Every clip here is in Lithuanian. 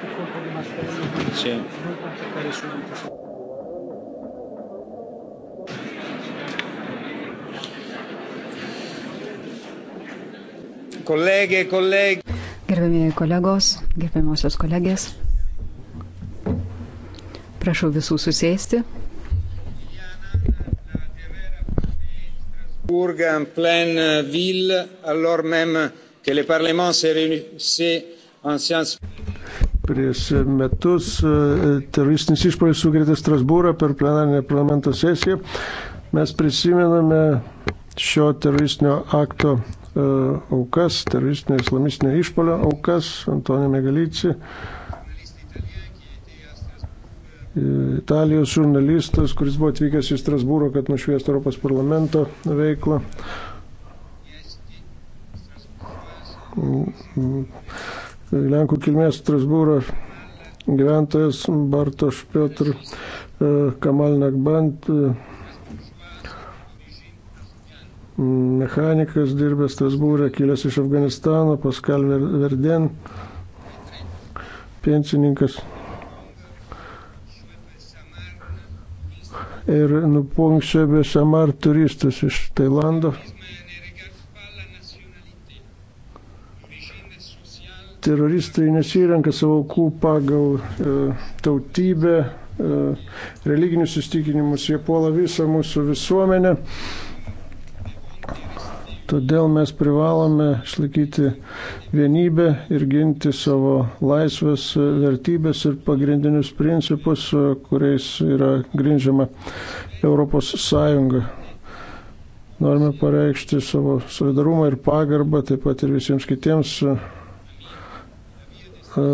per colpa di Marcello sì. noi contattare subito Kolegė, kolegė. Gerbėmėjai kolegos, gerbėmosios kolegės, prašau visų susėsti. Burga, en pleine ville, alors même que le Parlement se réunissait en séance. Prieš metus e, teroristinis išpolis sugrėtė Strasbūrą per plenarinę parlamento sesiją. Mes prisimename šio teroristinio akto e, aukas, teroristinio islamistinio išpolio aukas, Antonio Megalici, e, Italijos žurnalistas, kuris buvo atvykęs į Strasbūrą, kad nušviestų Europos parlamento veiklą. Mm, mm. Lenkų kilmės Strasbūro gyventojas Bartoš Piotr e, Kamalnakbant, e, mechanikas dirbęs Strasbūrė, kilęs iš Afganistano, Paskal Verden, pensininkas. Ir nupunkšė be Samar turistas iš Tailando. Teroristai nesirenka savo aukų pagal e, tautybę, e, religinius įstikinimus, jie puola visą mūsų visuomenę. Todėl mes privalome išlaikyti vienybę ir ginti savo laisvės e, vertybės ir pagrindinius principus, e, kuriais yra grindžiama ES. Norime pareikšti savo solidarumą ir pagarbą taip pat ir visiems kitiems e, E,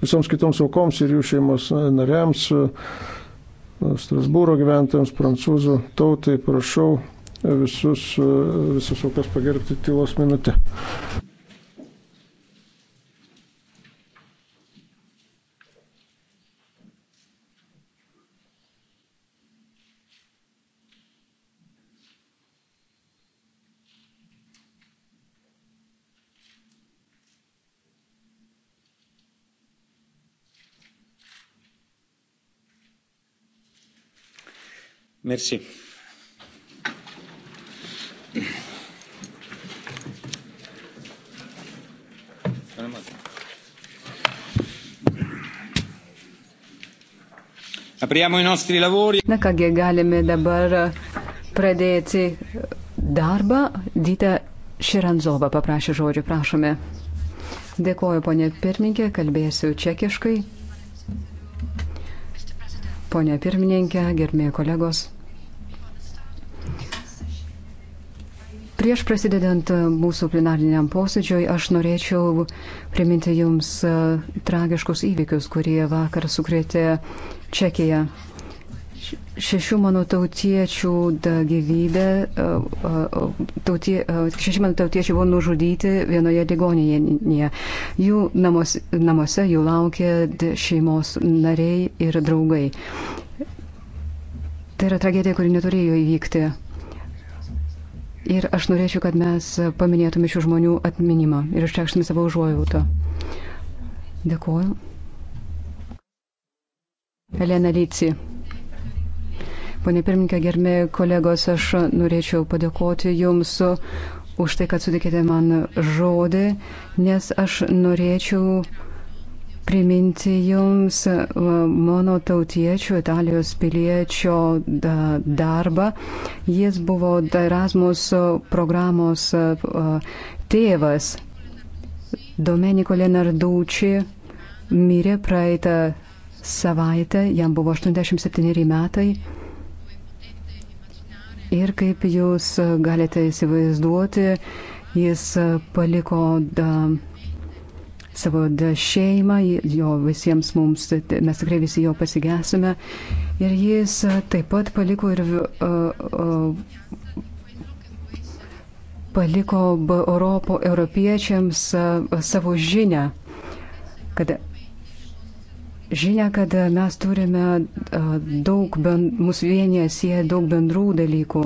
visoms kitoms aukoms ir jų šeimos nariams, e, Strasbūro gyventojams, prancūzų tautai, prašau visus, e, visus aukas pagerbti tylos minutę. Merci. Na kągi, galime dabar pradėti darbą. Dita Širanzova paprašė žodžio, prašome. Dėkoju, ponė pirmininkė, kalbėsiu čekiškai. Pone pirmininkė, gerbėjai kolegos. Prieš prasidedant e, mūsų plenariniam posėdžiui, aš norėčiau priminti Jums e, tragiškus įvykius, kurie vakar sukrėtė Čekiją. Šešių mano tautiečių gyvybė, e, tautie, šeši mano tautiečiai buvo nužudyti vienoje ligoninėje. Jų namuose, namuose jų laukė šeimos nariai ir draugai. Tai yra tragedija, kuri neturėjo įvykti. Ir aš norėčiau, kad mes paminėtume šių žmonių atminimą ir išreikštume savo užuojautą. Dėkuoju. Elena Lyci. Pone pirmininkė, gerbė kolegos, aš norėčiau padėkoti Jums už tai, kad sudėkite man žodį, nes aš norėčiau priminti jums mano tautiečio, Italijos piliečio darbą. Jis buvo Erasmus programos tėvas. Domenico Lenarducci mirė praeitą savaitę, jam buvo 87 metai. Ir kaip jūs galite įsivaizduoti, jis paliko da, savo šeimą, jo visiems mums, mes tikrai visi jo pasigesime. Ir jis e, taip pat paliko ir uh, uh, paliko Europo europiečiams uh, savo žinę, kad žinia, kad mes turime daug, bend, mūsų vienyje sieja daug bendrų dalykų,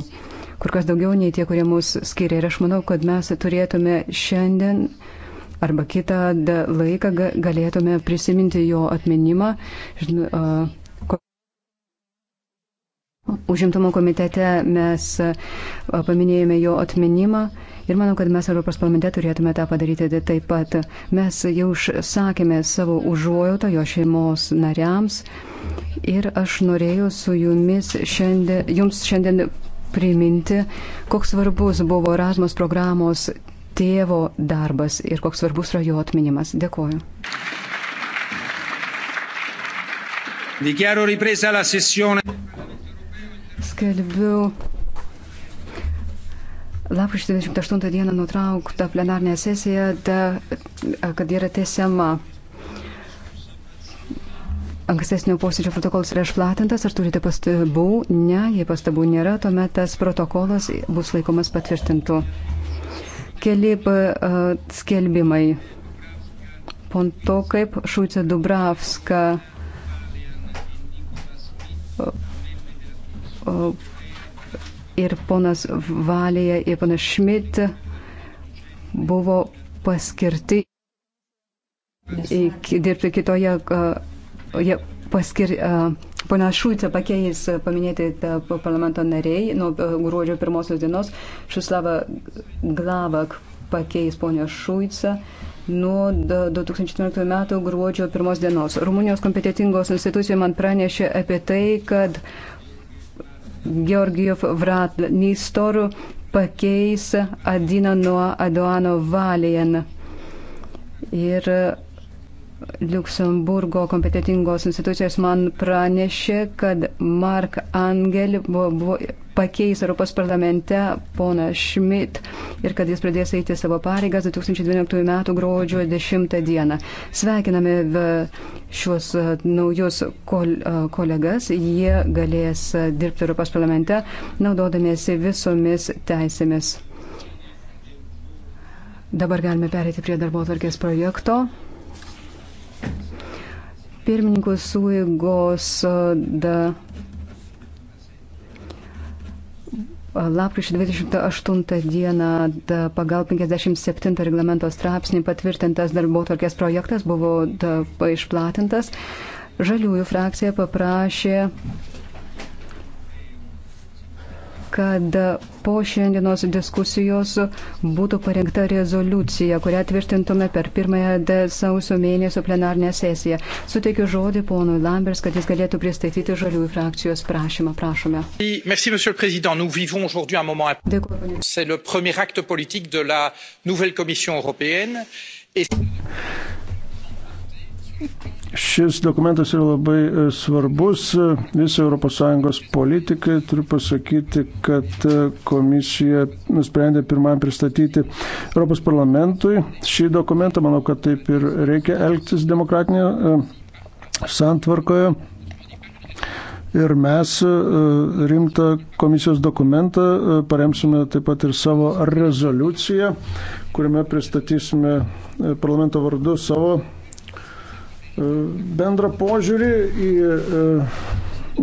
kur kas daugiau nei tie, kurie mūsų skiria. Ir aš manau, kad mes turėtume šiandien uh, arba kitą laiką galėtume prisiminti jo atminimą. Užimtumo komitete mes paminėjome jo atminimą ir manau, kad mes Europos parlamente turėtume tą padaryti taip pat. Mes jau išsakėme savo užuojautą jo šeimos nariams ir aš norėjau su jumis šiandien, jums šiandien priminti, koks svarbus buvo Erasmus programos tėvo darbas ir koks svarbus yra jo atminimas. Dėkoju. Skelbiu lapkričio 28 dieną nutraukta plenarnė sesija, da, kad yra tiesiama. Ankstesnio posėdžio protokolas yra išplatintas, ar turite pastabų? Ne, jei pastabų nėra, tuomet tas protokolas bus laikomas patvirtintu keli e, skelbimai. Po to, kaip Šūcė Dubravska e, e, ir ponas Valija ir ponas Šmit buvo paskirti dirbti kitoje, jie paskir, Pana Šulce pakeis e, paminėti e, parlamento nariai nuo e, gruodžio pirmosios dienos. Šuslava Glavak pakeis ponę Šulcą nuo 2014 metų gruodžio pirmos dienos. Rumunijos kompetitingos institucijos man pranešė apie tai, kad Georgijov Vrat Nistoru pakeis Adina nuo Adoano Valien. Ir Luksemburgo kompetitingos institucijos man pranešė, kad Mark Angel buvo, buvo, pakeis Europos parlamente poną Schmidt ir kad jis pradės eiti savo pareigas 2012 m. gruodžio 10 d. Sveikiname šiuos naujus kol, kolegas, jie galės dirbti Europos parlamente naudodamiesi visomis teisėmis. Dabar galime perėti prie darbo atvarkės projekto. Pirmininkų suėgos da. Lapkričio 28 dieną da, pagal 57 reglamento straipsnį patvirtintas darbo tvarkės projektas buvo da, išplatintas. Žaliųjų frakcija paprašė kad po šiandienos diskusijos būtų parengta rezoliucija, kurią tvirtintume per pirmąją sausio mėnesio plenarnę sesiją. Suteikiu žodį ponui Lambers, kad jis galėtų pristatyti žaliųjų frakcijos prašymą. Prašome. Merci, monsieur le président. Nous vivons aujourd'hui un moment important. C'est le premier acte politique de la nouvelle Commission européenne. Et... Šis dokumentas yra labai e, svarbus visai ES politikai. Turiu pasakyti, kad e, komisija nusprendė pirmam pristatyti Europos parlamentui šį dokumentą. Manau, kad taip ir reikia elgtis demokratinėje e, santvarkoje. Ir mes rimtą komisijos dokumentą paremsime taip pat ir savo rezoliuciją, kuriame pristatysime parlamento vardu savo bendrą požiūrį į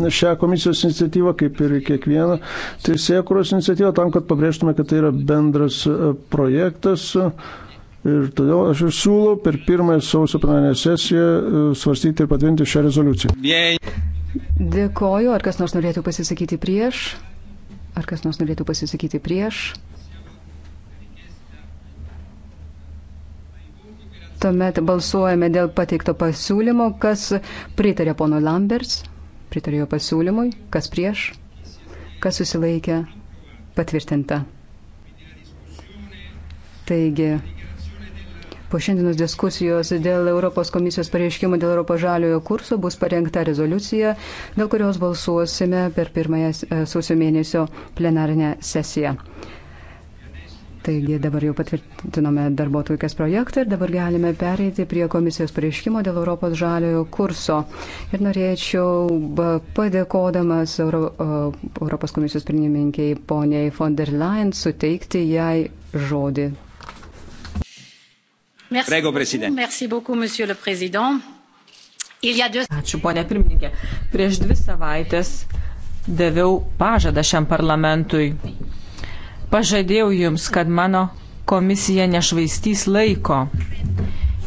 e, šią komisijos iniciatyvą, kaip ir kiekvieną teisėkuros iniciatyvą, tam, kad pabrėžtume, kad tai yra bendras e, projektas. Ir todėl aš ir siūlau per pirmąją sausio plenarinę sesiją e, svarstyti ir patvirtinti šią rezoliuciją. Dėkoju. Ar kas nors norėtų pasisakyti prieš? Ar kas nors norėtų pasisakyti prieš? Tuomet balsuojame dėl pateikto pasiūlymo, kas pritarė pono Lambers, pritarė jo pasiūlymui, kas prieš, kas susilaikė, patvirtinta. Taigi, po šiandienos diskusijos dėl Europos komisijos pareiškimo dėl Europos žaliojo kurso bus parengta rezoliucija, dėl kurios balsuosime per pirmąją e, sausio mėnesio plenarinę sesiją. Taigi dabar jau patvirtinome darbo tokias projektą ir dabar galime pereiti prie komisijos pareiškimo dėl Europos žaliojo kurso. Ir norėčiau padėkodamas Euro, Europos komisijos pirmininkiai poniai von der Leyen suteikti jai žodį. Merci Prego, beaucoup, merci beaucoup, monsieur le président. Ačiū, ponė pirmininkė. Prieš dvi savaitės daviau pažadą šiam parlamentui Pažadėjau Jums, kad mano komisija nešvaistys laiko.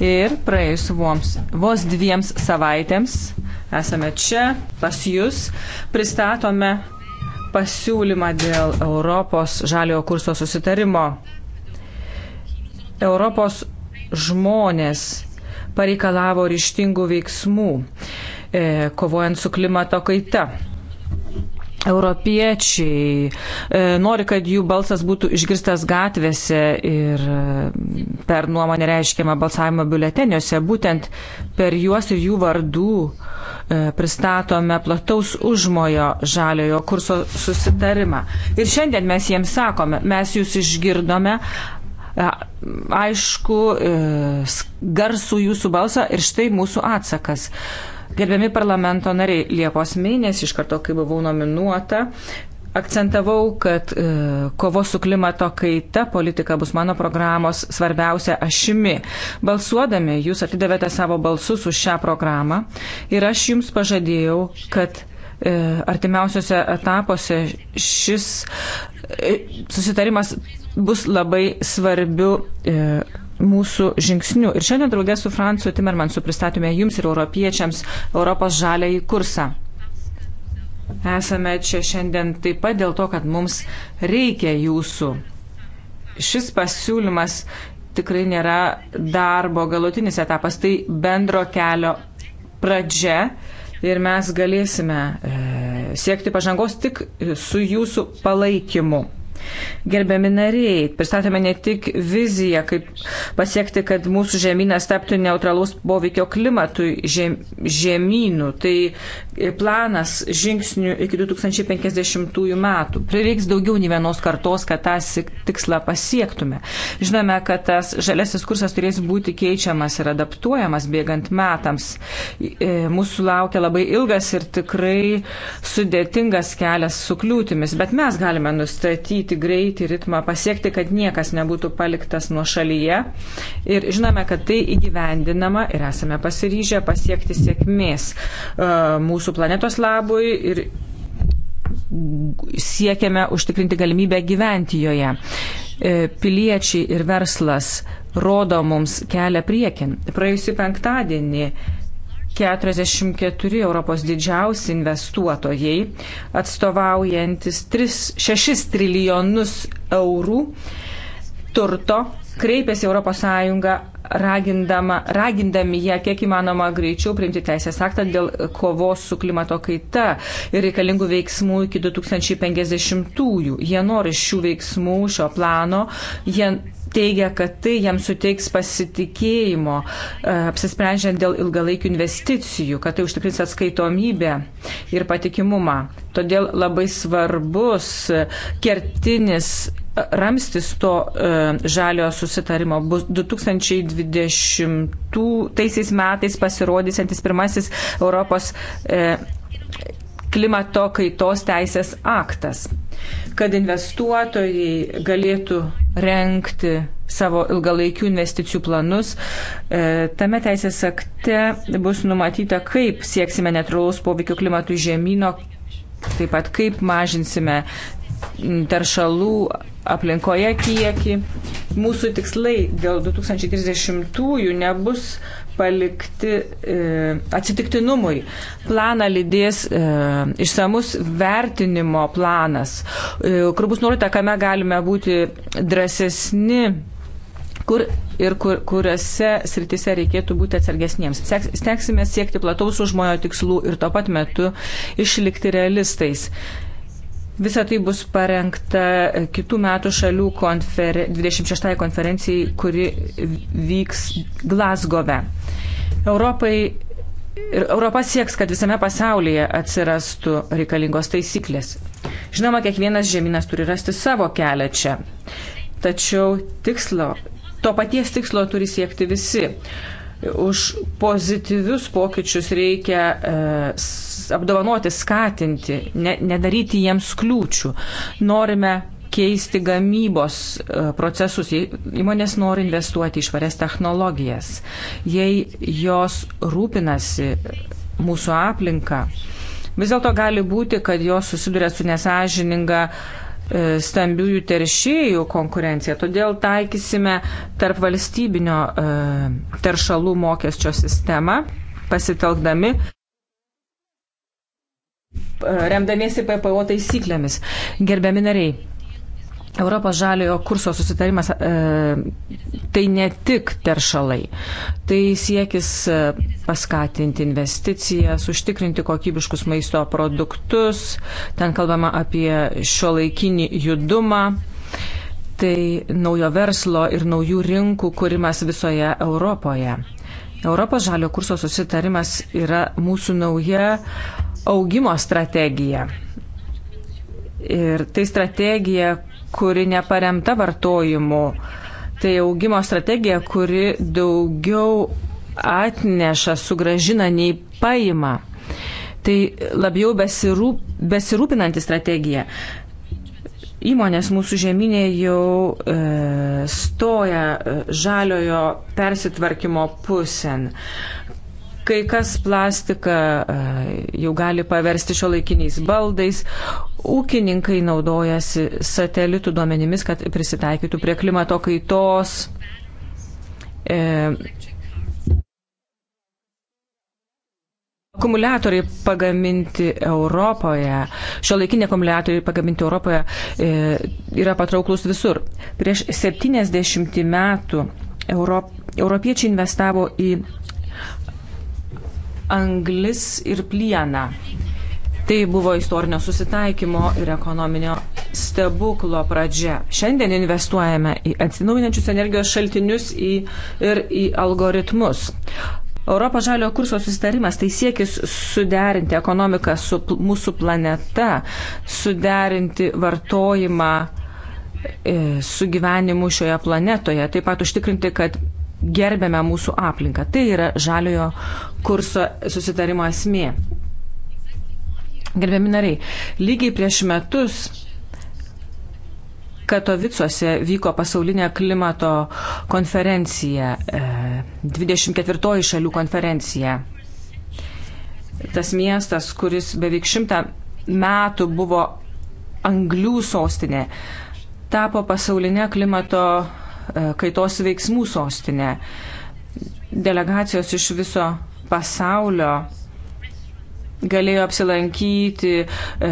Ir praėjus voms, vos dviems savaitėms esame čia pas Jūs, pristatome pasiūlymą dėl Europos žaliojo kurso susitarimo. Europos žmonės pareikalavo ryštingų veiksmų, e, kovojant su klimato kaita. Europiečiai e, nori, kad jų balsas būtų išgirstas gatvėse ir e, per nuomonę reiškiamą balsavimo biuleteniuose. Būtent per juos ir jų vardų e, pristatome plataus užmojo žaliojo kurso susitarimą. Ir šiandien mes jiems sakome, mes jūs išgirdome, e, aišku, e, garsų jūsų balsą ir štai mūsų atsakas. Gerbiami parlamento nariai, Liepos mėnesį iš karto, kai buvau nominuota, akcentavau, kad e, kovo su klimato kaita politika bus mano programos svarbiausia ašimi. Balsuodami jūs atidavėte savo balsus už šią programą ir aš jums pažadėjau, kad e, artimiausiose etapuose šis e, susitarimas bus labai svarbiu e, mūsų žingsniu. Ir šiandien draugė su Francu Timermansu pristatome jums ir europiečiams Europos žaliai kursą. Esame čia šiandien taip pat dėl to, kad mums reikia jūsų. Šis pasiūlymas tikrai nėra darbo galutinis etapas, tai bendro kelio pradžia ir mes galėsime e, siekti pažangos tik su jūsų palaikymu. Gerbiami nariai, pristatėme ne tik viziją, kaip pasiekti, kad mūsų žemynas taptų neutralus poveikio klimatui žem, žemynų, tai planas žingsnių iki 2050 metų. Prireiks daugiau nei vienos kartos, kad tą tikslą pasiektume. Žinome, kad tas žalesis kursas turės būti keičiamas ir adaptuojamas bėgant metams. E, mūsų laukia labai ilgas ir tikrai sudėtingas kelias su kliūtimis, bet mes galime nustatyti nustatyti greitį, ritmą, pasiekti, kad niekas nebūtų paliktas nuo šalyje. Ir žinome, kad tai įgyvendinama ir esame pasiryžę pasiekti sėkmės e, mūsų planetos labui ir siekiame užtikrinti galimybę gyventi joje. E, piliečiai ir verslas rodo mums kelią priekin. Praėjusį penktadienį 44 Europos didžiausi investuotojai, atstovaujantis 3, 6 trilijonus eurų turto, kreipėsi ES ragindami ją kiek įmanoma greičiau priimti teisės aktą dėl kovos su klimato kaita ir reikalingų veiksmų iki 2050-ųjų. Jie nori šių veiksmų, šio plano, jie teigia, kad tai jiems suteiks pasitikėjimo, e, apsisprendžiant dėl ilgalaikių investicijų, kad tai užtikrins atskaitomybę ir patikimumą. Todėl labai svarbus e, kertinis e, ramstis to žaliojo susitarimo bus 2020 metais pasirodysiantis pirmasis Europos klimato kaitos teisės aktas kad investuotojai galėtų renkti savo ilgalaikių investicijų planus. E, tame teisės akte bus numatyta, kaip sieksime netralaus poveikio klimatui žemynų, taip pat kaip mažinsime teršalų aplinkoje kiekį. Mūsų tikslai dėl 2030-ųjų nebus palikti e, atsitiktinumui. Planą lydės e, išsamus vertinimo planas, e, kur bus nurodyta, kame galime būti drąsesni. Kur ir kur, kuriuose sritise reikėtų būti atsargesniems. Steksime siekti plataus užmojo tikslų ir tuo pat metu išlikti realistais. Visa tai bus parengta kitų metų šalių konfer... 26 konferencijai, kuri vyks Glasgove. Europai Ir Europa sieks, kad visame pasaulyje atsirastų reikalingos taisyklės. Žinoma, kiekvienas žemynas turi rasti savo kelią čia. Tačiau tikslo, to paties tikslo turi siekti visi už pozityvius pokyčius reikia e, apdovanoti, skatinti, ne, nedaryti jiems kliūčių. Norime keisti gamybos e, procesus, jei įmonės nori investuoti į švarias technologijas, jei jos rūpinasi mūsų aplinką, vis dėlto gali būti, kad jos susiduria su nesažininga uh, E, stambiųjų teršėjų konkurencija. Todėl taikysime tarp valstybinio e, teršalų mokesčio sistemą, pasitelkdami e, remdamiesi PPO taisyklėmis. Gerbiami nariai, Europos žaliojo kurso susitarimas e, tai ne tik teršalai, tai siekis e, paskatinti investicijas, užtikrinti kokybiškus maisto produktus, ten kalbama apie šio laikinį judumą, tai naujo verslo ir naujų rinkų kūrimas visoje Europoje. Europos žalio kurso susitarimas yra mūsų nauja augimo strategija. Ir tai strategija, kuri neparemta vartojimu. Tai augimo strategija, kuri daugiau atneša, sugražina nei paima. Tai labiau besirūp, besirūpinanti strategija. Įmonės mūsų žemynė jau e, stoja e, žaliojo persitvarkymo pusėn. E, Kai kas plastiką e, jau gali paversti šio laikiniais baldais, ūkininkai naudojasi satelitų duomenimis, kad prisitaikytų prie klimato kaitos. E, Akumuliatoriai pagaminti Europoje, šio laikinė akumuliatoriai pagaminti Europoje e, yra patrauklus visur. Prieš 70 metų Europ, europiečiai investavo į anglis ir plieną. Tai buvo istorinio susitaikymo ir ekonominio stebuklo pradžia. Šiandien investuojame į atsinaujinančius energijos šaltinius į, ir į algoritmus. Europos žaliojo kurso susitarimas tai siekis suderinti ekonomiką su mūsų planeta, suderinti vartojimą e, su gyvenimu šioje planetoje, taip pat užtikrinti, kad gerbėme mūsų aplinką. Tai yra žaliojo kurso susitarimo esmė. Gerbiami nariai, lygiai prieš metus Katovicuose vyko pasaulinė klimato konferencija, 24 e, šalių konferencija. Tas miestas, kuris beveik šimtą metų buvo anglių sostinė, tapo pasaulinė klimato E, kaitos veiksmų sostinė. Delegacijos iš viso pasaulio galėjo apsilankyti e,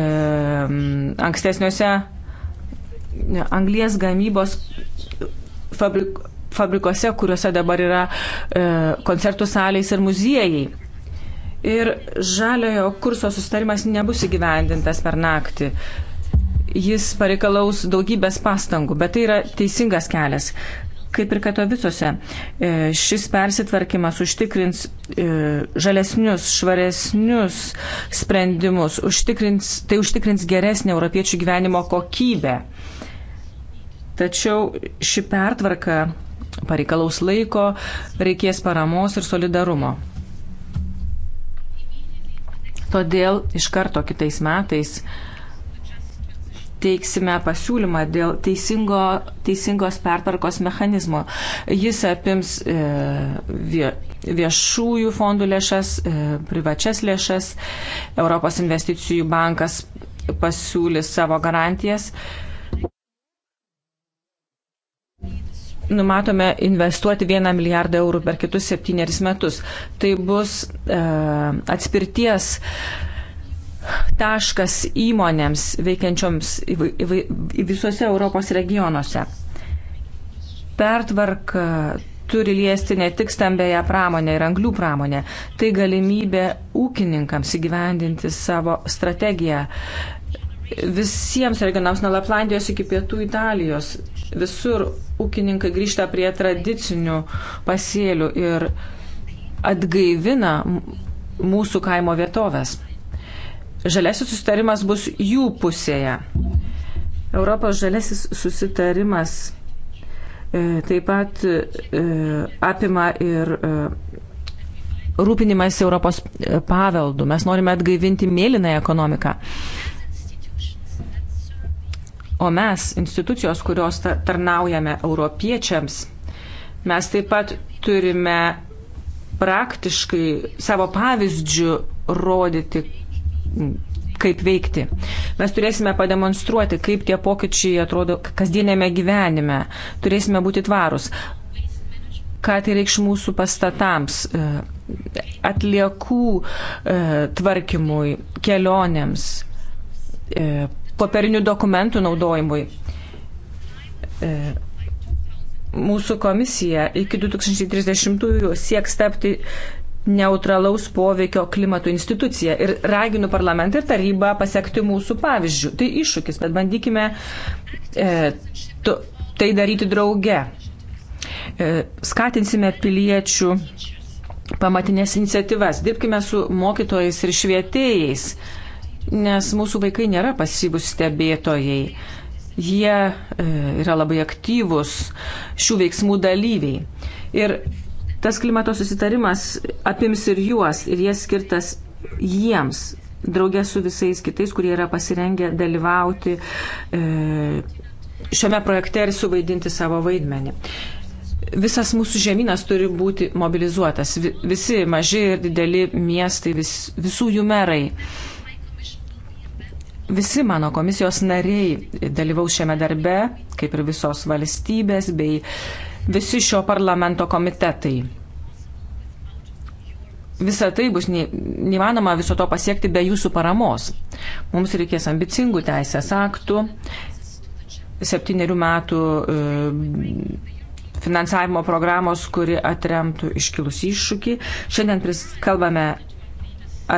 ankstesniuose anglies gamybos fabrik, fabrikuose, kuriuose dabar yra e, koncertų salės ir muziejai. Ir žaliojo kurso sustarimas nebus įgyvendintas per naktį jis pareikalaus daugybės pastangų, bet tai yra teisingas kelias. Kaip ir Katovicose, e, šis persitvarkymas užtikrins e, žalesnius, švaresnius sprendimus, užtikrins, tai užtikrins geresnį europiečių gyvenimo kokybę. Tačiau ši pertvarka pareikalaus laiko, reikės paramos ir solidarumo. Todėl iš karto kitais metais teiksime pasiūlymą dėl teisingo, teisingos pertvarkos mechanizmo. Jis apims e, vie, viešųjų fondų lėšas, e, privačias lėšas, Europos investicijų bankas pasiūlys savo garantijas. Numatome investuoti vieną milijardą eurų per kitus septynerius metus. Tai bus e, atspirties e, taškas įmonėms veikiančioms įv, įv, įv, visose Europos regionuose. Pertvarka turi liesti ne tik stambėją pramonę ir anglių pramonę, tai galimybė ūkininkams įgyvendinti savo strategiją. Visiems regionams nuo Laplandijos iki pietų Italijos visur ūkininkai grįžta prie tradicinių pasėlių ir atgaivina mūsų kaimo vietovės žalesis susitarimas bus jų pusėje. Europos žalesis susitarimas e, taip pat e, apima ir e, rūpinimas Europos e, paveldų. Mes norime atgaivinti mėlynąją ekonomiką. O mes, institucijos, kurios tarnaujame europiečiams, mes taip pat turime praktiškai savo pavyzdžių rodyti, kaip veikti. Mes turėsime pademonstruoti, kaip tie pokyčiai atrodo kasdienėme gyvenime. Turėsime būti tvarus. Ką tai reikš mūsų pastatams, e, atliekų e, tvarkymui, kelionėms, e, popierinių dokumentų naudojimui mūsų komisija iki 2030-ųjų sieks tapti neutralaus poveikio klimato institucija. Ir raginu parlamentą ir tarybą pasiekti mūsų pavyzdžių. Tai iššūkis, bet bandykime e, to, tai daryti drauge. E, skatinsime piliečių pamatinės iniciatyvas, dirbkime su mokytojais ir švietėjais, nes mūsų vaikai nėra pasibus stebėtojai. Jie e, yra labai aktyvus šių veiksmų dalyviai. Ir Tas klimato susitarimas apims ir juos, ir jie skirtas jiems, draugė su visais kitais, kurie yra pasirengę dalyvauti e, šiame projekte ir suvaidinti savo vaidmenį. Visas mūsų žemynas turi būti mobilizuotas. Visi maži ir dideli miestai, vis, visų jų merai. Visi mano komisijos nariai dalyvaus šiame darbe, kaip ir visos valstybės bei visi šio parlamento komitetai visa tai bus neįmanoma viso to pasiekti be jūsų paramos. Mums reikės ambicingų teisės aktų, septyniarių metų e, finansavimo programos, kuri atremtų iškilus iššūkį. Šiandien kalbame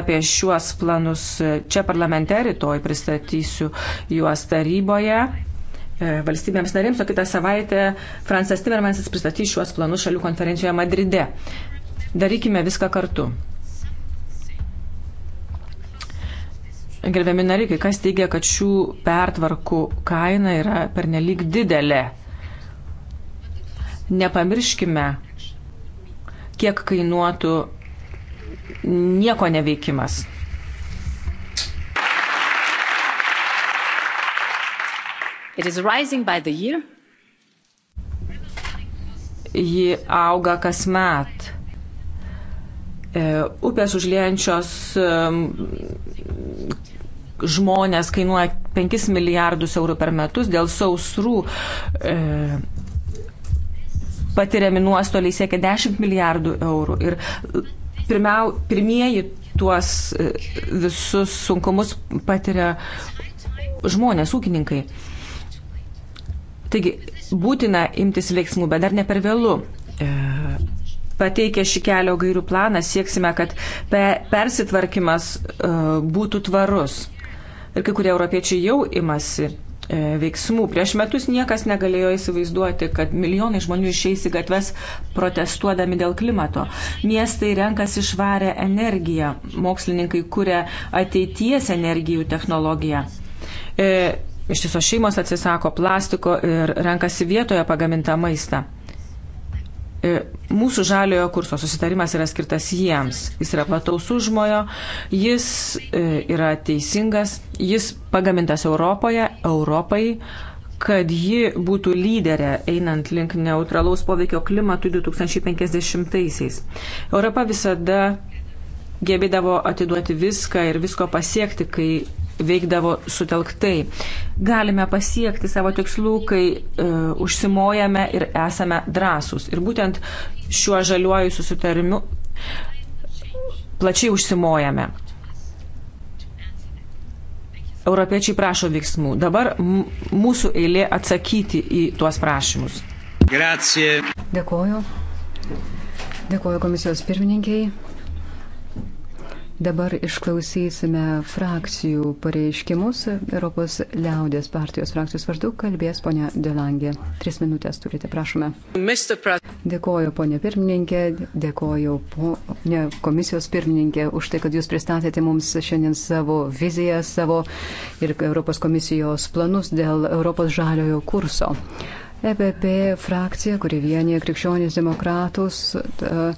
apie šiuos planus čia parlamente, rytoj pristatysiu juos taryboje e, valstybėms narėms, o kitą savaitę Fransas Timmermansas pristatys šiuos planus šalių konferencijoje Madride. Darykime viską kartu. Gerbiami nariai, kai kas teigia, kad šių pertvarkų kaina yra pernelyg didelė. Nepamirškime, kiek kainuotų nieko neveikimas. Ji auga kasmet. E, upės užliejančios e, žmonės kainuoja 5 milijardus eurų per metus, dėl sausrų e, patiriami nuostoliai siekia 10 milijardų eurų. Ir pirmiau, pirmieji tuos e, visus sunkumus patiria žmonės, ūkininkai. Taigi būtina imtis veiksmų, bet dar ne per vėlų. E, pateikė šį kelio gairių planą, sieksime, kad pe persitvarkymas e, būtų tvarus. Ir kai kurie europiečiai jau imasi e, veiksmų. Prieš metus niekas negalėjo įsivaizduoti, kad milijonai žmonių išeis į gatves protestuodami dėl klimato. Miestai renkasi švarę energiją, mokslininkai kuria ateities energijų technologiją. E, iš tiesų šeimos atsisako plastiko ir renkasi vietoje pagamintą maistą. E, mūsų žaliojo kurso susitarimas yra skirtas jiems. Jis yra plataus užmojo, jis e, yra teisingas, jis pagamintas Europoje, Europai, kad ji būtų lyderė einant link neutralaus poveikio klimatui 2050-aisiais. Europa visada gebėdavo atiduoti viską ir visko pasiekti, kai veikdavo sutelktai. Galime pasiekti savo tikslų, kai e, užsimojame ir esame drąsūs. Ir būtent šiuo žaliuoju susitarimu plačiai užsimojame. Europiečiai prašo veiksmų. Dabar mūsų eilė atsakyti į tuos prašymus. Grazie. Dėkoju. Dėkoju komisijos pirmininkiai. Dabar išklausysime frakcijų pareiškimus. Europos liaudės partijos frakcijos vardu kalbės ponia Delangė. Tris minutės turite, prašome. Dėkoju ponia pirmininkė, dėkoju ponia komisijos pirmininkė už tai, kad jūs pristatėte mums šiandien savo viziją, savo ir Europos komisijos planus dėl Europos žaliojo kurso. EPP frakcija, kuri vienyje krikščionis demokratus. Ta,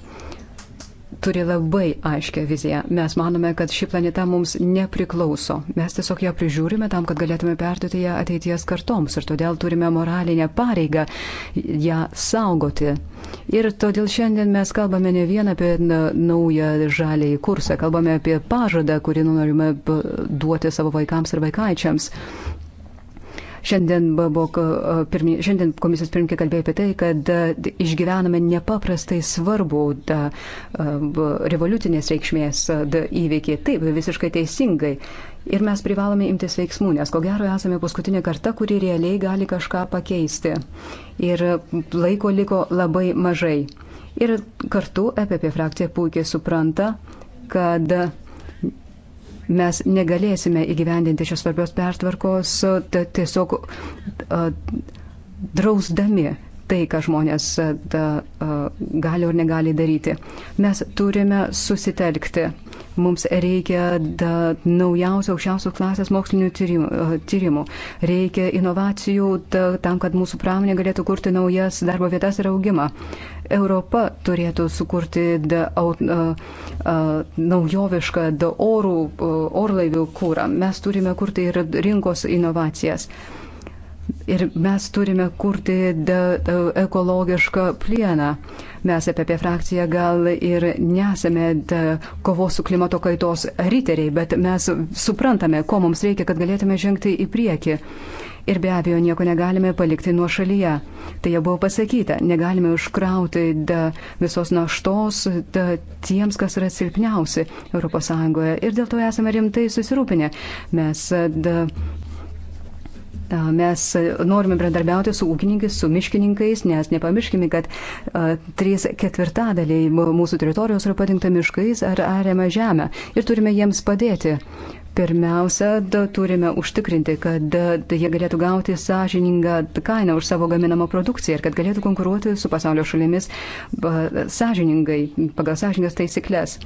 turi labai aiškę viziją. Mes manome, kad ši planeta mums nepriklauso. Mes tiesiog ją prižiūrime tam, kad galėtume perduoti ją ateities kartoms ir todėl turime moralinę pareigą ją saugoti. Ir todėl šiandien mes kalbame ne vien apie naują žalį kursą, kalbame apie pažadą, kurį norime duoti savo vaikams ir vaikaičiams. Šiandien, buvo, pirmi, šiandien komisijos pirmininkė kalbėjo apie tai, kad išgyvename nepaprastai svarbų da, revoliucinės reikšmės da, įvykį. Taip, visiškai teisingai. Ir mes privalome imtis veiksmų, nes ko gero esame paskutinė karta, kuri realiai gali kažką pakeisti. Ir laiko liko labai mažai. Ir kartu EPP frakcija puikiai supranta, kad mes negalėsime įgyvendinti šios svarbios pertvarkos tiesiog drausdami tai, ką žmonės e, da, e, gali ar negali daryti. Mes turime susitelkti. Mums reikia da, naujausio aukščiausios klasės mokslinių tyrimų, e, tyrimų. Reikia inovacijų da, tam, kad mūsų pramonė galėtų kurti naujas darbo vietas ir augimą. Europa turėtų sukurti da, au, a, a, naujovišką da, orų, orlaivių kūrą. Mes turime kurti ir rinkos inovacijas. Ir mes turime kurti da, da, ekologišką plieną. Mes apie, apie frakciją gal ir nesame da, kovos su klimato kaitos riteriai, bet mes suprantame, ko mums reikia, kad galėtume žengti į priekį. Ir be abejo, nieko negalime palikti nuo šalyje. Tai jau buvo pasakyta, negalime užkrauti da, visos naštos da, tiems, kas yra silpniausi ES. Ir dėl to esame rimtai susirūpinę. Mes da, Mes norime bendradarbiauti su ūkininkais, su miškininkais, nes nepamirškime, kad trys ketvirtadaliai mūsų teritorijos yra padengta miškais ar ariama žemė ir turime jiems padėti. Pirmiausia, da, turime užtikrinti, kad da, jie galėtų gauti sąžiningą kainą už savo gaminamą produkciją ir kad galėtų konkuruoti su pasaulio šalimis ba, sąžiningai, pagal sąžiningas taisyklės.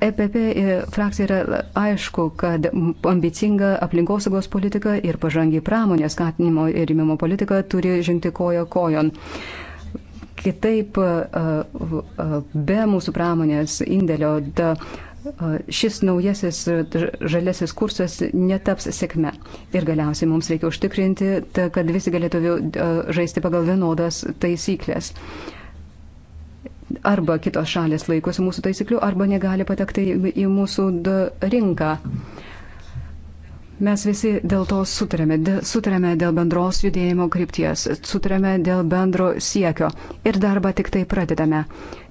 EPP e, frakcija yra aišku, kad ambicinga aplinkosaugos politika ir pažangiai pramonės skatinimo ir rimimo politika turi žengti kojo kojon. Kitaip, e, e, be mūsų pramonės indėlio, da, šis naujasis žalesis kursas netaps sėkme. Ir galiausiai mums reikia užtikrinti, kad visi galėtų žaisti pagal vienodas taisyklės. Uh, arba kitos šalės laikosi mūsų taisyklių, arba negali patekti į mūsų rinką. Mes visi dėl to sutarėme. Dėl, sutarėme dėl bendros judėjimo krypties, sutarėme dėl bendro siekio ir darbą tik tai pradedame.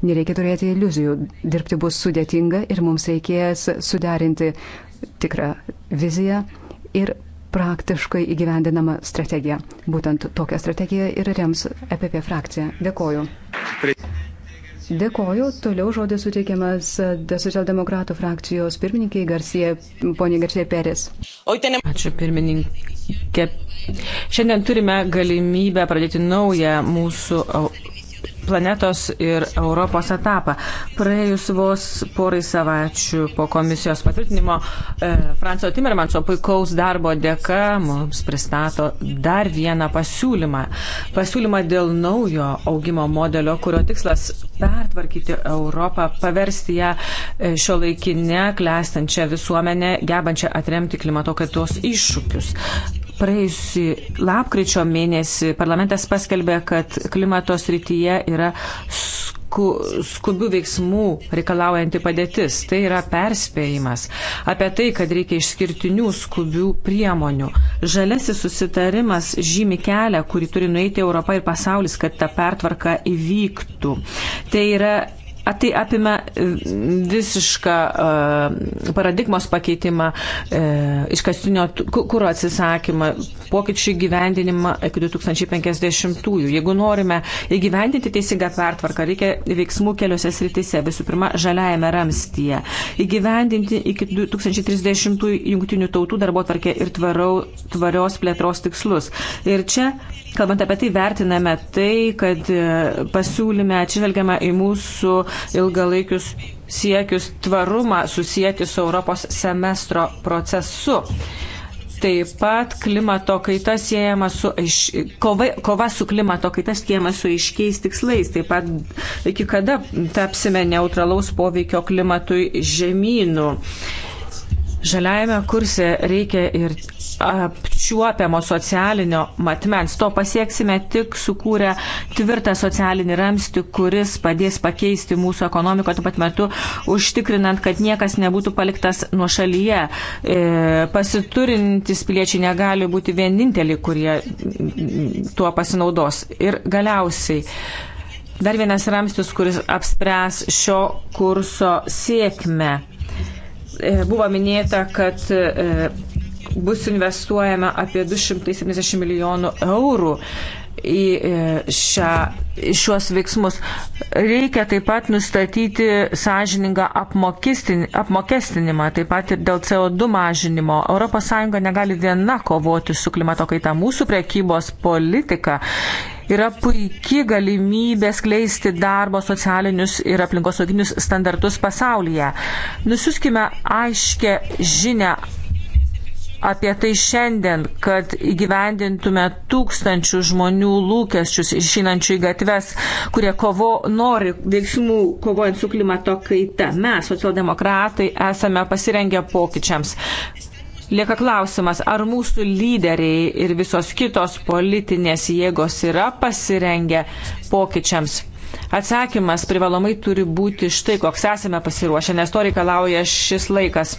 Nereikia turėti iliuzijų. Dirbti bus sudėtinga ir mums reikės suderinti tikrą viziją ir praktiškai įgyvendinama strategija. Būtent tokią strategiją ir rems EPP frakcija. Dėkoju. Prie... Dėkoju. Toliau žodis suteikiamas e, socialdemokratų frakcijos pirmininkiai Garcija, ponė Garcija Peris. Ačiū pirmininkė. Šiandien turime galimybę pradėti naują mūsų planetos ir Europos etapą. Praėjus vos porai savaičių po komisijos patvirtinimo, e, Franco Timermanso puikaus darbo dėka mums pristato dar vieną pasiūlymą. Pasiūlymą dėl naujo augimo modelio, kurio tikslas pertvarkyti Europą, paversti ją e, šio laikinę, klestančią visuomenę, gebančią atremti klimato kaitos iššūkius. Praėjusį lapkričio mėnesį parlamentas paskelbė, kad klimato srityje yra sku, skubių veiksmų reikalaujanti padėtis. Tai yra perspėjimas apie tai, kad reikia išskirtinių skubių priemonių. Žalesis susitarimas žymi kelią, kurį turi nueiti Europa ir pasaulis, kad ta pertvarka įvyktų. Tai yra tai apima e, visišką uh, paradigmos pakeitimą, uh, iškastinio kūro atsisakymą, pokyčių įgyvendinimą iki 2050-ųjų. Jeigu norime įgyvendinti teisingą pertvarką, reikia veiksmų keliose sritise. Visų pirma, žaliajame ramstyje. Įgyvendinti iki 2030-ųjų jungtinių tautų darbo tvarkė ir tvarau, tvarios plėtros tikslus. Ir čia, kalbant apie tai, vertiname tai, kad pasiūlyme atsižvelgiama į mūsų ilgalaikius siekius tvarumą susijęti su Europos semestro procesu. Taip pat klimato kaita siejama su, kova, kova su klimato kaita siejama su aiškiais tikslais. Taip pat iki kada tapsime neutralaus poveikio klimatui žemynų. Žaliajame kurse reikia ir apčiuopiamo socialinio matmens. To pasieksime tik sukūrę tvirtą socialinį ramstį, kuris padės pakeisti mūsų ekonomiką, tuo pat metu užtikrinant, kad niekas nebūtų paliktas nuo šalyje. E, pasiturintys piliečiai negali būti vieninteliai, kurie tuo pasinaudos. Ir galiausiai. Dar vienas ramstis, kuris apspręs šio kurso sėkmę E, buvo minėta, kad e, bus investuojama apie 270 milijonų eurų į e, šią, šiuos veiksmus. Reikia taip pat nustatyti sąžiningą apmokestinimą, taip pat ir dėl CO2 mažinimo. ES negali viena kovoti su klimato kaita. Mūsų prekybos politika yra puikia galimybė skleisti darbo socialinius ir aplinkosauginius standartus pasaulyje. Nusiuskime aiškę žinę apie tai šiandien, kad įgyvendintume tūkstančių žmonių lūkesčius išinančių į gatves, kurie kovo, nori veiksmų kovojant su klimato kaita. Mes, socialdemokratai, esame pasirengę pokyčiams. Lieka klausimas, ar mūsų lyderiai ir visos kitos politinės jėgos yra pasirengę pokyčiams. Atsakymas privalomai turi būti štai, koks esame pasiruošę, nes to reikalauja šis laikas.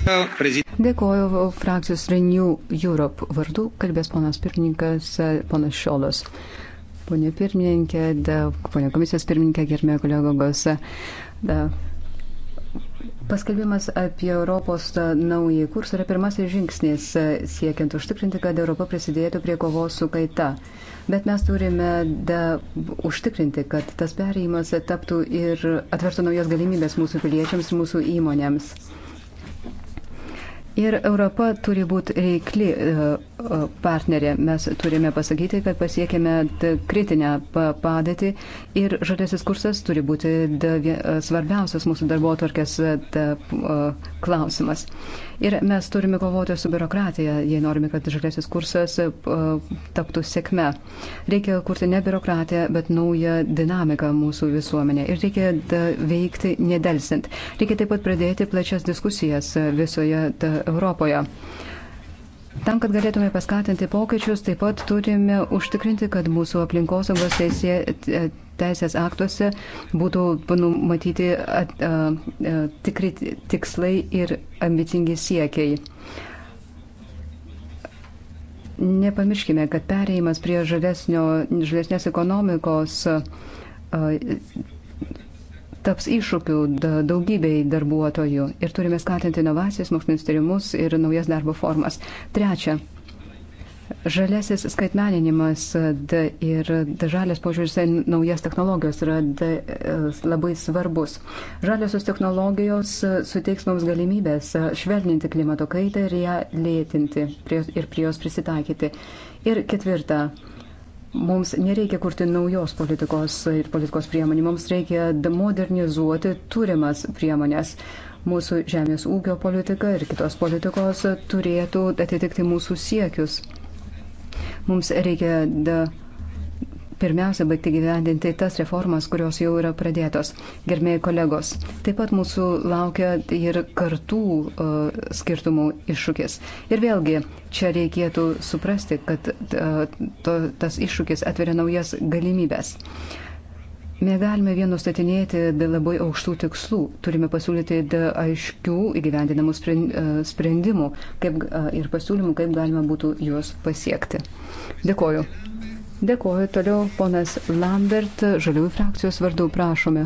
Dėkoju frakcijos Renew Europe vardu, kalbės ponas pirmininkas, ponas Šiolas. Pone pirmininkė, da, pone komisijos pirmininkė, gerbė kolegos. Da. Paskelbimas apie Europos naują kursą yra pirmasis žingsnis e, siekiant užtikrinti, kad Europa prisidėtų prie kovos su kaita. Bet mes turime da, užtikrinti, kad tas perėjimas taptų ir atvertų naujas galimybės mūsų piliečiams ir mūsų įmonėms. Ir Europa turi būti reikli e, e, partnerė. Mes turime pasakyti, kad pasiekėme kritinę padėtį ir žaliasis kursas turi būti e, svarbiausias mūsų darbo atvarkės klausimas. Ir mes turime kovoti su biurokratija, jei norime, kad žaliasis kursas e, taptų sėkme. Reikia kurti ne biurokratiją, bet naują dinamiką mūsų visuomenė. Ir reikia veikti nedelsint. Reikia taip pat pradėti plačias diskusijas e, visoje Europoje. Tam, kad galėtume paskatinti pokyčius, taip pat turime užtikrinti, kad mūsų aplinkosaugos teisė, teisės aktuose būtų numatyti at, at, at, tikri tikslai ir ambicingi siekiai. Nepamirškime, kad pereimas prie žalesnės ekonomikos taps iššūkių daugybei darbuotojų ir turime skatinti inovacijas, mokslinius tyrimus ir naujas darbo formas. Trečia, Žalesis skaitmeninimas ir žalės požiūris į naujas technologijos yra labai svarbus. Žaliosios technologijos e, suteiks mums galimybės e, švelninti klimato kaitą ir ją lėtinti ir prie jos prisitaikyti. Ir ketvirta, Mums nereikia kurti naujos politikos ir politikos priemonių, mums reikia modernizuoti turimas priemonės. Mūsų žemės ūkio politika ir kitos politikos turėtų atitikti mūsų siekius. Mums reikia da, de pirmiausia baigti gyvendinti tas reformas, kurios jau yra pradėtos. Gerbėjai kolegos, taip pat mūsų laukia ir kartų uh, skirtumų iššūkis. Ir vėlgi, čia reikėtų suprasti, kad uh, to, tas iššūkis atveria naujas galimybės. Negalime vien nustatinėti dėl labai aukštų tikslų, turime pasiūlyti aiškių įgyvendinamų e, sprendimų kaip, ir pasiūlymų, kaip galima būtų juos pasiekti. Dėkoju. Dėkuoju toliau, ponas Lambert, žaliųjų frakcijos vardu prašome.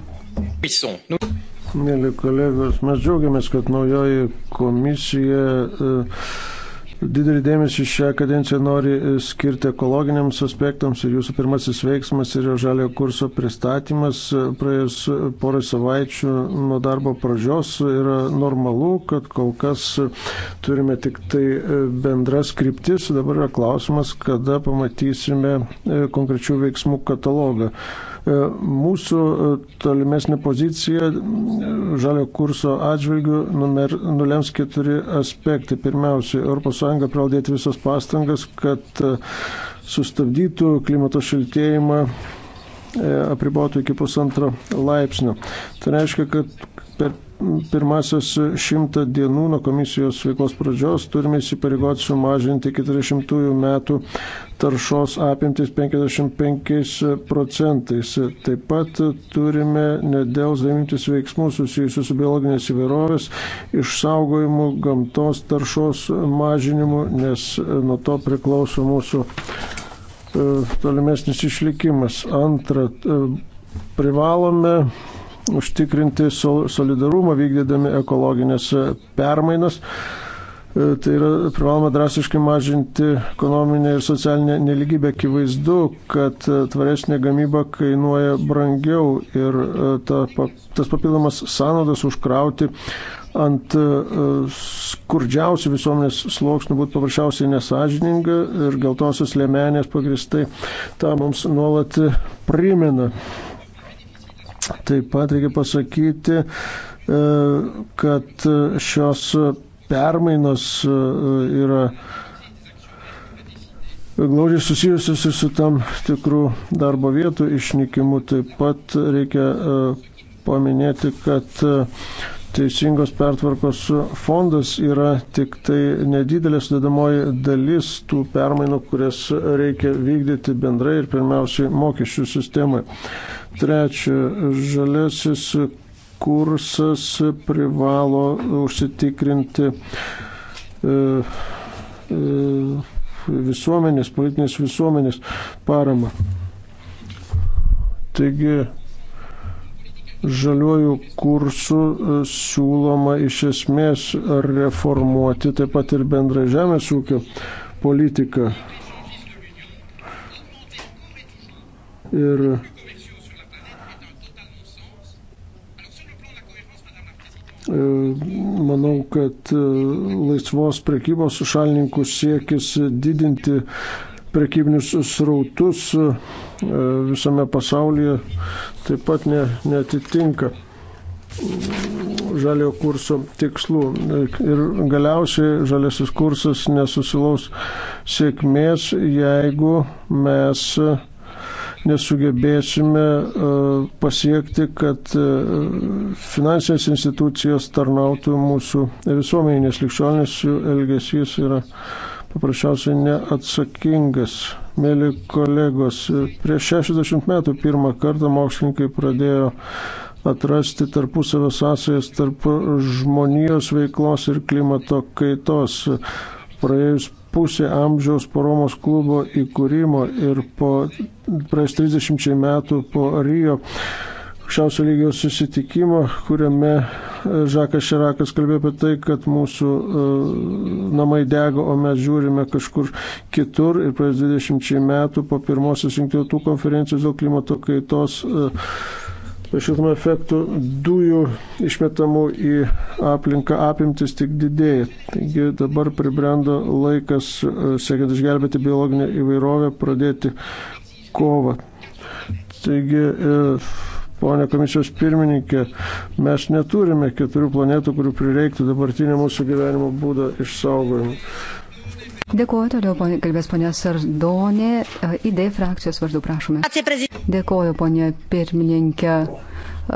Mėly kolegos, mes džiaugiamės, kad naujoji komisija e, Didelį dėmesį šią kadenciją nori e, skirti ekologiniams aspektams ir jūsų pirmasis veiksmas yra žalio kurso pristatymas. Praėjus porą savaičių nuo darbo pradžios yra normalu, kad kol kas turime tik tai e, bendras kryptis. Dabar yra klausimas, kada pamatysime e, konkrečių veiksmų katalogą. E, mūsų e, tolimesnė pozicija žalio kurso atžvilgių numer, nulems keturi aspektai. Pirmiausia, ES pradėti visas pastangas, kad e, sustabdytų klimato šiltėjimą apribotų iki pusantro laipsnio. Tai reiškia, kad per pirmasis šimtą dienų nuo komisijos veiklos pradžios turime įsipareigoti sumažinti iki 30 metų taršos apimtis 55 procentais. Taip pat turime nedėlzdamintis veiksmų susijusių su biologinės įvairovės, išsaugojimu, gamtos taršos mažinimu, nes nuo to priklauso mūsų e, tolimesnis išlikimas. Antra, e, privalome užtikrinti solidarumą vykdydami ekologinės permainas. E, tai yra privaloma drastiškai mažinti ekonominę ir socialinę neligybę. Akivaizdu, kad e, tvaresnė gamyba kainuoja brangiau ir e, ta, tas papildomas sąnaudas užkrauti ant skurdžiausių visuomenės sluoksnių būtų paprasčiausiai nesažininga ir geltosios lėmenės pagristai tą mums nuolat primena. Taip pat reikia pasakyti, e, kad šios permainos e, yra glaudžiai susijusios ir su tam tikrų darbo vietų išnykimu. Taip pat reikia e, paminėti, kad Teisingos pertvarkos fondas yra tik tai nedidelė sudėdamoji dalis tų permainų, kurias reikia vykdyti bendrai ir pirmiausiai mokesčių sistemai. Trečia, žalesis kursas privalo užsitikrinti e, e, visuomenės, politinės visuomenės paramą. Taigi Žaliuoju kursu e, siūloma iš esmės reformuoti taip pat ir bendrą žemės ūkio politiką. Ir e, manau, kad e, laisvos prekybos šalininkų siekis didinti prekybinius srautus e, visame pasaulyje taip pat ne, netitinka žalio kurso tikslų. Ir galiausiai žaliasis kursas nesusilaus sėkmės, jeigu mes nesugebėsime e, pasiekti, kad e, finansinės institucijos tarnautų mūsų visuomenės likščionės, jų elgesys yra paprasčiausiai neatsakingas. Mėly kolegos, prieš 60 metų pirmą kartą mokslininkai pradėjo atrasti tarpusavio sąsajas tarp žmonijos veiklos ir klimato kaitos. Praėjus pusė amžiaus po Romos klubo įkūrimo ir po, praėjus 30 metų po Rio aukščiausio lygio susitikimo, kuriame e, Žakas Širakas kalbėjo apie tai, kad mūsų e, namai dega, o mes žiūrime kažkur kitur. Ir praėjus 20 metų po pirmosios jungtinių konferencijos dėl klimato kaitos e, šiltnamio efektų dujų išmetamų į aplinką apimtis tik didėja. Taigi dabar pribrendo laikas, siekiant išgelbėti biologinę įvairovę, pradėti kovą. Taigi Pone komisijos pirmininkė, mes neturime keturių planetų, kurių prireiktų dabartinio mūsų gyvenimo būdo išsaugojimui. Dėkuoju toliau, ponė, kalbės ponė Sardonė, e, ID frakcijos vardu prašome. Dėkuoju, ponė pirmininkė.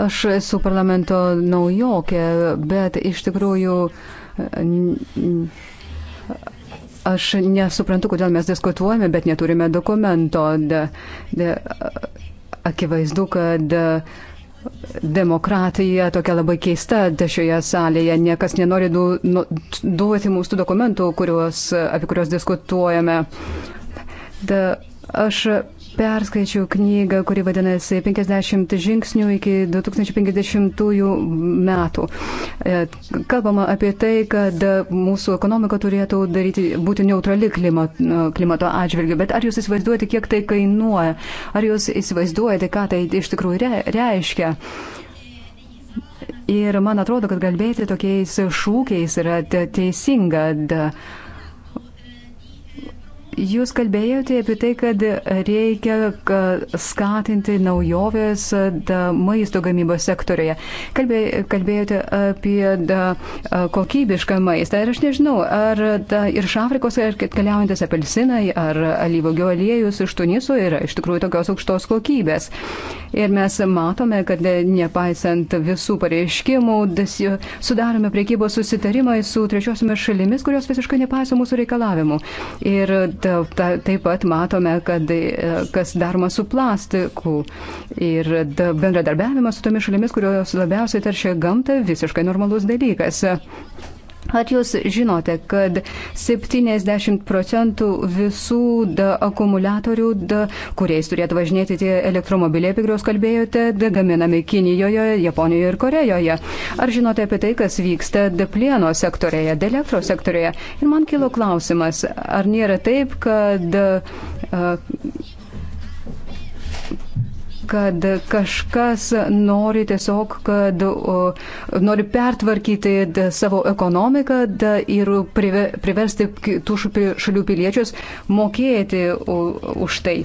Aš esu parlamento naujokė, bet iš tikrųjų aš nesuprantu, kodėl mes diskutuojame, bet neturime dokumento. De, de, akivaizdu, kad demokratija tokia labai keista šioje salėje. Niekas nenori du, nu, duoti mums tų dokumentų, kuriuos, apie kuriuos diskutuojame. Da, aš perskaičiau knygą, kuri vadinasi 50 žingsnių iki 2050 metų. E, kalbama apie tai, kad mūsų ekonomika turėtų daryti, būti neutrali klimato, e, klimato atžvilgiu, bet ar jūs įsivaizduojate, kiek tai kainuoja? Ar jūs įsivaizduojate, ką tai iš tikrųjų reiškia? Ir man atrodo, kad kalbėti tokiais šūkiais yra teisinga. Da, Jūs kalbėjote apie tai, kad reikia skatinti naujovės maisto gamybos sektorėje. Kalbėjote apie kokybišką maistą. Ir aš nežinau, ar ir iš Afrikos keliaujantis apelsinai, ar alyvogio aliejus iš Tuniso yra iš tikrųjų tokios aukštos kokybės. Ir mes matome, kad nepaisant visų pareiškimų, sudarome priekybos susitarimai su trečiosiomis šalimis, kurios visiškai nepaiso mūsų reikalavimų. Ir taip pat matome, kad e, kas daroma su plastiku ir bendradarbiavimas su tomis šalimis, kurios labiausiai teršia gamtą, visiškai normalus dalykas. At jūs žinote, kad 70 procentų visų da, akumuliatorių, da, kuriais turėtų važinėti tie elektromobiliai, apie kuriuos kalbėjote, da, gaminami Kinijoje, Japonijoje ir Korejoje. Ar žinote apie tai, kas vyksta da, plieno sektorėje, da, elektros sektorėje? Ir man kilo klausimas, ar nėra taip, kad. A, kad kažkas nori tiesiog, kad o, nori pertvarkyti da, savo ekonomiką da, ir prive, priversti tų šalių piliečius mokėti o, už tai.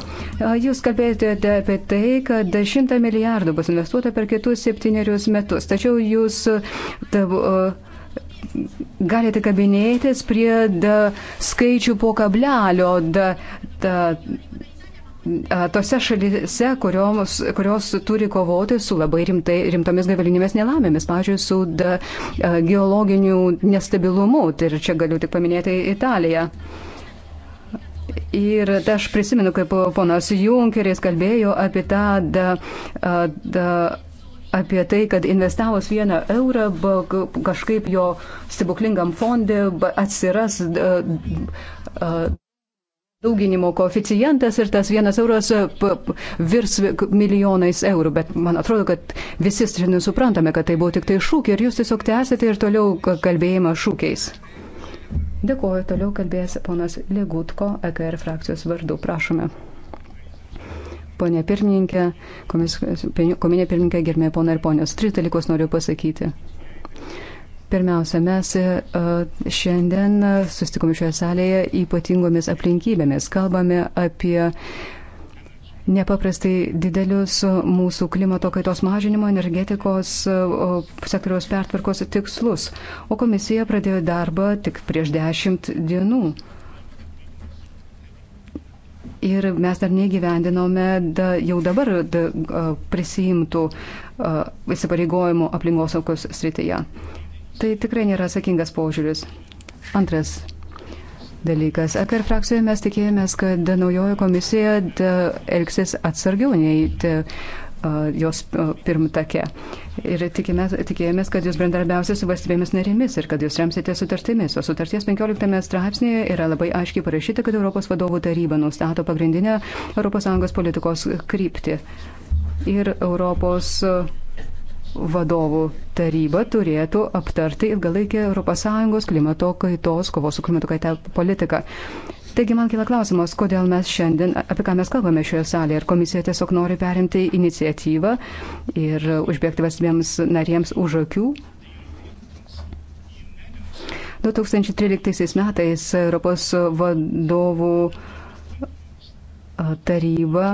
Jūs kalbėjote apie tai, kad 100 milijardų bus investuota per kitus septynerius metus. Tačiau jūs da, o, galite kabinėtis prie da, skaičių po kablelio. Da, da, tose šalise, kurios, kurios turi kovoti su labai rimtai, rimtomis gaivalinėmis nelaimėmis, pavyzdžiui, su da, geologiniu nestabilumu. Tai ir čia galiu tik paminėti Italiją. Ir tai aš prisimenu, kaip ponas Junkeris kalbėjo apie tą, da, da, apie tai, kad investavus vieną eurą kažkaip jo stebuklingam fondė atsiras. Da, da, dauginimo koeficientas ir tas vienas euras e, virs milijonais eurų, bet man atrodo, kad visi šiandien suprantame, kad tai buvo tik tai šūkiai ir jūs tiesiog tęsite ir toliau kalbėjimą šūkiais. Dėkuoju, toliau kalbės ponas Legutko, EKR frakcijos vardu, prašome. Pone pirmininkė, komis, kominė pirmininkė, gerbė pona ir ponios, tris dalykus noriu pasakyti. Pirmiausia, mes e, šiandien e, sustikome šioje salėje ypatingomis aplinkybėmis. Kalbame apie nepaprastai didelius mūsų klimato kaitos mažinimo, energetikos e, sektoriaus pertvarkos tikslus. O komisija pradėjo darbą tik prieš dešimt dienų. Ir mes dar negyvendinome da, jau dabar da, prisijimtų įsipareigojimų aplinkosaugos srityje. Tai tikrai nėra atsakingas požiūris. Antras dalykas. Ekar frakcijoje mes tikėjomės, kad naujoji komisija elgsis atsargiau nei te, uh, jos uh, pirmtakė. Ir tikimės, tikėjomės, kad jūs bendarbiausite su valstybėmis narėmis ir kad jūs remsite sutartimis. O sutarties 15 straipsnėje yra labai aiškiai parašyta, kad Europos vadovų taryba nustato pagrindinę ES politikos kryptį. Ir Europos. Uh, vadovų taryba turėtų aptarti ilgalaikę ES klimato kaitos, kovos su klimato kaita politiką. Taigi man kila klausimas, kodėl mes šiandien, apie ką mes kalbame šioje salėje, ir komisija tiesiog nori perimti iniciatyvą ir užbėgti valstybėms narėms už akių. 2013 metais Europos vadovų taryba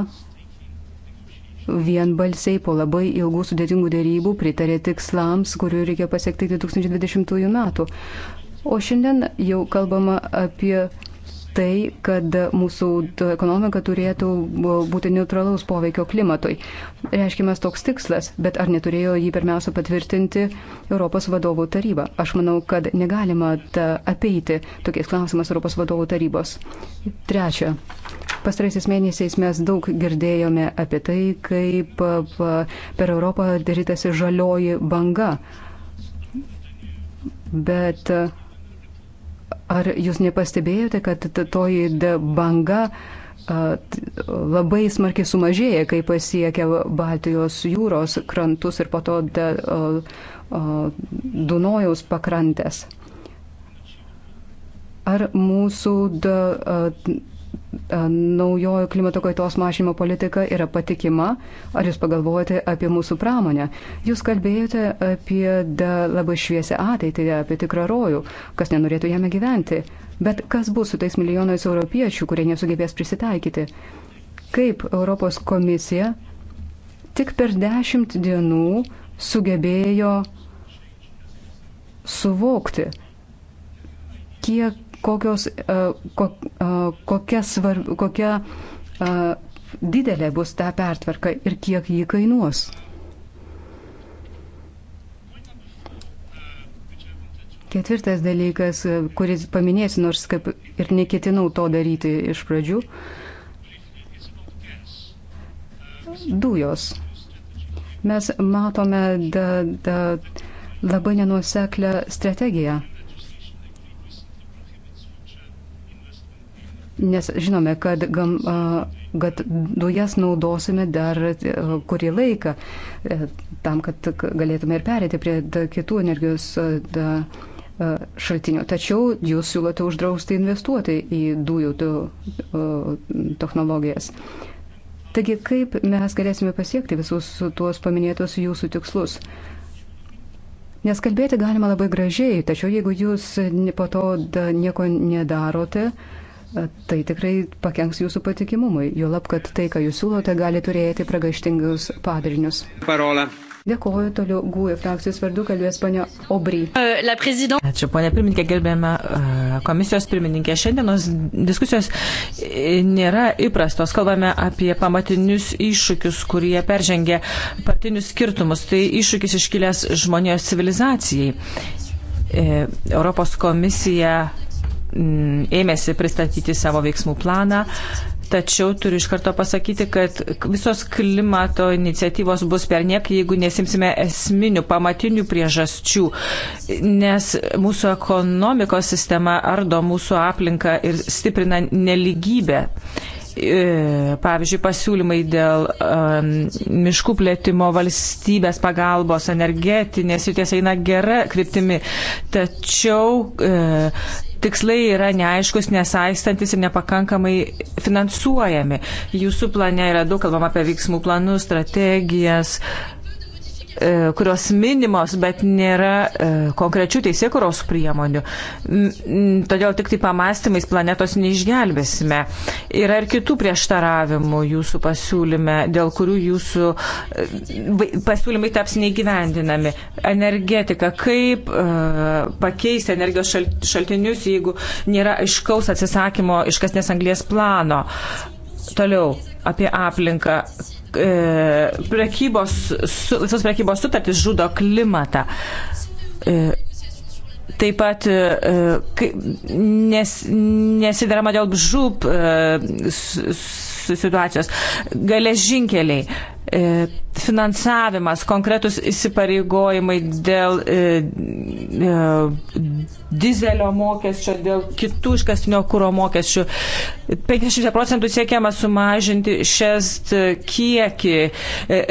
vienbalsiai po labai ilgų sudėtingų dėrybų pritarė tikslams, kurių reikia pasiekti 2020 metų. O šiandien jau kalbama apie tai, kad mūsų ekonomika turėtų būti neutralaus poveikio klimatui. Reiškiamas toks tikslas, bet ar neturėjo jį pirmiausia patvirtinti Europos vadovų taryba? Aš manau, kad negalima apeiti tokiais klausimas Europos vadovų tarybos. Trečia. Pastaraisiais mėnesiais mes daug girdėjome apie tai, kaip per Europą darytasi žalioji banga. Bet uh, Ar jūs nepastebėjote, kad toji banga labai smarkiai sumažėja, kai pasiekia Baltijos jūros krantus ir po to da, Dunojaus pakrantės? Ar mūsų da, naujojo klimato kaitos mažinimo politika yra patikima, ar jūs pagalvojate apie mūsų pramonę. Jūs kalbėjote apie labai šviesią ateitį, apie tikrą rojų, kas nenorėtų jame gyventi. Bet kas bus su tais milijonais europiečių, kurie nesugebės prisitaikyti? Kaip Europos komisija tik per dešimt dienų sugebėjo suvokti, kiek kokios, e, kok, e, kokia, svarb, kokia e, didelė bus ta pertvarka ir kiek jį kainuos. Ketvirtas dalykas, kuris paminėsiu, nors kaip ir neketinau to daryti iš pradžių, dujos. Mes matome da, da, labai nenuoseklę strategiją Nes žinome, kad, gam, kad dujas naudosime dar kurį laiką, e, tam, kad galėtume ir perėti prie kitų energijos šaltinių. Tačiau jūs siūlote uždrausti investuoti į dujų technologijas. Taigi, kaip mes galėsime pasiekti visus tuos paminėtus jūsų tikslus? Nes kalbėti galima labai gražiai, tačiau jeigu jūs po to nieko nedarote, uh, tai tikrai pakenks jūsų patikimumui, jo lab, kad tai, ką jūs siūlote, gali turėti pragaištingus padarinius. Parola. Dėkoju toliau GUE frakcijos vardu, kalbės ponia Obry. Uh, Ačiū, ponia pirmininkė, gerbėjame uh, komisijos pirmininkė. Šiandienos diskusijos uh, nėra įprastos. Kalbame apie pamatinius iššūkius, kurie peržengia partinius skirtumus. Tai iššūkis iškilęs žmonijos civilizacijai. Europos komisija Mm, ėmėsi pristatyti savo veiksmų planą. Tačiau turiu iš karto pasakyti, kad visos klimato iniciatyvos bus perniek, jeigu nesimsime esminių, pamatinių priežasčių, nes mūsų ekonomikos sistema ardo mūsų aplinką ir stiprina neligybę. E, pavyzdžiui, pasiūlymai dėl um, miškų plėtimo valstybės pagalbos energetinės ir tiesa eina gera kryptimi. Tačiau uh, tikslai yra neaiškus, nesaistantis ir nepakankamai finansuojami. Jūsų plane yra daug kalbama apie veiksmų planus, strategijas, E, kurios minimos, bet nėra e, konkrečių teisėkuros priemonių. Todėl tik tai pamastymais planetos neišgelbėsime. Yra ir kitų prieštaravimų jūsų pasiūlyme, dėl kurių jūsų e, pasiūlymai taps neįgyvendinami. Energetika, kaip pakeisti energijos šaltinius, jeigu nėra aiškaus atsisakymo iškasnės anglės plano. Toliau apie aplinką. E, prekybos, su, visos prekybos sutartys žudo klimatą. E, taip pat e, nes, nesidarama dėl žūp situacijos. Geležinkeliai E, finansavimas, konkretus įsipareigojimai dėl e, e, dizelio mokesčio, dėl kitų iškastinio kūro mokesčių. 50 procentų siekiama sumažinti šias kiekį. E,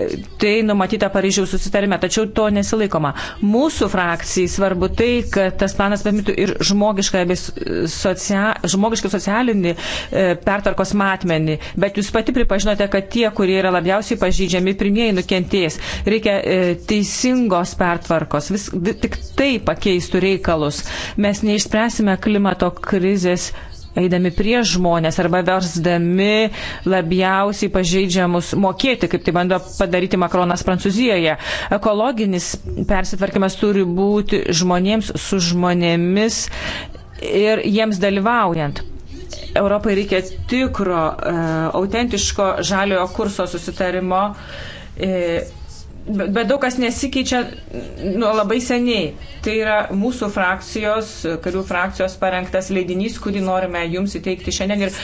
tai numatyta Paryžiaus susitarime, tačiau to nesilaikoma. Mūsų frakcijai svarbu tai, kad tas planas pamintų ir žmogišką, socia, žmogišką socialinį e, pertvarkos matmenį. Bet jūs pati pripažinote, kad tie, kurie yra labiausiai pažįstami, pažydžiami, pirmieji nukentės. Reikia e, teisingos pertvarkos. Vis, tik tai pakeistų reikalus. Mes neišspręsime klimato krizės eidami prie žmonės arba versdami labiausiai pažeidžiamus mokėti, kaip tai bando padaryti Makronas Prancūzijoje. Ekologinis persitvarkymas turi būti žmonėms su žmonėmis ir jiems dalyvaujant. Europai reikia tikro, e, autentiško žaliojo kurso susitarimo, e, bet daug kas nesikeičia nuo labai seniai. Tai yra mūsų frakcijos, karių frakcijos parengtas leidinys, kurį norime jums įteikti šiandien ir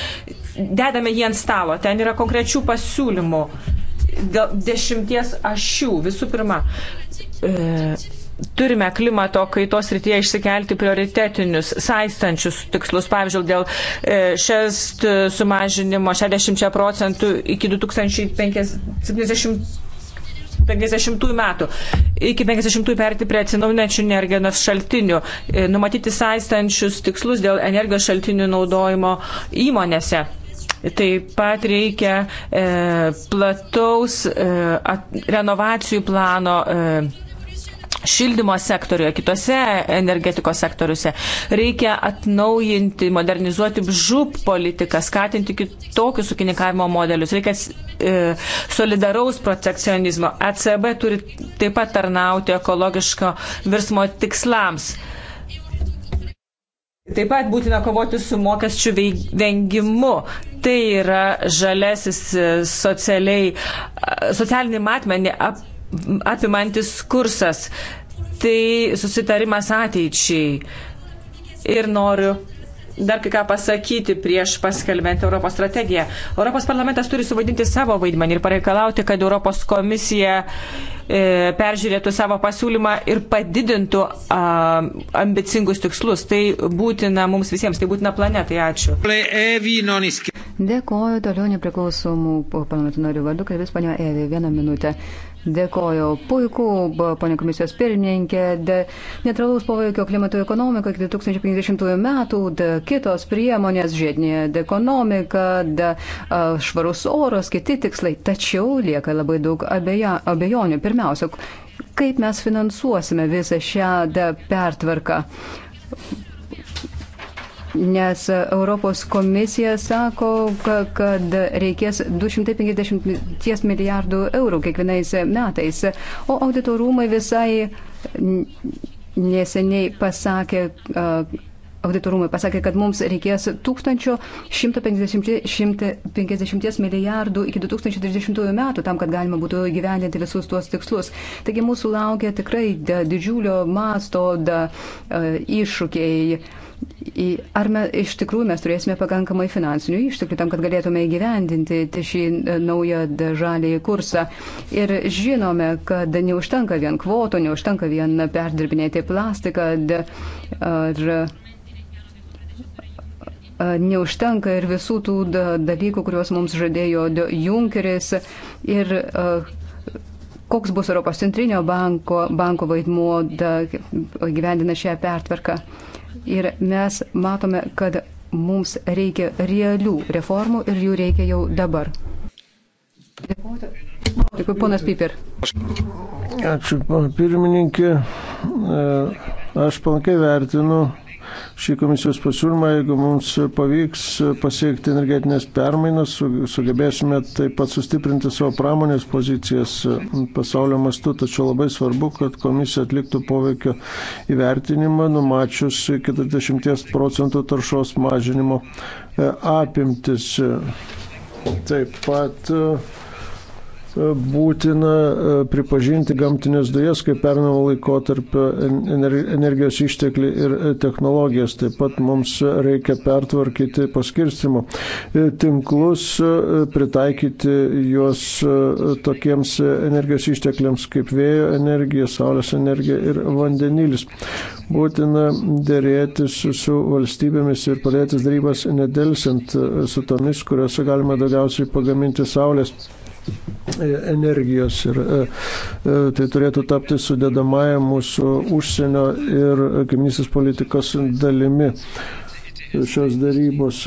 dedame jį ant stalo. Ten yra konkrečių pasiūlymų dėl dešimties ašių. Visų pirma, e, turime klimato kaitos rytyje išsikelti prioritetinius, saistančius tikslus, pavyzdžiui, dėl e, šest sumažinimo 60 procentų iki 2050. 50 metų. Iki 50 perti prie atsinaujinančių energijos šaltinių, e, numatyti saistančius tikslus dėl energijos šaltinių naudojimo įmonėse. Taip pat reikia e, plataus e, at, renovacijų plano. E, šildymo sektoriuje, kitose energetikos sektoriuose. Reikia atnaujinti, modernizuoti žūp politiką, skatinti kitokius ūkininkavimo modelius. Reikia e, solidaraus protekcionizmo. ECB turi taip pat tarnauti ekologiško virsmo tikslams. Taip pat būtina kovoti su mokesčių vengimu. Tai yra žalesis e, socialiai, e, socialinį matmenį ap, apimantis kursas. Tai susitarimas ateičiai. Ir noriu dar kai ką pasakyti prieš paskelbent Europos strategiją. Europos parlamentas turi suvaidinti savo vaidmenį ir pareikalauti, kad Europos komisija e, peržiūrėtų savo pasiūlymą ir padidintų a, ambicingus tikslus. Tai būtina mums visiems, tai būtina planetai. Ačiū. Dėkoju, toliau nepriklausomų parlamentų narių vardu, kalbės panio Evi, vieną minutę. Dėkoju. Puiku, ponė komisijos pirmininkė, de, neutralaus poveikio klimato ekonomika iki 2050 metų, de, kitos priemonės, žiedinė ekonomika, de, švarus oras, kiti tikslai. Tačiau lieka labai daug abeja, abejonių. Pirmiausia, kaip mes finansuosime visą šią de, pertvarką? nes Europos komisija sako, kad reikės 250 milijardų eurų kiekvienais metais, o auditorumai visai neseniai pasakė, auditorumai pasakė, kad mums reikės 1150 milijardų iki 2030 metų tam, kad galima būtų gyveninti visus tuos tikslus. Taigi mūsų laukia tikrai didžiulio masto iššūkiai. Ar me, iš tikrųjų mes turėsime pakankamai finansinių išteklių tam, kad galėtume įgyvendinti šį e, naują žalį kursą. Ir žinome, kad neužtenka vien kvotų, neužtenka vien perdirbinėti plastiką. Ar, e, neužtenka ir visų tų dalykų, kuriuos mums žadėjo Junkeris. Ir e, koks bus Europos centrinio banko, banko vaidmuo gyvendina šią pertvarką. Ir mes matome, kad mums reikia realių reformų ir jų reikia jau dabar. Dėkui, ponas Piper. Ačiū, pan pirmininkė. E, aš palankiai vertinu šį komisijos pasiūlymą, jeigu mums pavyks pasiekti energetinės permainas, sugebėsime taip pat sustiprinti savo pramonės pozicijas pasaulio mastu, tačiau labai svarbu, kad komisija atliktų poveikio įvertinimą, numačius 40 procentų taršos mažinimo e, apimtis. Taip pat uh, E, būtina e, pripažinti gamtinės dujas kaip pernamo laikotarpio energijos išteklių ir e, technologijas. Taip pat mums reikia pertvarkyti paskirstimo tinklus, pritaikyti juos tokiems energijos ištekliams kaip vėjo energija, saulės energija ir vandenilis. Būtina dėrėtis su valstybėmis ir padėtis darybas nedelsiant su tomis, kuriuose galima daugiausiai pagaminti saulės energijos ir e, e, tai turėtų tapti sudėdamąją mūsų užsienio ir kaimynystės politikos dalimi. Šios darybos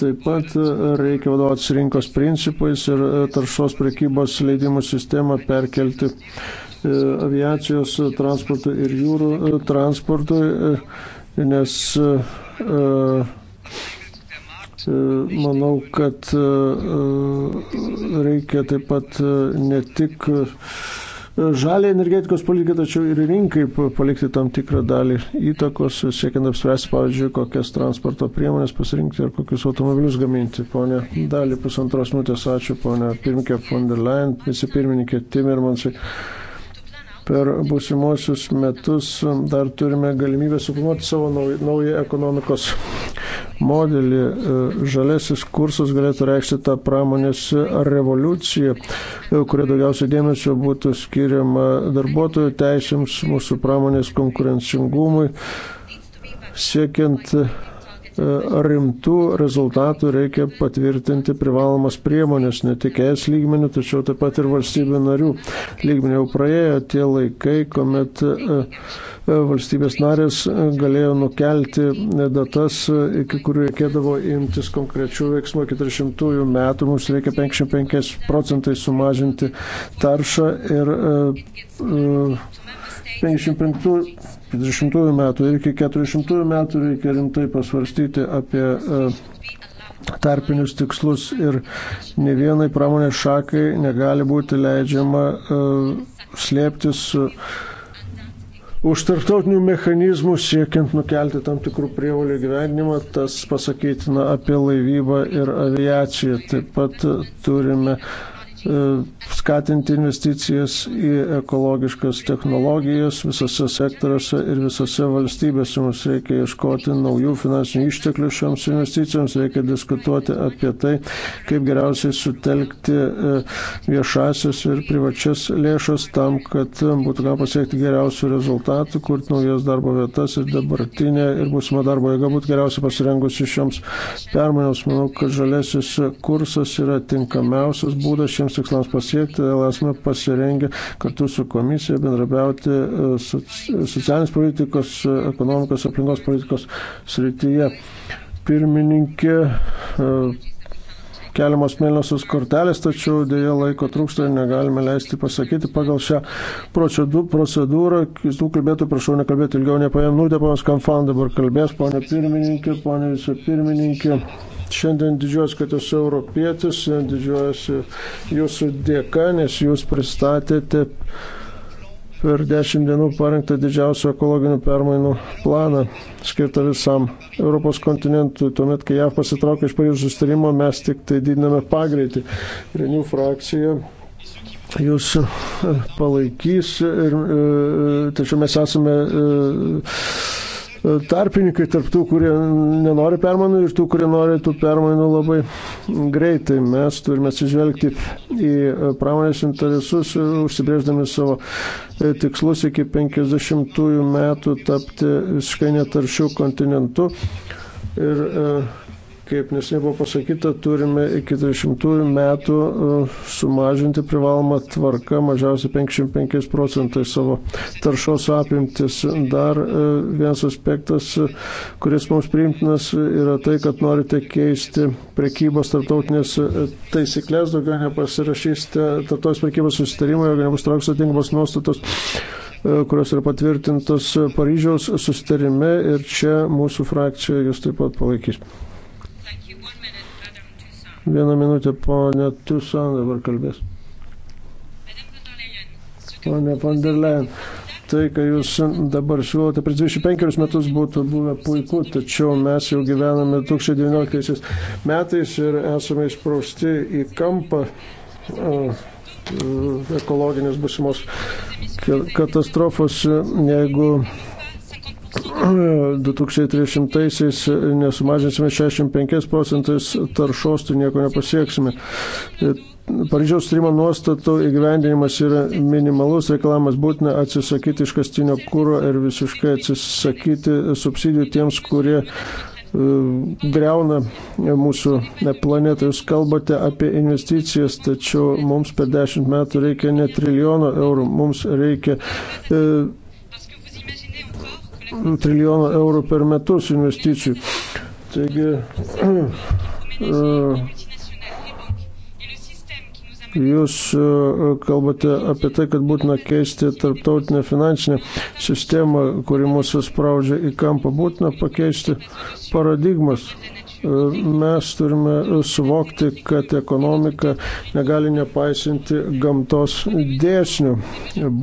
taip pat e, reikia vadovautis rinkos principais ir taršos prekybos leidimų sistemą perkelti aviacijos transportui ir jūrų transportui, nes uh, E, manau, kad e, e, reikia taip pat ne tik žalį energetikos politiką, tačiau ir rinkai palikti tam tikrą dalį įtakos, siekiant apspręsti, pavyzdžiui, kokias transporto priemonės pasirinkti ir kokius automobilius gaminti. Pone, dalį pusantros minutės ačiū, pone pirmininkė von der Leyen, visi pirmininkė Timmermansai per būsimuosius metus dar turime galimybę suplanuoti savo naują ekonomikos modelį. E, žalesis kursas galėtų reikšti tą pramonės revoliuciją, e, kuria daugiausiai dėmesio būtų skiriama darbuotojų teisėms, mūsų pramonės konkurencingumui, siekiant E, rimtų rezultatų reikia patvirtinti privalomas priemonės, ne tik es lygmenių, tačiau taip pat ir valstybių narių lygmenių. Jau praėjo tie laikai, kuomet e, valstybės narės galėjo nukelti datas, e, iki kurių reikėdavo imtis konkrečių veiksmų. 400 metų mums reikia 55 procentai sumažinti taršą ir 55 40 metų ir iki 400 metų reikia rimtai pasvarstyti apie e, tarpinius tikslus ir ne vienai pramonės šakai negali būti leidžiama e, slėptis e, už tarptautinių mechanizmų siekiant nukelti tam tikrų prievalių gyvenimą, tas pasakytina apie laivybą ir aviaciją. Taip pat turime uh, E, skatinti investicijas į ekologiškas technologijas visose sektoriuose ir visose valstybėse. Mums reikia ieškoti naujų finansinių išteklių šioms investicijoms, reikia diskutuoti apie tai, kaip geriausiai sutelkti e, viešasias ir privačias lėšas tam, kad būtų galima pasiekti geriausių rezultatų, kurti naujas darbo vietas ir dabartinė ir būsima darbo jėga būtų geriausiai pasirengusi šioms permainoms. Manau, kad žalesis kursas yra tinkamiausias būdas šiems šiems tikslams pasiekti, esame pasirengę kartu su komisija bendrabiauti e, socialinės politikos, e, ekonomikos, aplinkos politikos srityje. Pirmininkė e, keliamos mėlynosios kortelės, tačiau dėja laiko trūksta ir negalime leisti pasakyti pagal šią procedūrą. Kitų kalbėtų, prašau nekalbėti ilgiau, nepajamnų, deponas Kamfan dabar kalbės, ponė pirmininkė, ponė vicepirmininkė. Šiandien didžiuosi, kad esu europietis, didžiuosi jūsų dėka, nes jūs pristatėte per dešimt dienų parengtą didžiausią ekologinių permainų planą, skirtą visam Europos kontinentui. Tuomet, kai JAV pasitraukė iš Paryžiaus sustarimo, mes tik tai didiname pagreitį. Renių frakcija jūs e, palaikys, ir, e, e, tačiau mes esame tarpininkai tarp tų, kurie nenori permainų ir tų, kurie nori tų permainų labai greitai. Mes turime atsižvelgti į pramonės interesus, užsibrėždami savo tikslus iki 50 metų tapti visiškai netaršių kontinentų. Ir e, Kaip nesiniai buvo pasakyta, turime iki 30 metų uh, sumažinti privalomą tvarką mažiausiai 55 procentai savo taršos apimtis. Dar uh, vienas aspektas, uh, kuris mums priimtinas, yra tai, kad norite keisti prekybos tarptautinės taisyklės, daugiau nepasirašysite tarptautinės prekybos susitarimą, jeigu nebus trauks atitinkamos nuostatos kurios yra patvirtintos Paryžiaus susitarime ir čia mūsų frakcija jūs taip pat palaikys. Vieną minutę, ponė Tusan dabar kalbės. Ponė von der Leyen, tai, ką jūs dabar siūlote, prieš 25 metus būtų buvę puiku, tačiau mes jau gyvename 2019 metais ir esame išprausti į kampą e, ekologinės busimos katastrofos, jeigu 2300-aisiais nesumažinsime 65 procentais taršos, tai nieko nepasieksime. Paryžiaus strimo nuostatų įgyvendinimas yra minimalus, reklamas būtina atsisakyti iškastinio kūro ir visiškai atsisakyti subsidijų tiems, kurie e, greuna mūsų planetą. Jūs kalbate apie investicijas, tačiau mums per dešimt metų reikia ne trilijono eurų, mums reikia e, trilijoną eurų per metus investicijų. Taigi, Jūs e, kalbate apie tai, kad būtina keisti tarptautinę finansinę sistemą, kuri mūsų spraudžia į kampą, būtina pakeisti paradigmas. Mes turime suvokti, kad ekonomika negali nepaisinti gamtos dėsnių.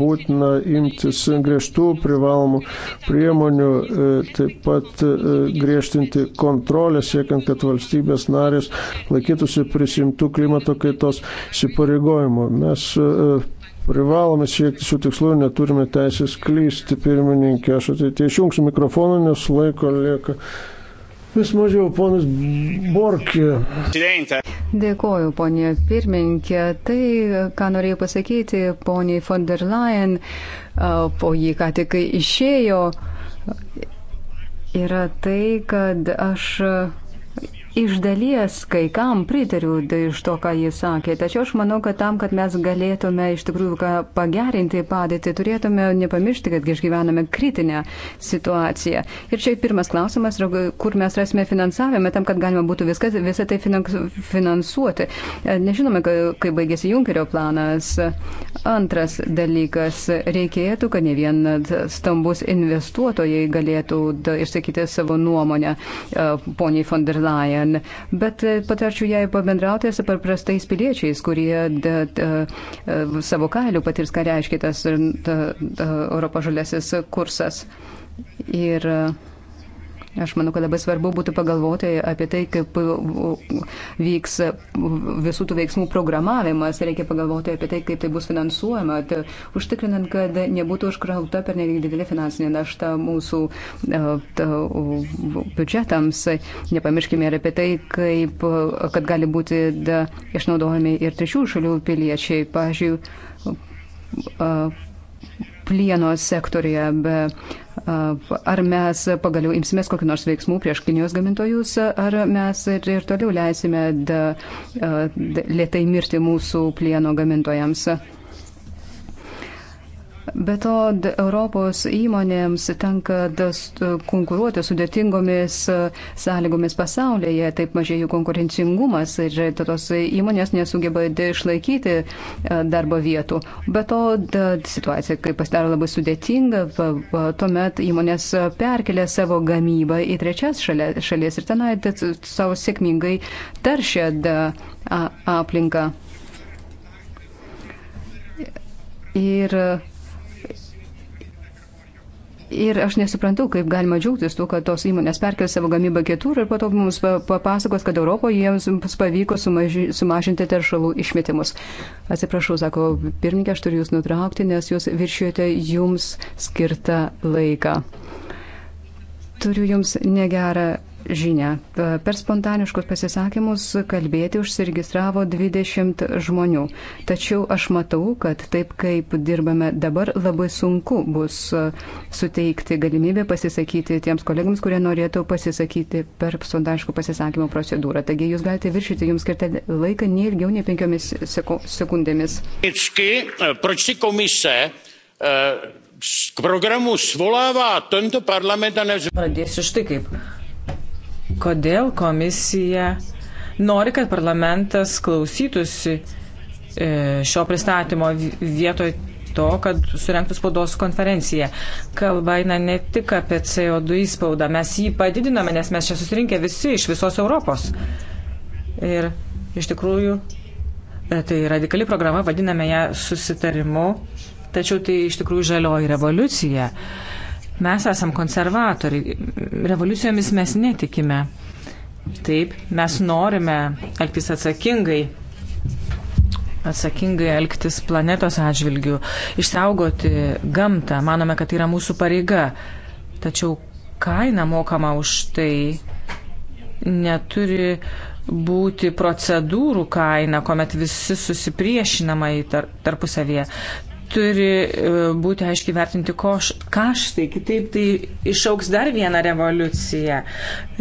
Būtina imtis griežtų privalomų priemonių, e, taip pat e, griežtinti kontrolę, siekiant, kad valstybės narės laikytųsi prisimtų klimato kaitos įsipareigojimų. Mes e, privalome siekti šių tikslų ir neturime teisės klysti, pirmininkė. Aš ateitie išjungsiu mikrofoną, nes laiko lieka Vis mažiau, ponas Borkė. Dėkoju, ponė pirmininkė. Tai, ką norėjau pasakyti, poniai von der Leyen, po jį ką tik išėjo, yra tai, kad aš Iš dalies kai kam pritariu iš to, ką jis sakė, tačiau aš manau, kad tam, kad mes galėtume iš tikrųjų pagerinti padėtį, turėtume nepamiršti, kad išgyvename kritinę situaciją. Ir čia pirmas klausimas yra, kur mes rasime finansavimą tam, kad galima būtų viskas, visą tai finansuoti. E, nežinome, kai baigėsi Junkerio planas. Antras dalykas, reikėtų, kad ne vien stambus investuotojai galėtų išsakyti savo nuomonę e, poniai von der Leyen šiandien, bet e, patarčiau jai pabendrauti su paprastais piliečiais, kurie da, da, e, savo kailių patirs, ką reiškia tas da, e, da, Europos žaliasis kursas. Ir uh, Aš manau, kad labai svarbu būtų pagalvoti apie tai, kaip vyks visų tų veiksmų programavimas. Reikia pagalvoti apie tai, kaip tai bus finansuojama, tai užtikrinant, kad nebūtų užkrauta per nelik didelį finansinį naštą mūsų e, biudžetams. Nepamirškime ir apie tai, kaip, kad gali būti da, išnaudojami ir trečių šalių piliečiai. Pavyzdžiui, e, plieno sektorija. Be, ar mes pagaliau imsimės kokiu nors veiksmu prieš Kinijos gamintojus, ar mes ir, ir toliau leisime da, da, lėtai mirti mūsų plieno gamintojams. Be to, Europos įmonėms tenka konkuruoti sudėtingomis e, sąlygomis pasaulyje, taip mažėja jų konkurencingumas ir tos įmonės nesugeba išlaikyti e, darbo vietų. Be to, situacija, kai pasidaro labai sudėtinga, tuomet įmonės perkelia savo gamybą į trečias šalies ir tenai savo sėkmingai teršia aplinką. Ir uh Ir aš nesuprantu, kaip galima džiaugtis tuo, kad tos įmonės perkel savo gamybą kitur ir po to mums papasakos, kad Europoje jiems pavyko sumaži, sumažinti teršalų išmetimus. Atsiprašau, sako pirmininkė, aš turiu jūs nutraukti, nes jūs viršijote jums skirtą laiką. Turiu jums negerą žinę. Per spontaniškus pasisakymus kalbėti užsiregistravo 20 žmonių. Tačiau aš matau, kad taip kaip dirbame dabar, labai sunku bus suteikti galimybę pasisakyti tiems kolegams, kurie norėtų pasisakyti per spontaniškų pasisakymų procedūrą. Taigi jūs galite viršyti jums skirtą laiką ne ilgiau nei penkiomis sekundėmis. K eh, eh, programu svolává tento parlament a ne... Pradėsiu štai kaip. Kodėl komisija nori, kad parlamentas klausytųsi e, šio pristatymo vietoj to, kad surenktų spaudos konferenciją. Kalba eina ne tik apie CO2 įspaudą, mes jį padidiname, nes mes čia susirinkę visi iš visos Europos. Ir iš tikrųjų e, tai radikali programa, vadiname ją susitarimu, tačiau tai iš tikrųjų žalioji revoliucija. Mes esam konservatoriai, revoliucijomis mes netikime. Taip, mes norime elgtis atsakingai, atsakingai elgtis planetos atžvilgių, išsaugoti gamtą, manome, kad tai yra mūsų pareiga. Tačiau kaina mokama už tai neturi būti procedūrų kaina, kuomet visi susipriešinama į tar tarpusavėje turi e, būti aiškiai vertinti koš, kaštai, kitaip tai išauks dar vieną revoliuciją.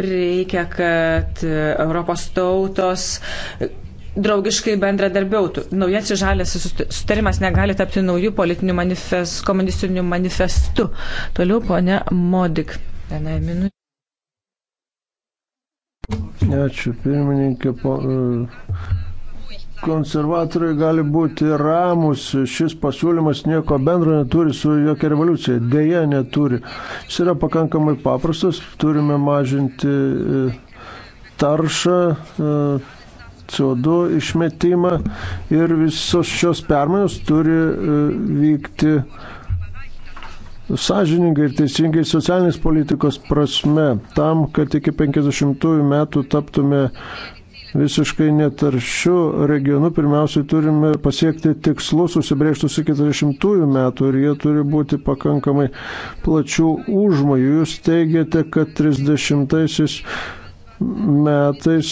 Reikia, kad e, Europos tautos e, draugiškai bendradarbiautų. Naujasis žalės sutarimas negali tapti naujų politinių manifest, komunistinių manifestų. Toliau, ponė Modik. Vienai minutė. Ačiū, pirmininkė. Po, uh konservatoriai gali būti ramus, šis pasiūlymas nieko bendro neturi su jokia revoliucija, dėja neturi. Jis yra pakankamai paprastas, turime mažinti e, taršą, e, CO2 išmetimą ir visos šios permainos turi e, vykti sąžiningai ir teisingai socialinės politikos prasme, tam, kad iki 50 metų taptume visiškai netaršiu regionu, pirmiausiai turime pasiekti tikslus susibrėžtus iki 40 metų ir jie turi būti pakankamai plačių užmojų. Jūs teigiate, kad 30 metais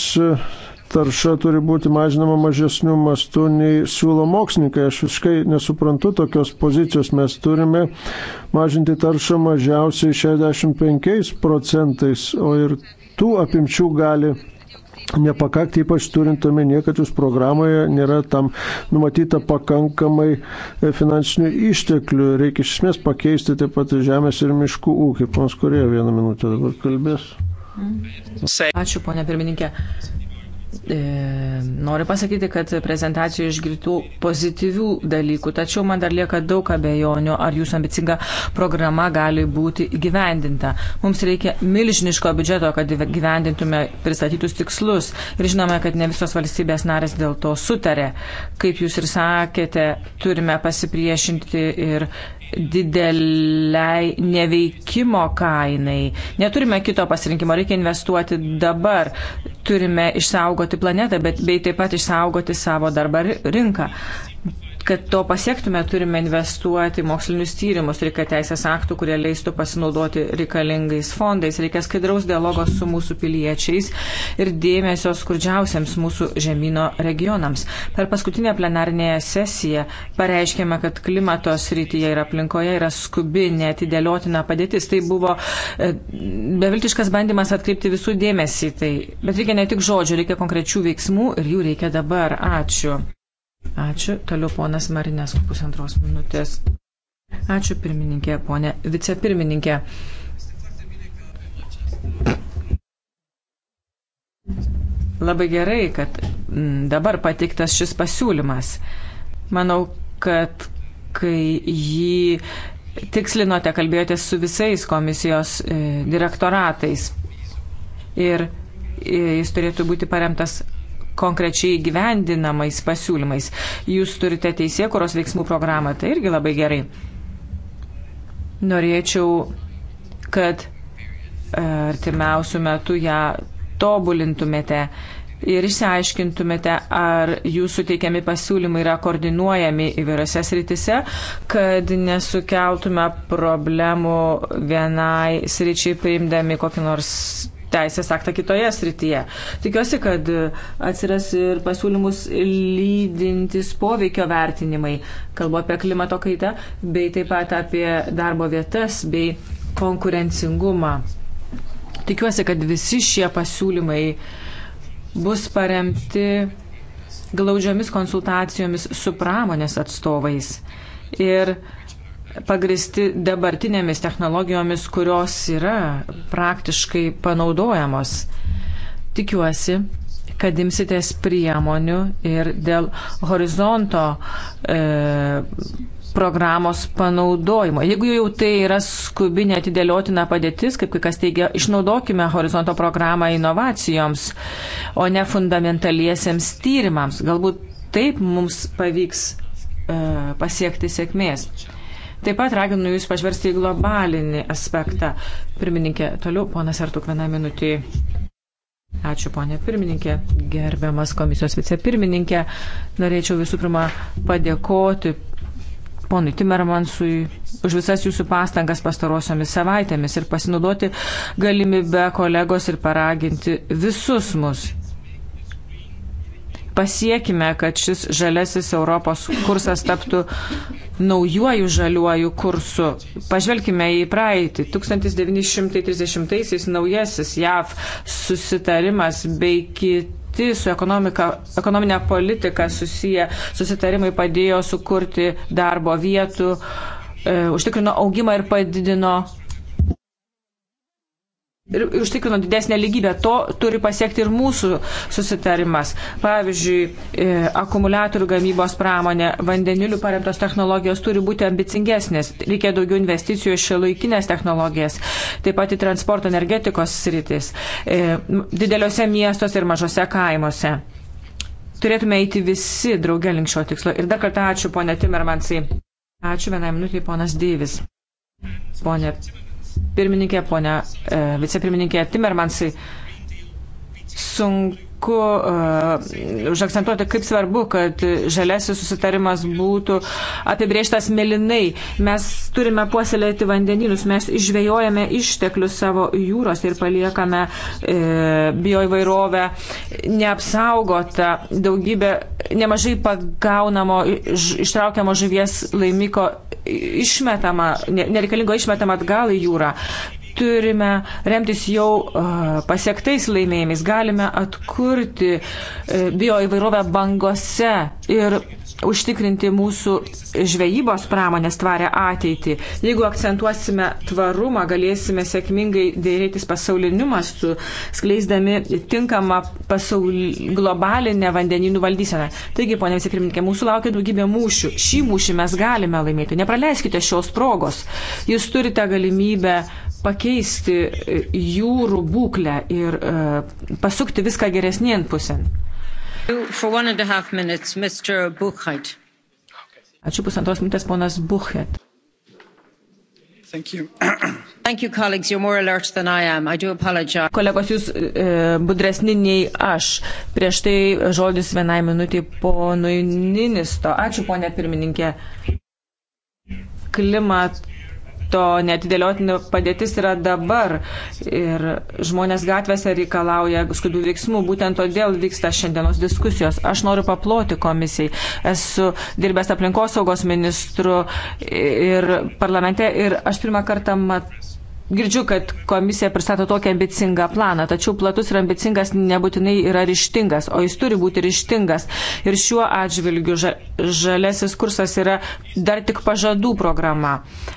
tarša turi būti mažinama mažesnių mastų nei siūlo mokslininkai. Aš visiškai nesuprantu tokios pozicijos. Mes turime mažinti taršą mažiausiai 65 procentais, o ir tų apimčių gali nepakakti, ypač turint omenyje, kad jūs programoje nėra tam numatyta pakankamai e, finansinių išteklių. Reikia iš esmės pakeisti taip pat žemės ir miškų ūkį. Pons Korėjo vieną minutę dabar kalbės. Ačiū, ponia pirmininkė. E, noriu pasakyti, kad prezentacijoje išgirtų pozityvių dalykų, tačiau man dar lieka daug abejonių, ar jūsų ambicinga programa gali būti gyvendinta. Mums reikia milžiniško biudžeto, kad gyvendintume pristatytus tikslus ir žinome, kad ne visos valstybės narės dėl to sutarė. Kaip jūs ir sakėte, turime pasipriešinti ir dideliai neveikimo kainai. Neturime kito pasirinkimo, reikia investuoti dabar. Turime išsaugoti planetą, bet bei taip pat išsaugoti savo darbą rinką. Kad to pasiektume, turime investuoti mokslinius tyrimus, reikia teisės aktų, kurie leistų pasinaudoti reikalingais fondais, reikia skaidraus dialogo su mūsų piliečiais ir dėmesio skurdžiausiams mūsų žemynų regionams. Per paskutinę plenarinėje sesiją pareiškėme, kad klimato srityje ir aplinkoje yra skubi, netidėliotina padėtis. Tai buvo e, beviltiškas bandymas atkreipti visų dėmesį. Tai, bet reikia ne tik žodžių, reikia konkrečių veiksmų ir jų reikia dabar. Ačiū. Ačiū. Toliau ponas Marinės pusantros minutės. Ačiū pirmininkė, ponė vicepirmininkė. Labai gerai, kad dabar patiktas šis pasiūlymas. Manau, kad kai jį tikslinote, kalbėjote su visais komisijos e, direktoratais. Ir e, jis turėtų būti paremtas konkrečiai gyvendinamais pasiūlymais. Jūs turite teisėkuros veiksmų programą, tai irgi labai gerai. Norėčiau, kad e, artimiausių metų ją tobulintumėte ir išsiaiškintumėte, ar jūsų teikiami pasiūlymai yra koordinuojami įvairiose sritise, kad nesukeltume problemų vienai sričiai priimdami kokį nors teisės aktą kitoje srityje. Tikiuosi, kad atsiras ir pasiūlymus lydintis poveikio vertinimai. Kalbu apie klimato kaitą, bei taip pat apie darbo vietas bei konkurencingumą. Tikiuosi, kad visi šie pasiūlymai bus paremti glaudžiomis konsultacijomis su pramonės atstovais. Ir pagristi dabartinėmis technologijomis, kurios yra praktiškai panaudojamos. Tikiuosi, kad imsitės priemonių ir dėl horizonto e, programos panaudojimo. Jeigu jau tai yra skubinė atidėliotina padėtis, kaip kai kas teigia, išnaudokime horizonto programą inovacijoms, o ne fundamentaliesiems tyrimams. Galbūt taip mums pavyks e, pasiekti sėkmės. Taip pat raginu Jūs pažversti į globalinį aspektą. Pirmininkė, toliau ponas Artuk vieną minutį. Ačiū, ponė pirmininkė, gerbiamas komisijos vicepirmininkė. Norėčiau visų pirma padėkoti ponui Timermansui už visas jūsų pastangas pastarosiomis savaitėmis ir pasinaudoti galimybę kolegos ir paraginti visus mus pasiekime, kad šis žalesis Europos kursas taptų naujuoju žaliuoju kursu. Pažvelkime į praeitį. 1930-aisiais naujasis JAV susitarimas bei kiti kiti su ekonominė politika susiję susitarimai padėjo sukurti darbo vietų, e, užtikrino augimą ir padidino ir užtikrino didesnę lygybę. To turi pasiekti ir mūsų susitarimas. Pavyzdžiui, e, akumuliatorių gamybos pramonė, vandenilių paremtos technologijos turi būti ambicingesnės. Reikia daugiau investicijų iš laikinės technologijas, taip pat į transporto energetikos sritis, e, dideliuose miestuose ir mažose kaimuose. Turėtume eiti visi draugė link šio tikslo. Ir dar kartą ačiū, ponė Timermansai. Ačiū vienai minutiai, ponas Deivis. Ponė pirmininkė, ponia e, vicepirmininkė Timermansai, sunku e, užakcentuoti, kaip svarbu, kad žalesis susitarimas būtų apibrieštas melinai. Mes turime puoselėti vandenynus, mes išvėjojame išteklius savo jūros ir paliekame e, bioįvairovę neapsaugotą. Daugybė nemažai pagaunamo, ž, ištraukiamo žuvies laimiko išmetama, nereikalingo išmetama atgal į jūrą. Turime remtis jau e, pasiektais laimėjimais, galime atkurti e, bioįvairovę bangose ir užtikrinti mūsų žvejybos pramonės tvarę ateitį. Jeigu akcentuosime tvarumą, galėsime sėkmingai dėrėtis pasauliniu mastu, skleisdami tinkamą pasaul... globalinę vandeninų valdyseną. Taigi, ponė vicepirmininkė, mūsų laukia daugybė mūšių. Šį mūšį mes galime laimėti. Nepraleiskite šios progos. Jūs turite galimybę pakeisti jūrų būklę ir uh, pasukti viską geresnien pusėn. Minutes, Ačiū pusantros minutės, ponas Buchet. Thank you. Thank you, colleagues. You're more alert than I am. I do apologize. Kolegos, jūs e, budresni nei aš. Prieš tai žodis vienai minutį ponui Ninisto. Ačiū, ponė pirmininkė. Klimat konflikto netidėliotinė padėtis yra dabar ir žmonės gatvėse reikalauja skubių veiksmų. Būtent todėl vyksta šiandienos diskusijos. Aš noriu paploti komisijai. Esu dirbęs aplinkosaugos ministru ir parlamente ir aš pirmą kartą matau girdžiu, kad komisija pristato tokį ambicingą planą, tačiau platus ir ambicingas nebūtinai yra ryštingas, o jis turi būti ryštingas. Ir šiuo atžvilgiu ža, žalesis kursas yra dar tik pažadų programa.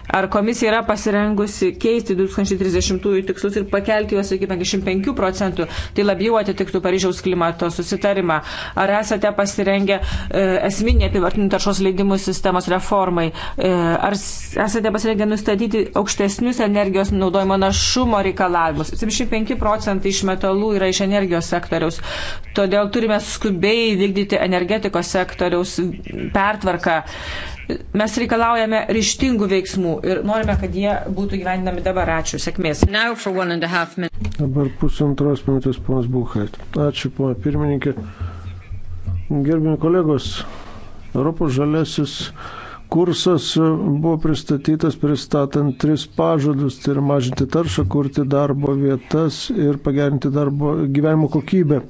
Ar komisija yra pasirengusi keisti 2030 tikslus ir pakelti juos iki 55 procentų, tai labiau atitiktų Paryžiaus klimato susitarimą. Ar esate pasirengę e, esminį apivartinių taršos leidimų sistemos reformai? E, ar esate pasirengę nustatyti aukštesnius energijos naudojimus? naudojimo našumo reikalavimus. 75 procentai iš metalų yra iš energijos sektoriaus. Todėl turime skubiai vykdyti energetikos sektoriaus pertvarką. Mes reikalaujame ryštingų veiksmų ir norime, kad jie būtų gyvendinami dabar. Ačiū, sėkmės. Dabar pusantros minutės, ponas Buchait. Ačiū, ponia pirmininkė. Gerbimi kolegos, Europos žalesis kursas e, buvo pristatytas pristatant tris pažadus, tai yra mažinti taršą, kurti darbo vietas ir pagerinti darbo gyvenimo kokybę.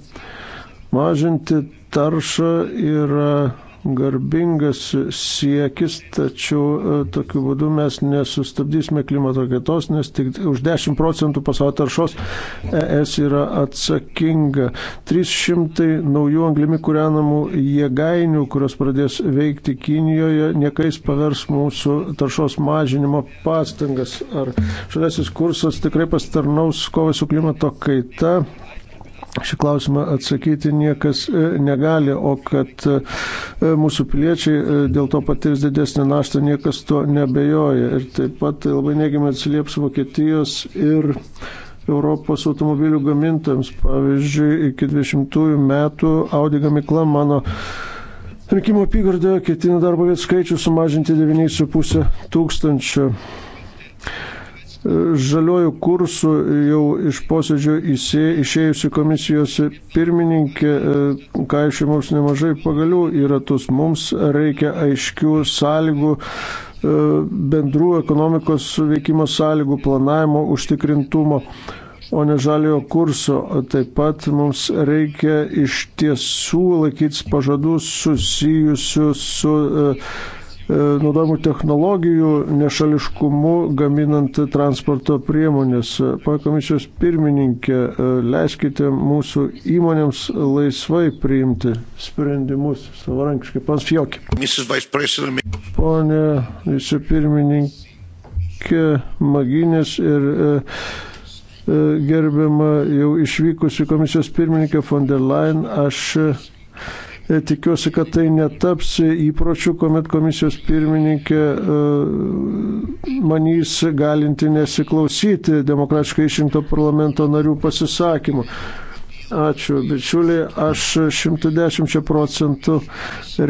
Mažinti taršą yra garbingas siekis, tačiau e, tokiu būdu mes nesustabdysime klimato kaitos, nes tik už 10 procentų pasaulio taršos ES yra atsakinga. 300 naujų anglimi kūrenamų jėgainių, kurios pradės veikti Kinijoje, niekais pavers mūsų taršos mažinimo pastangas. Ar šaliasis kursas tikrai pastarnaus kovai su klimato kaita? šį klausimą atsakyti niekas e, negali, o kad e, mūsų piliečiai e, dėl to patirs didesnį naštą, niekas to nebejoja. Ir taip pat tai labai neigiamai atsilieps Vokietijos ir Europos automobilių gamintams. Pavyzdžiui, iki 20 metų Audi gamikla mano rinkimo apygardoje ketina darbo vietų skaičių sumažinti 9,5 tūkstančio žaliojų kursų jau iš posėdžio išėjusi komisijos pirmininkė, e, kaišė mums nemažai pagalių į ratus. Mums reikia aiškių sąlygų e, bendrų ekonomikos veikimo sąlygų, planavimo, užtikrintumo, o ne žaliojo kurso. Taip pat mums reikia iš tiesų laikytis pažadų susijusių su uh, E, naudojamų technologijų nešališkumu gaminant transporto priemonės. Pane komisijos pirmininkė, e, leiskite mūsų įmonėms laisvai priimti sprendimus savarankiškai. Pans Fjokė. Pone vicepirmininkė Maginės ir e, gerbiama jau išvykusi komisijos pirmininkė von der Leyen, aš Tikiuosi, kad tai netaps įpročių, kuomet komisijos pirmininkė e, manys galinti nesiklausyti demokratiškai išrinkto parlamento narių pasisakymų. Ačiū, bičiuliai. Aš 110 procentų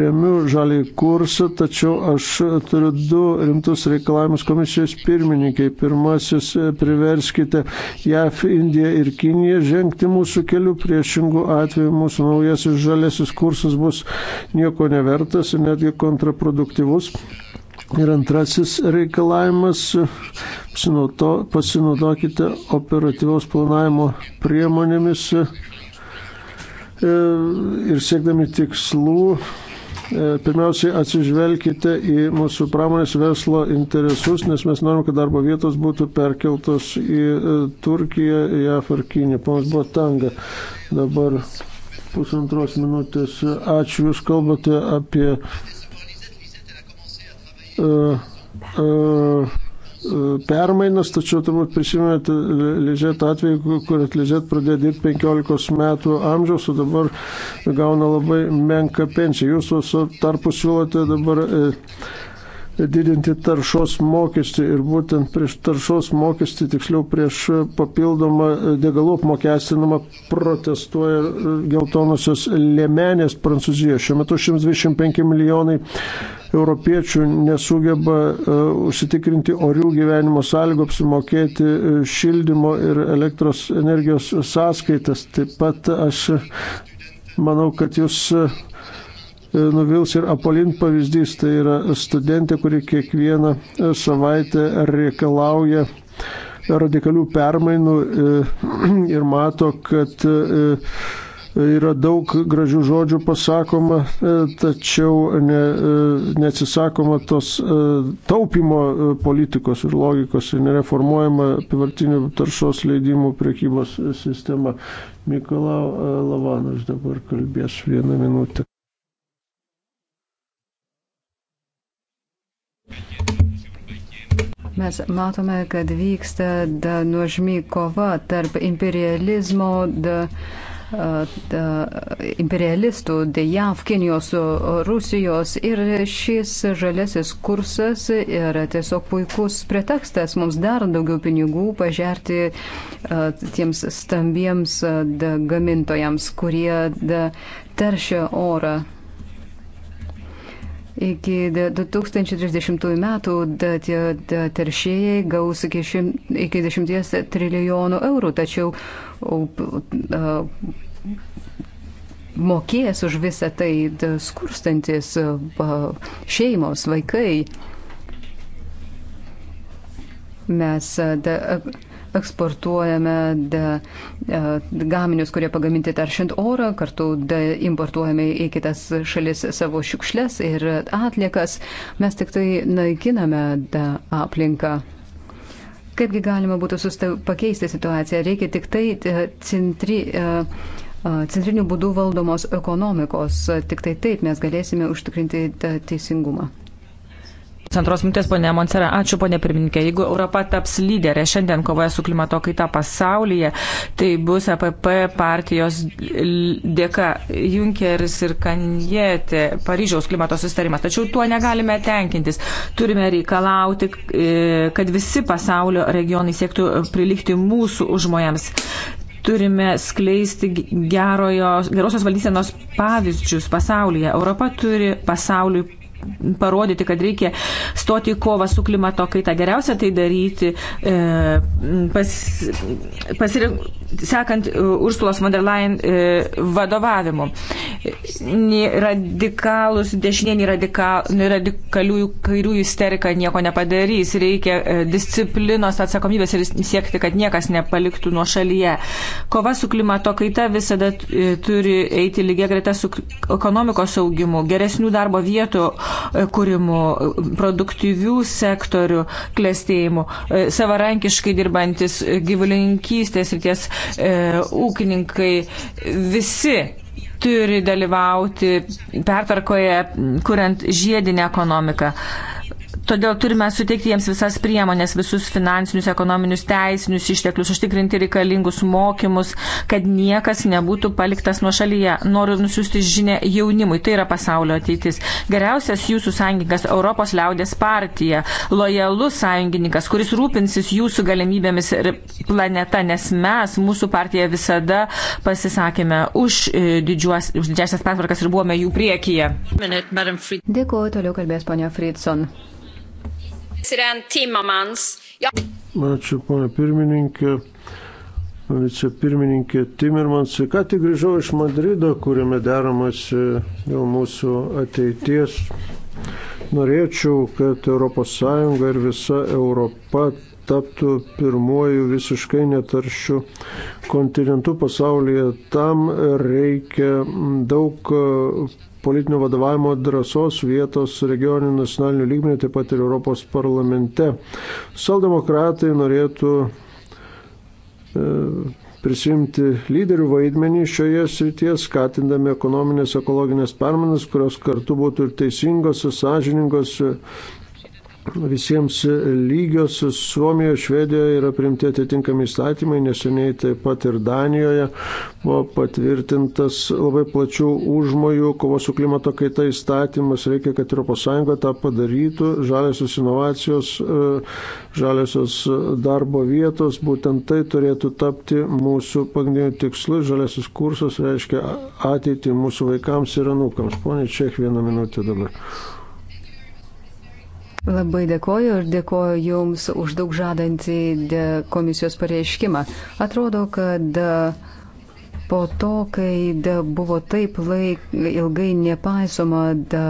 remiu žalį kursą, tačiau aš turiu du rimtus reikalavimus komisijos pirmininkai. Pirmasis, priverskite JAF, Indiją ir Kiniją žengti mūsų keliu. Priešingų atveju mūsų naujasis žalėsis kursas bus nieko nevertas ir netgi kontraproduktyvus. Ir antrasis reikalavimas - pasinaudokite operatyvaus planavimo priemonėmis e, ir siekdami tikslų. E, pirmiausiai atsižvelkite į mūsų pramonės verslo interesus, nes mes norim, kad darbo vietos būtų perkeltos į e, Turkiją, JAF ar Kiniją. Ponas Botanga, dabar pusantros minutės. Ačiū, jūs kalbate apie E, e, e, permainas, tačiau turbūt prisimenate Ližet atveju, kur Ližet pradėjo dirbti 15 metų amžiaus, o dabar gauna labai menką pensiją. Jūs tarpu siūlote dabar didinti taršos mokestį ir būtent prieš taršos mokestį, tiksliau prieš papildomą degalų apmokestinamą protestuoja geltonosios lėmenės Prancūzijoje. Šiuo metu 125 milijonai europiečių nesugeba e, užsitikrinti orių gyvenimo sąlygų, apsimokėti e, šildymo ir elektros energijos sąskaitas. Taip pat aš manau, kad jūs e, nuvils ir Apolin pavyzdys, tai yra studentė, kuri kiekvieną savaitę reikalauja radikalių permainų ir mato, kad Yra daug gražių žodžių pasakoma, e, tačiau ne, e, neatsisakoma tos e, taupimo politikos ir logikos ir nereformuojama apivartinių taršos leidimų priekybos sistema. Mikolau Lavanas dabar kalbės vieną minutę. Mes matome, kad vyksta nuožmy kova tarp imperializmo, da, de E, imperialistų, JAV, Kinijos, Rusijos ir šis žalesis kursas yra tiesiog puikus pretekstas mums dar daugiau pinigų pažerti e, tiems stambiems e, gamintojams, kurie teršia orą Iki 2030 metų tie teršėjai gaus iki, šim, iki 10 trilijonų eurų, tačiau mokės už visą tai skurstantis šeimos, vaikai. Mes da, eksportuojame de, de, gaminius, kurie pagaminti taršint orą, kartu de, importuojame į kitas šalis savo šiukšlės ir atliekas. Mes tik tai naikiname de, aplinką. Kaipgi galima būtų susta, pakeisti situaciją? Reikia tik tai e, centri, e, e, centrinių būdų valdomos ekonomikos. Tik tai taip mes galėsime užtikrinti teisingumą. Centros mintės, ponė Monsera, ačiū, ponė pirmininkė. Jeigu Europa taps lyderė šiandien kovoje su klimato kaita pasaulyje, tai bus APP e partijos dėka Junkeris ir Kanjėti Paryžiaus klimato sustarimas. Tačiau tuo negalime tenkintis. Turime reikalauti, e, kad visi pasaulio regionai siektų prilikti mūsų užmojams turime skleisti gerojo, gerosios valdysenos pavyzdžius pasaulyje. Europa turi pasauliui parodyti, kad reikia stoti į kovą su klimato kaita. Geriausia tai daryti e, pas, pasirink, sekant e, Ursulos von der Leyen e, vadovavimu. Radikalus dešinieniai radikal, radikaliųjų kairiųjų isterika nieko nepadarys. Reikia e, disciplinos atsakomybės ir siekti, kad niekas nepaliktų nuo šalyje. Kova su klimato kaita visada turi eiti lygiai greta su ekonomikos augimu, geresnių darbo vietų kūrimu, produktyvių sektorių klėstėjimu, savarankiškai dirbantis gyvulinkystės ir ties e, ūkininkai, visi turi dalyvauti pertarkoje, kuriant žiedinę ekonomiką. Todėl turime suteikti jiems visas priemonės, visus finansinius, ekonominius, teisinius išteklius, užtikrinti reikalingus mokymus, kad niekas nebūtų paliktas nuo šalyje. Noriu nusiųsti žinę jaunimui, tai yra pasaulio ateitis. Geriausias jūsų sąjungininkas - Europos liaudės partija, lojalus sąjungininkas, kuris rūpinsis jūsų galimybėmis ir planeta, nes mes, mūsų partija visada pasisakėme už, e, didžiuos, už didžiasias pertvarkas ir buvome jų priekyje. Dėkuoju, toliau kalbės ponia Fridson. Ačiū, ponė pirmininkė. Vicepirmininkė Timirmans, ką tik grįžau iš Madrido, kuriame deramasi dėl mūsų ateities. Norėčiau, kad ES ir visa Europa taptų pirmuoju visiškai netaršiu kontinentu pasaulyje. Tam reikia daug politinio vadovavimo drąsos vietos regioninių nacionalinių lygmenių, taip pat ir Europos parlamente. Saldemokratai norėtų e, prisimti lyderių vaidmenį šioje srityje, skatindami ekonominės ekologinės permanas, kurios kartu būtų ir teisingos, ir sąžiningos visiems lygios. Suomijoje, Švedijoje yra primti atitinkami įstatymai, neseniai taip pat ir Danijoje buvo patvirtintas labai plačių užmojų kovos su klimato kaita įstatymas. Reikia, kad ES tą padarytų. Žaliosios inovacijos, e, žaliosios darbo vietos, būtent tai turėtų tapti mūsų pagrindiniu tikslu. Žaliosios kursas reiškia ateitį mūsų vaikams ir anūkams. Pone Čech, vieną minutę dabar. Labai dėkoju ir dėkoju Jums už daug žadantį komisijos pareiškimą. Atrodo, kad e, po to, kai buvo taip laik, ilgai nepaisoma e,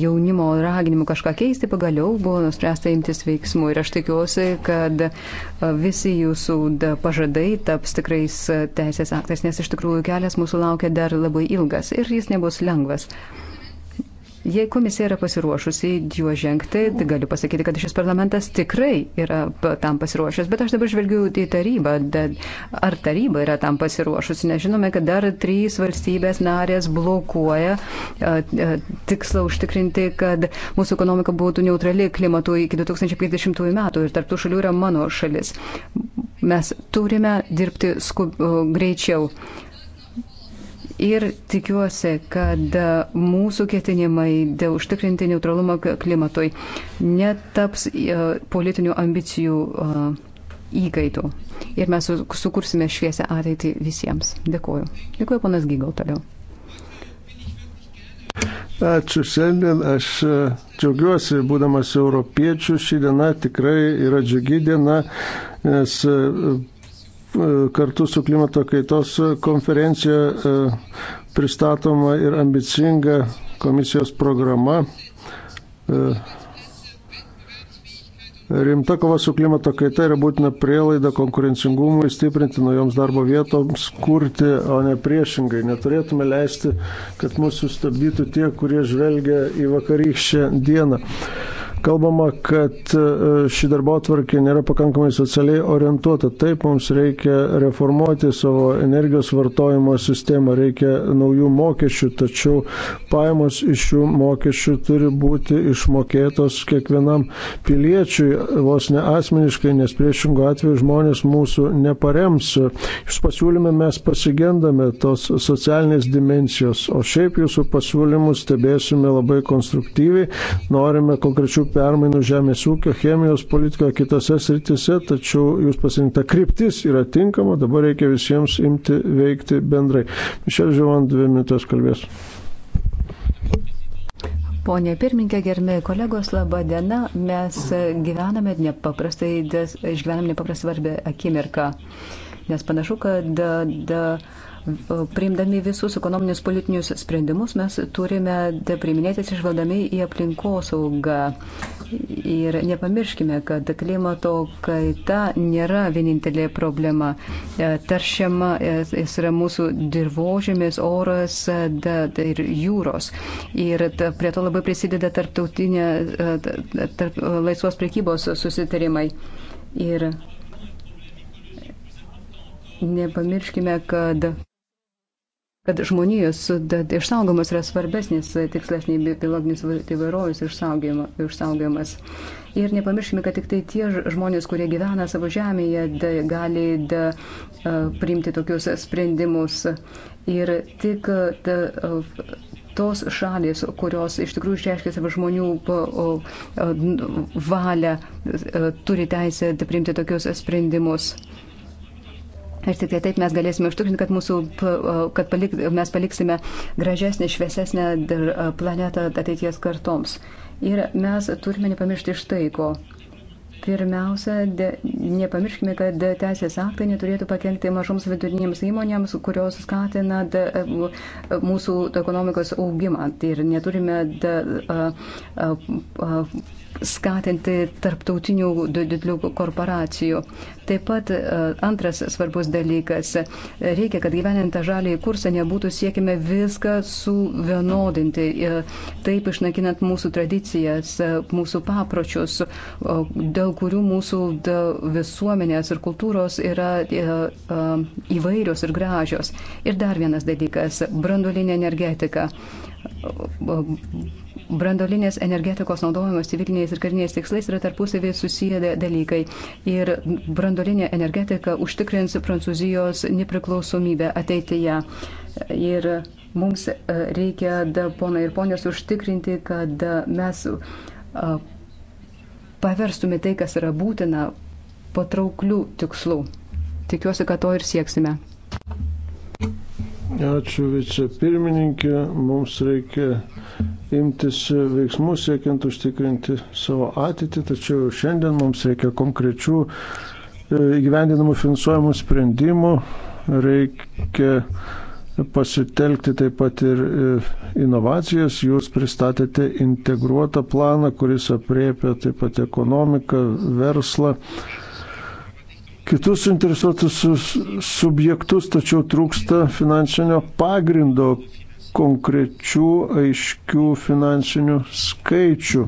jaunimo raginimų kažką keisti, pagaliau buvo nuspręsta imtis veiksmų. Ir aš tikiuosi, kad e, visi jūsų pažadai taps tikrais teisės aktais, nes iš tikrųjų kelias mūsų laukia dar labai ilgas ir jis nebus lengvas. Jei komisija yra pasiruošusi juo žengti, tai galiu pasakyti, kad šis parlamentas tikrai yra tam pasiruošęs, bet aš dabar žvelgiu į tarybą. Ar taryba yra tam pasiruošusi? Nežinome, kad dar trys valstybės narės blokuoja tikslą užtikrinti, kad mūsų ekonomika būtų neutrali klimatui iki 2050 metų ir tarptų šalių yra mano šalis. Mes turime dirbti skub, greičiau. Ir tikiuosi, kad mūsų ketinimai dėl užtikrinti neutralumą klimatui netaps e, politinių ambicijų e, įkaitų. Ir mes sukursime šviesę ateitį visiems. Dėkuoju. Dėkuoju, ponas Gygal, toliau. Ačiū šiandien. Aš e, džiaugiuosi, būdamas europiečių, ši diena tikrai yra džiugi diena, nes E, kartu su klimato kaitos konferencija e, pristatoma ir ambicinga komisijos programa. E, rimta kova su klimato kaita yra būtina prielaida konkurencingumui, stiprinti naujoms darbo vietoms, kurti, o ne priešingai. Neturėtume leisti, kad mūsų stabdytų tie, kurie žvelgia į vakarykščią dieną. Kalbama, kad e, ši darbo atvarkė nėra pakankamai socialiai orientuota. Taip, mums reikia reformuoti savo energijos vartojimo sistemą, reikia naujų mokesčių, tačiau pajamos iš šių mokesčių turi būti išmokėtos kiekvienam piliečiui, vos ne asmeniškai, nes priešingų atveju žmonės mūsų neparems. Jūs pasiūlyme mes pasigendame tos socialinės dimensijos, o šiaip jūsų pasiūlymus stebėsime labai konstruktyviai, norime konkrečių permainų žemės ūkio, chemijos politikoje, kitose sritise, tačiau jūs pasirinkta kryptis yra tinkama, dabar reikia visiems imti veikti bendrai. Mišel Žiovan dvi minutės kalbės. Pone pirmininkė, gerbėjai kolegos, laba diena. Mes gyvename nepaprastai, išgyvename nepaprastai svarbę akimirką, nes panašu, kad da, da, Priimdami visus ekonominius politinius sprendimus mes turime priiminėtis išvaldami į aplinkosaugą. Ir nepamirškime, kad klimato kaita nėra vienintelė problema. E, taršiama e, jis yra mūsų dirbožėmis, oras e, da, da, ir jūros. Ir ta, prie to labai prisideda tarptautinė tarp, laisvos prekybos susitarimai. Ir nepamirškime, kad kad žmonijos išsaugomas yra svarbesnis e, tikslas nei biologinis įvairovės išsaugojimas. Ir nepamirškime, kad tik tai tie žmonės, kurie gyvena savo žemėje, da, gali da, e, priimti tokius sprendimus. Ir tik da, e, tos šalis, kurios iš tikrųjų išreiškia savo žmonių valią, turi teisę priimti tokius sprendimus. Ir tik tai taip mes galėsime užtikrinti, kad, mūsų, kad palik, mes paliksime gražesnį, šviesesnę planetą ateities kartoms. Ir mes turime nepamiršti iš tai, ko. Pirmiausia, de, nepamirškime, kad teisės aktai neturėtų pakengti mažoms vidurinėms įmonėms, kurios skatina de, e, mūsų ekonomikos augimą. Tai ir neturime de, a, a, a, skatinti tarptautinių didelių korporacijų. Taip pat e, antras svarbus dalykas - reikia, kad gyvenant tą žalį kursą nebūtų siekime viską suvienodinti, e, taip išnakinant mūsų tradicijas, e, mūsų papročius, dėl kurių mūsų visuomenės ir kultūros yra įvairios ir gražios. Ir dar vienas dalykas - branduolinė energetika brandolinės energetikos naudojimas civiliniais ir kariniais tikslais yra tarpusavį susiję dalykai. Ir brandolinė energetika užtikrins Prancūzijos nepriklausomybę ateityje. Ir mums e, reikia, ponai ir ponės, užtikrinti, kad e, mes e, paverstume tai, kas yra būtina, patrauklių tikslų. Tikiuosi, kad to ir sieksime. Ačiū vicepirmininkė. Mums reikia imtis veiksmų siekiant užtikrinti savo ateitį, tačiau šiandien mums reikia konkrečių e, įgyvendinamų finansuojamų sprendimų. Reikia pasitelkti taip pat ir e, inovacijas. Jūs pristatėte integruotą planą, kuris apriepia taip pat ekonomiką, verslą kitus suinteresuotus subjektus, tačiau trūksta finansinio pagrindo konkrečių aiškių finansinių skaičių.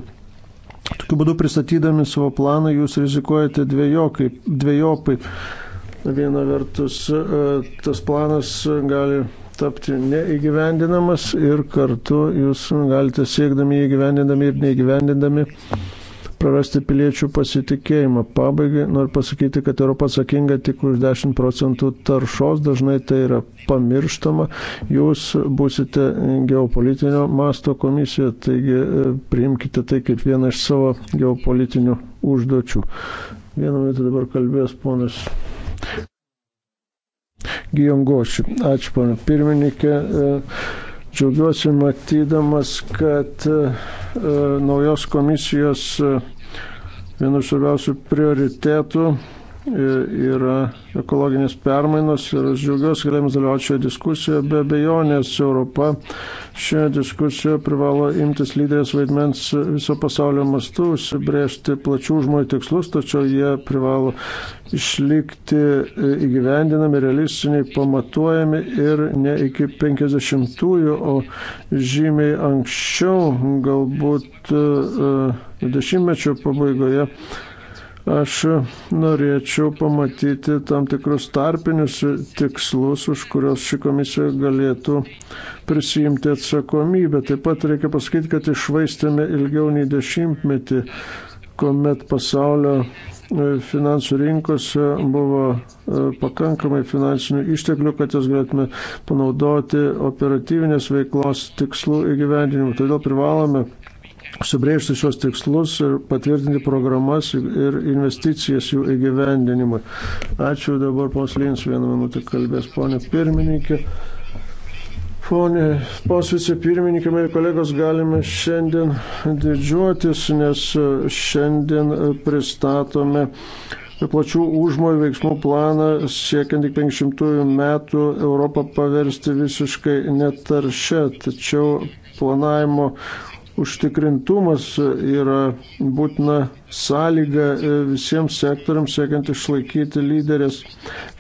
Tokiu būdu pristatydami savo planą jūs rizikuojate dviejokai, dviejopai. Viena vertus e, tas planas gali tapti neįgyvendinamas ir kartu jūs galite siekdami įgyvendindami ir neįgyvendindami prarasti piliečių pasitikėjimą. Pabaigai noriu pasakyti, kad Europa atsakinga tik už 10 procentų taršos, dažnai tai yra pamirštama. Jūs būsite geopolitinio masto komisija, taigi e, priimkite tai kaip vieną iš savo geopolitinių užduočių. Vieną minutę dabar kalbės ponas. Gijongoši. Ačiū, pana pirmininkė. E, džiaugiuosi matydamas, kad e, naujos komisijos vienu svarbiausių prioritėtų E, yra ekologinės permainos ir aš džiaugiuosi, galėjom dalyvauti šioje diskusijoje. Be abejonės Europa šioje diskusijoje privalo imtis lyderės vaidmens viso pasaulio mastu, užsibriežti plačių žmonių tikslus, tačiau jie privalo išlikti įgyvendinami, realistiniai, pamatuojami ir ne iki 50-ųjų, o žymiai anksčiau, galbūt e, dešimtmečio pabaigoje Aš norėčiau pamatyti tam tikrus tarpinius tikslus, už kurios ši komisija galėtų prisijimti atsakomybę. Taip pat reikia pasakyti, kad išvaistėme ilgiau nei dešimtmetį, kuomet pasaulio e, finansų rinkose buvo e, pakankamai finansinių išteklių, kad jas galėtume panaudoti operatyvinės veiklos tikslų įgyvendinimu. Todėl privalome subrėžti šios tikslus ir patvirtinti programas ir investicijas jų įgyvendinimui. Ačiū dabar poslins vieną minutę kalbės ponė pirmininkė. Pone posvice pirmininkė, mėly kolegos, galime šiandien didžiuotis, nes šiandien pristatome plačių užmojų veiksmų planą siekiant iki 500 metų Europą paversti visiškai netaršia, tačiau planavimo Užtikrintumas yra būtina sąlyga e, visiems sektoriams, siekiant išlaikyti lyderės,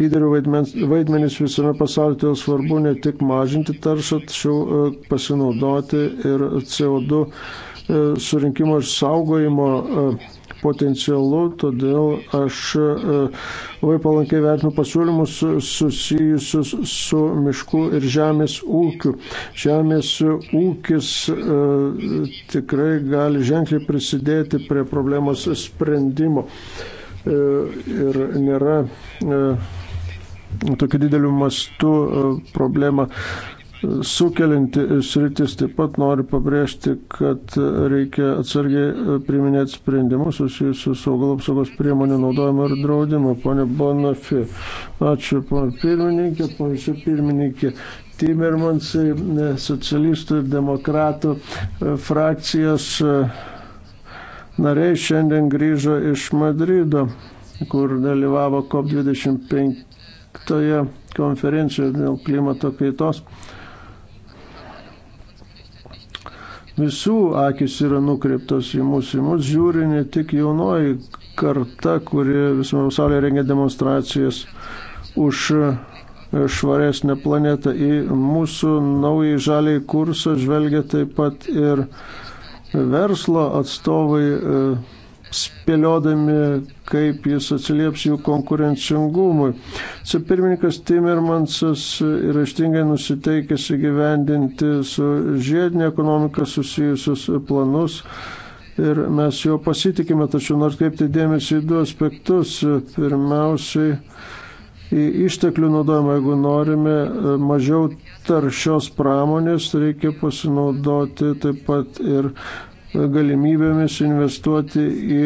lyderių vaidmens, vaidmenis visame pasaulyje. Tai svarbu ne tik mažinti taršą, tačiau e, pasinaudoti ir CO2 e, surinkimo ir saugojimo potencialu, todėl aš e, labai palankiai vertinu pasiūlymus susijusius su mišku ir žemės ūkiu. Žemės ūkis e, tikrai gali ženkliai prisidėti prie problemos sprendimo. E, ir nėra tokiu dideliu mastu problema sukelianti sritis. Taip pat noriu pabrėžti, kad reikia atsargiai priminėti sprendimus susijusius su augalų apsaugos priemonių naudojimu ir draudimu. Pone Bonafi, ačiū, pone pirmininkė, pone pirmininkė. Timermansai, socialistų ir demokratų frakcijos nariai šiandien grįžo iš Madrido, kur dalyvavo COP25 konferencijoje dėl klimato kaitos. Visų akis yra nukreiptos į mus, į mus žiūri ne tik jaunoji karta, kuri visame pasaulyje rengia demonstracijas už e, švaresnę planetą. Į mūsų naują žalį kursą žvelgia taip pat ir verslo atstovai e, spėliodami, kaip jis atsilieps jų konkurencingumui. Cipirmininkas Timirmansas yra ištingai nusiteikęs įgyvendinti su žiedinė ekonomika susijusius planus ir mes jo pasitikime, tačiau nors kreipti dėmesį į du aspektus. Pirmiausiai, į išteklių naudojimą, jeigu norime e, mažiau taršios pramonės, reikia pasinaudoti taip pat ir galimybėmis investuoti į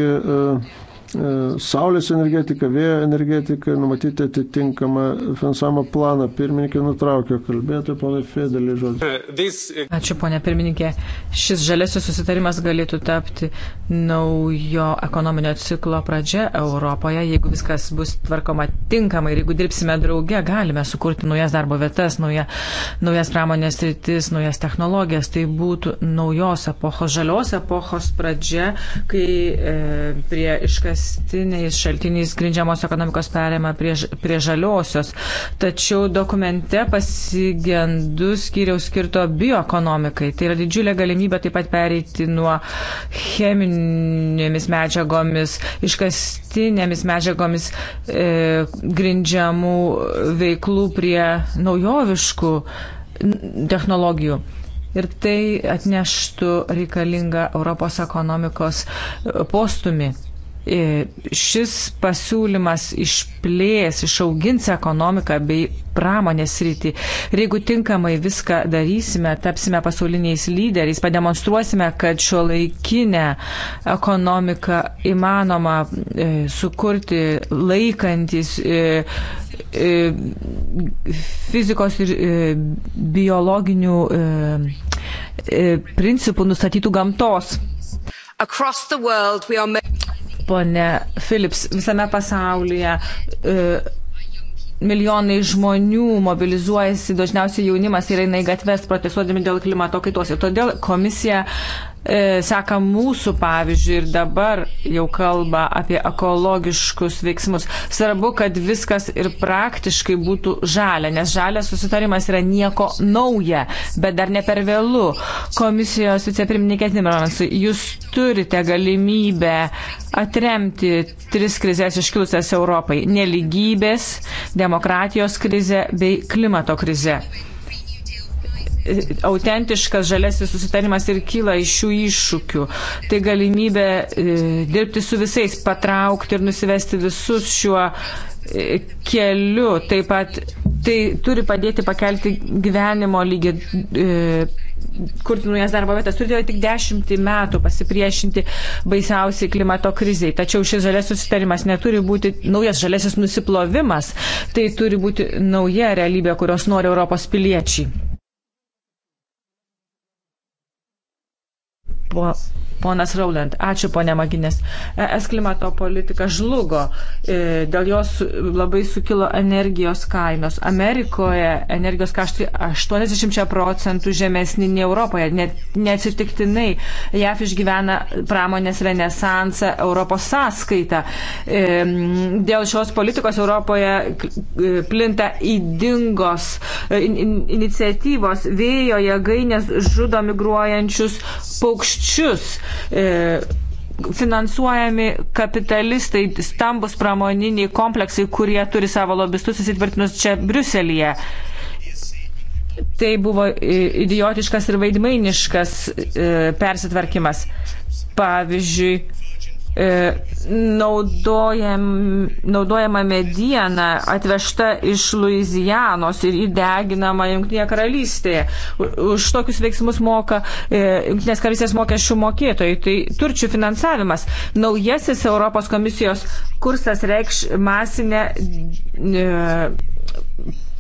E, saulės energetika, vėjo energetika, numatyti atitinkamą finansavimo planą. Pirmininkė nutraukė kalbėti, ponai Fedelį žodžiu. E, Ačiū, ponė pirmininkė. Šis žalesis susitarimas galėtų tapti naujo ekonominio ciklo pradžia Europoje. Jeigu viskas bus tvarkoma tinkamai ir jeigu dirbsime drauge, galime sukurti naujas darbo vietas, nauja, naujas pramonės rytis, naujas technologijas. Tai būtų naujos epochos, žalios epochos pradžia, kai e, prie iškas įprastiniais šaltiniais grindžiamos ekonomikos perėmą prie, prie žaliosios. Tačiau dokumente pasigendu skyriaus skirto bioekonomikai. Tai yra didžiulė galimybė taip pat pereiti nuo cheminėmis medžiagomis, iškastinėmis medžiagomis e, grindžiamų veiklų prie naujoviškų technologijų ir tai atneštų reikalingą Europos ekonomikos e, postumį. E, šis pasiūlymas išplės, išaugins ekonomiką bei pramonės rytį. Ir jeigu tinkamai viską darysime, tapsime pasauliniais lyderiais, pademonstruosime, kad šio laikinę ekonomiką įmanoma e, sukurti laikantis. E, e fizikos ir e, biologinių principų nustatytų gamtos. Are... Pone Philips, visame pasaulyje e, milijonai žmonių mobilizuojasi, dažniausiai jaunimas yra į gatves protestuodami dėl klimato kaitos. Ir todėl komisija E, seka mūsų pavyzdžių ir dabar jau kalba apie ekologiškus veiksmus. Svarbu, kad viskas ir praktiškai būtų žalia, nes žalias susitarimas yra nieko nauja, bet dar ne per vėlų. Komisijos vicepirmininkė Timmermans, jūs turite galimybę atremti tris krizės iškilusias Europai - neligybės, demokratijos krizę bei klimato krizę autentiškas žalesis susitarimas ir kyla iš šių iššūkių. Tai galimybė e, dirbti su visais, patraukti ir nusivesti visus šiuo e, keliu. Taip pat tai turi padėti pakelti gyvenimo lygį, e, kurti naujas darbo vietas. Turėjo tik dešimtį metų pasipriešinti baisiausiai klimato kriziai. Tačiau šis žalės susitarimas neturi būti naujas žalėsis nusiplovimas. Tai turi būti nauja realybė, kurios nori Europos piliečiai. Po, Ponas Rauland, ačiū ponė Maginės. Es klimato politika žlugo, e, dėl jos labai sukilo energijos kainos. Amerikoje energijos kaštai 80 procentų žemesni nei Europoje. Net, neatsitiktinai JAF išgyvena pramonės renesansą Europos sąskaitą. E, dėl šios politikos Europoje e, plinta įdingos iniciatyvos, vėjo jėgainės žudo migruojančius paukščius ramščius. E, finansuojami kapitalistai, stambus pramoniniai kompleksai, kurie turi savo lobistus įsitvirtinus čia Briuselėje. Tai buvo idiotiškas ir vaidmainiškas e, persitvarkymas. Pavyzdžiui, E, naudojam, naudojama mediena atvežta iš Luizijanos ir įdeginama Junktinėje karalystėje. Už tokius veiksmus moka e, Junktinės karalystės mokesčių mokėtojai. Tai turčių finansavimas. Naujasis Europos komisijos kursas reikš masinę e,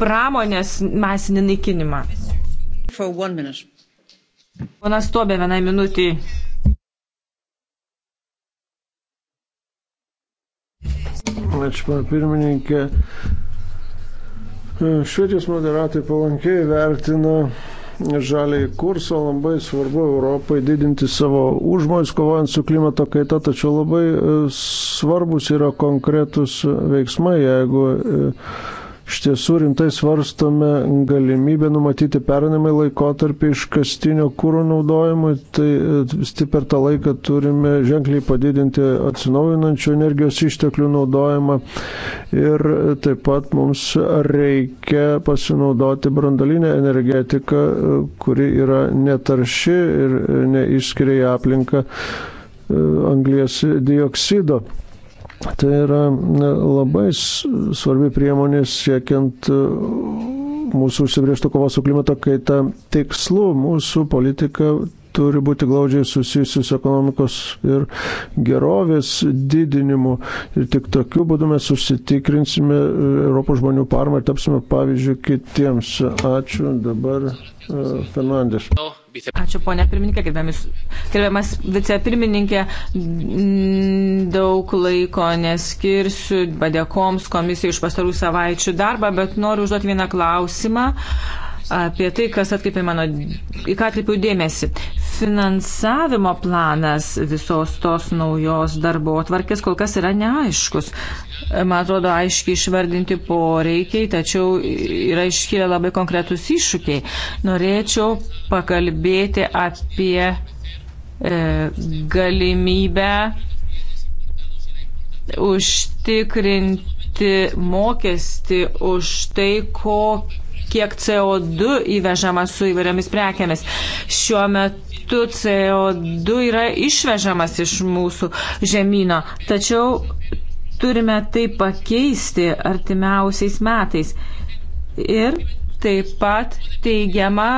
pramonės masinį naikinimą. Ponas Tobė, vienai minutį. Ačiū, pana pirmininkė. E, Švedijos moderatai palankiai vertina žaliai kursą, labai svarbu Europai didinti savo užmojus kovojant su klimato kaita, tačiau labai e, svarbus yra konkretus veiksmai, jeigu e, Iš tiesų rimtai svarstome galimybę numatyti perinamai laikotarpį iškastinio kūro naudojimui, tai e, sti per tą laiką turime ženkliai padidinti atsinaujinančių energijos išteklių naudojimą ir e, taip pat mums reikia pasinaudoti brandalinę energetiką, e, kuri yra netarši ir neišskiria į aplinką anglies dioksido. Tai yra labai svarbi priemonė siekiant e, mūsų užsibriežtų kovos su klimato kaita tikslų. Mūsų politika turi būti glaudžiai susijusius ekonomikos ir gerovės didinimu. Ir tik tokiu būdu mes užsitikrinsime e, Europos žmonių parmą ir tapsime pavyzdžių kitiems. Ačiū dabar e, Fernandes. Uh, Ačiū, ponė pirmininkė, gerbiamas vicepirmininkė, daug laiko neskirsiu padėkoms komisijai iš pastarų savaičių darbą, bet noriu užduoti vieną klausimą. Uh, apie tai, kas atkaipė mano, į ką atkaipiau dėmesį. Finansavimo planas visos tos naujos darbo atvarkės kol kas yra neaiškus. Man atrodo, aiškiai išvardinti poreikiai, tačiau yra iškilę labai konkretus iššūkiai. Norėčiau pakalbėti apie e, galimybę užtikrinti mokestį už tai, kokį kiek CO2 įvežama su įvairiomis prekiamis. Šiuo metu CO2 yra išvežamas iš mūsų žemyno, tačiau turime tai pakeisti artimiausiais metais. Ir taip pat teigiama,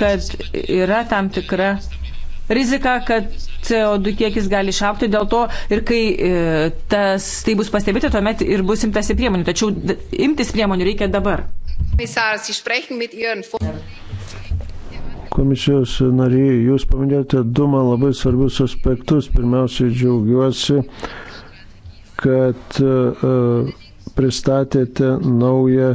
kad yra tam tikra rizika, kad CO2 kiekis gali išaukti, dėl to ir kai e, tas, tai bus pastebėta, tuomet ir bus imtasi priemonių. Tačiau imtis priemonių reikia dabar. Komisijos nariai, jūs paminėjote du man labai svarbius aspektus. Pirmiausiai džiaugiuosi, kad uh, pristatėte naują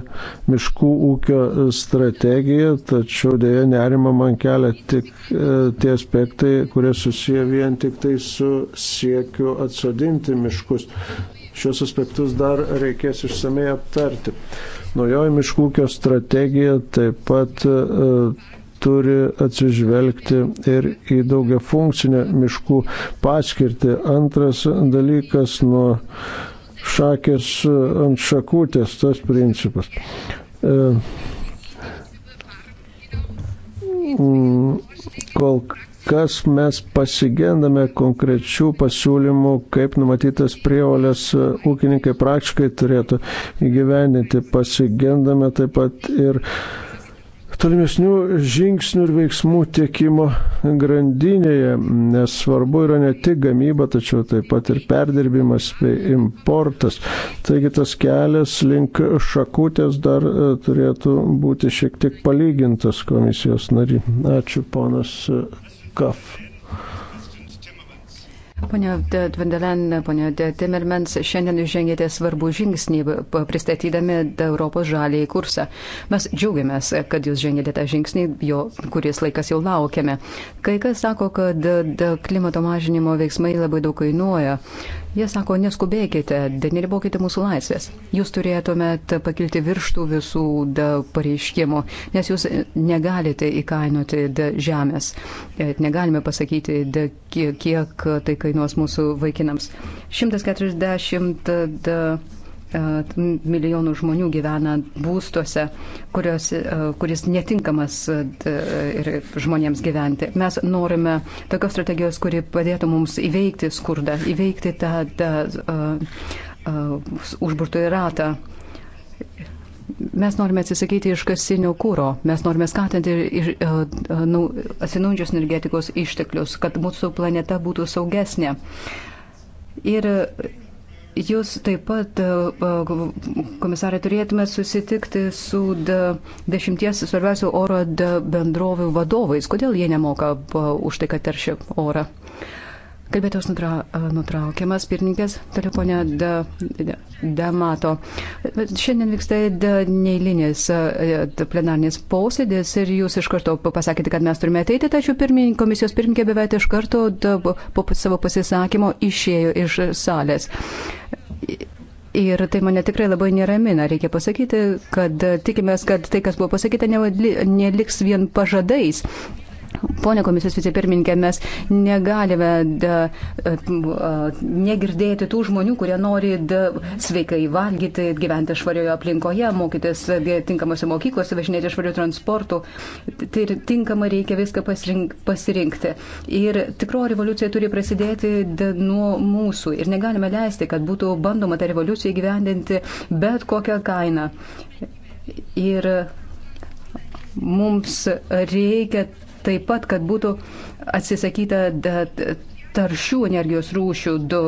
miškų ūkio strategiją, tačiau dėja nerima man kelia tik e, tie aspektai, kurie susiję vien tik tai su siekiu atsodinti miškus. Šios aspektus dar reikės išsamei aptarti. Naujoji miškų ūkio strategija taip pat e, turi atsižvelgti ir į daugia funkcinę miškų paskirtį. Antras dalykas nuo šakės ant šakutės, tas principas. E, kol kas mes pasigendame konkrečių pasiūlymų, kaip numatytas prievalės e, ūkininkai praktiškai turėtų įgyvendinti. Pasigendame taip pat ir tolimesnių žingsnių ir veiksmų tiekimo grandinėje, nes svarbu yra ne tik gamyba, tačiau taip pat ir perdirbimas bei importas. Taigi tas kelias link šakutės dar e, turėtų būti šiek tiek palygintas komisijos nari. Ačiū ponas Kaf Pone Vandelen, pone Timmermans, šiandien jūs žengėte svarbų žingsnį pristatydami Europos žalį į kursą. Mes džiaugiamės, kad jūs žengėte tą žingsnį, jo kuris laikas jau laukiame. Kai kas sako, kad klimato mažinimo veiksmai labai daug kainuoja. Jie sako, neskubėkite, neribokite mūsų laisvės. Jūs turėtumėt pakilti virštų visų pareiškimų, nes jūs negalite įkainuoti žemės. E, negalime pasakyti, kiek tai kainuoja kainuos mūsų vaikinams. 140 d, e, milijonų žmonių gyvena būstuose, kurios, e, kuris netinkamas ir žmonėms gyventi. Mes norime tokios strategijos, kuri padėtų mums įveikti skurdą, įveikti tą, tą uh, uh, užburtųjį ratą. Uh, Mes norime atsisakyti iškasinio kūro, mes norime skatinti ir, ir, e, e, nu, atsinaujančios energetikos išteklius, kad mūsų planeta būtų saugesnė. Ir Jūs taip pat, e, komisarė, turėtume susitikti su dešimties svarbiausių oro bendrovių vadovais. Kodėl jie nemoka už tai, kad teršia orą? Kalbėtos nutra, nutraukiamas pirmininkas, toliau ponia Damato. Šiandien vyksta neįlinis plenarnis posėdis ir jūs iš karto pasakėte, kad mes turime ateiti, tačiau pirmin, komisijos pirmininkė beveik iš karto da, po savo pasisakymo išėjo iš salės. Ir tai mane tikrai labai neramina. Reikia pasakyti, kad tikimės, kad tai, kas buvo pasakyta, neliks vien pažadais. Pone komisijos vicepirmininkė, mes negalime da, e, negirdėti tų žmonių, kurie nori da, sveikai valgyti, gyventi švarioje aplinkoje, mokytis e, tinkamose mokyklose, važinėti švariu transportu. Tai ir tinkamai reikia viską pasirink, pasirinkti. Ir tikro revoliucija turi prasidėti da, nuo mūsų. Ir negalime leisti, kad būtų bandoma tą revoliuciją gyvendinti bet kokią kainą. Ir mums reikia taip pat, kad būtų atsisakyta taršių energijos rūšių, du,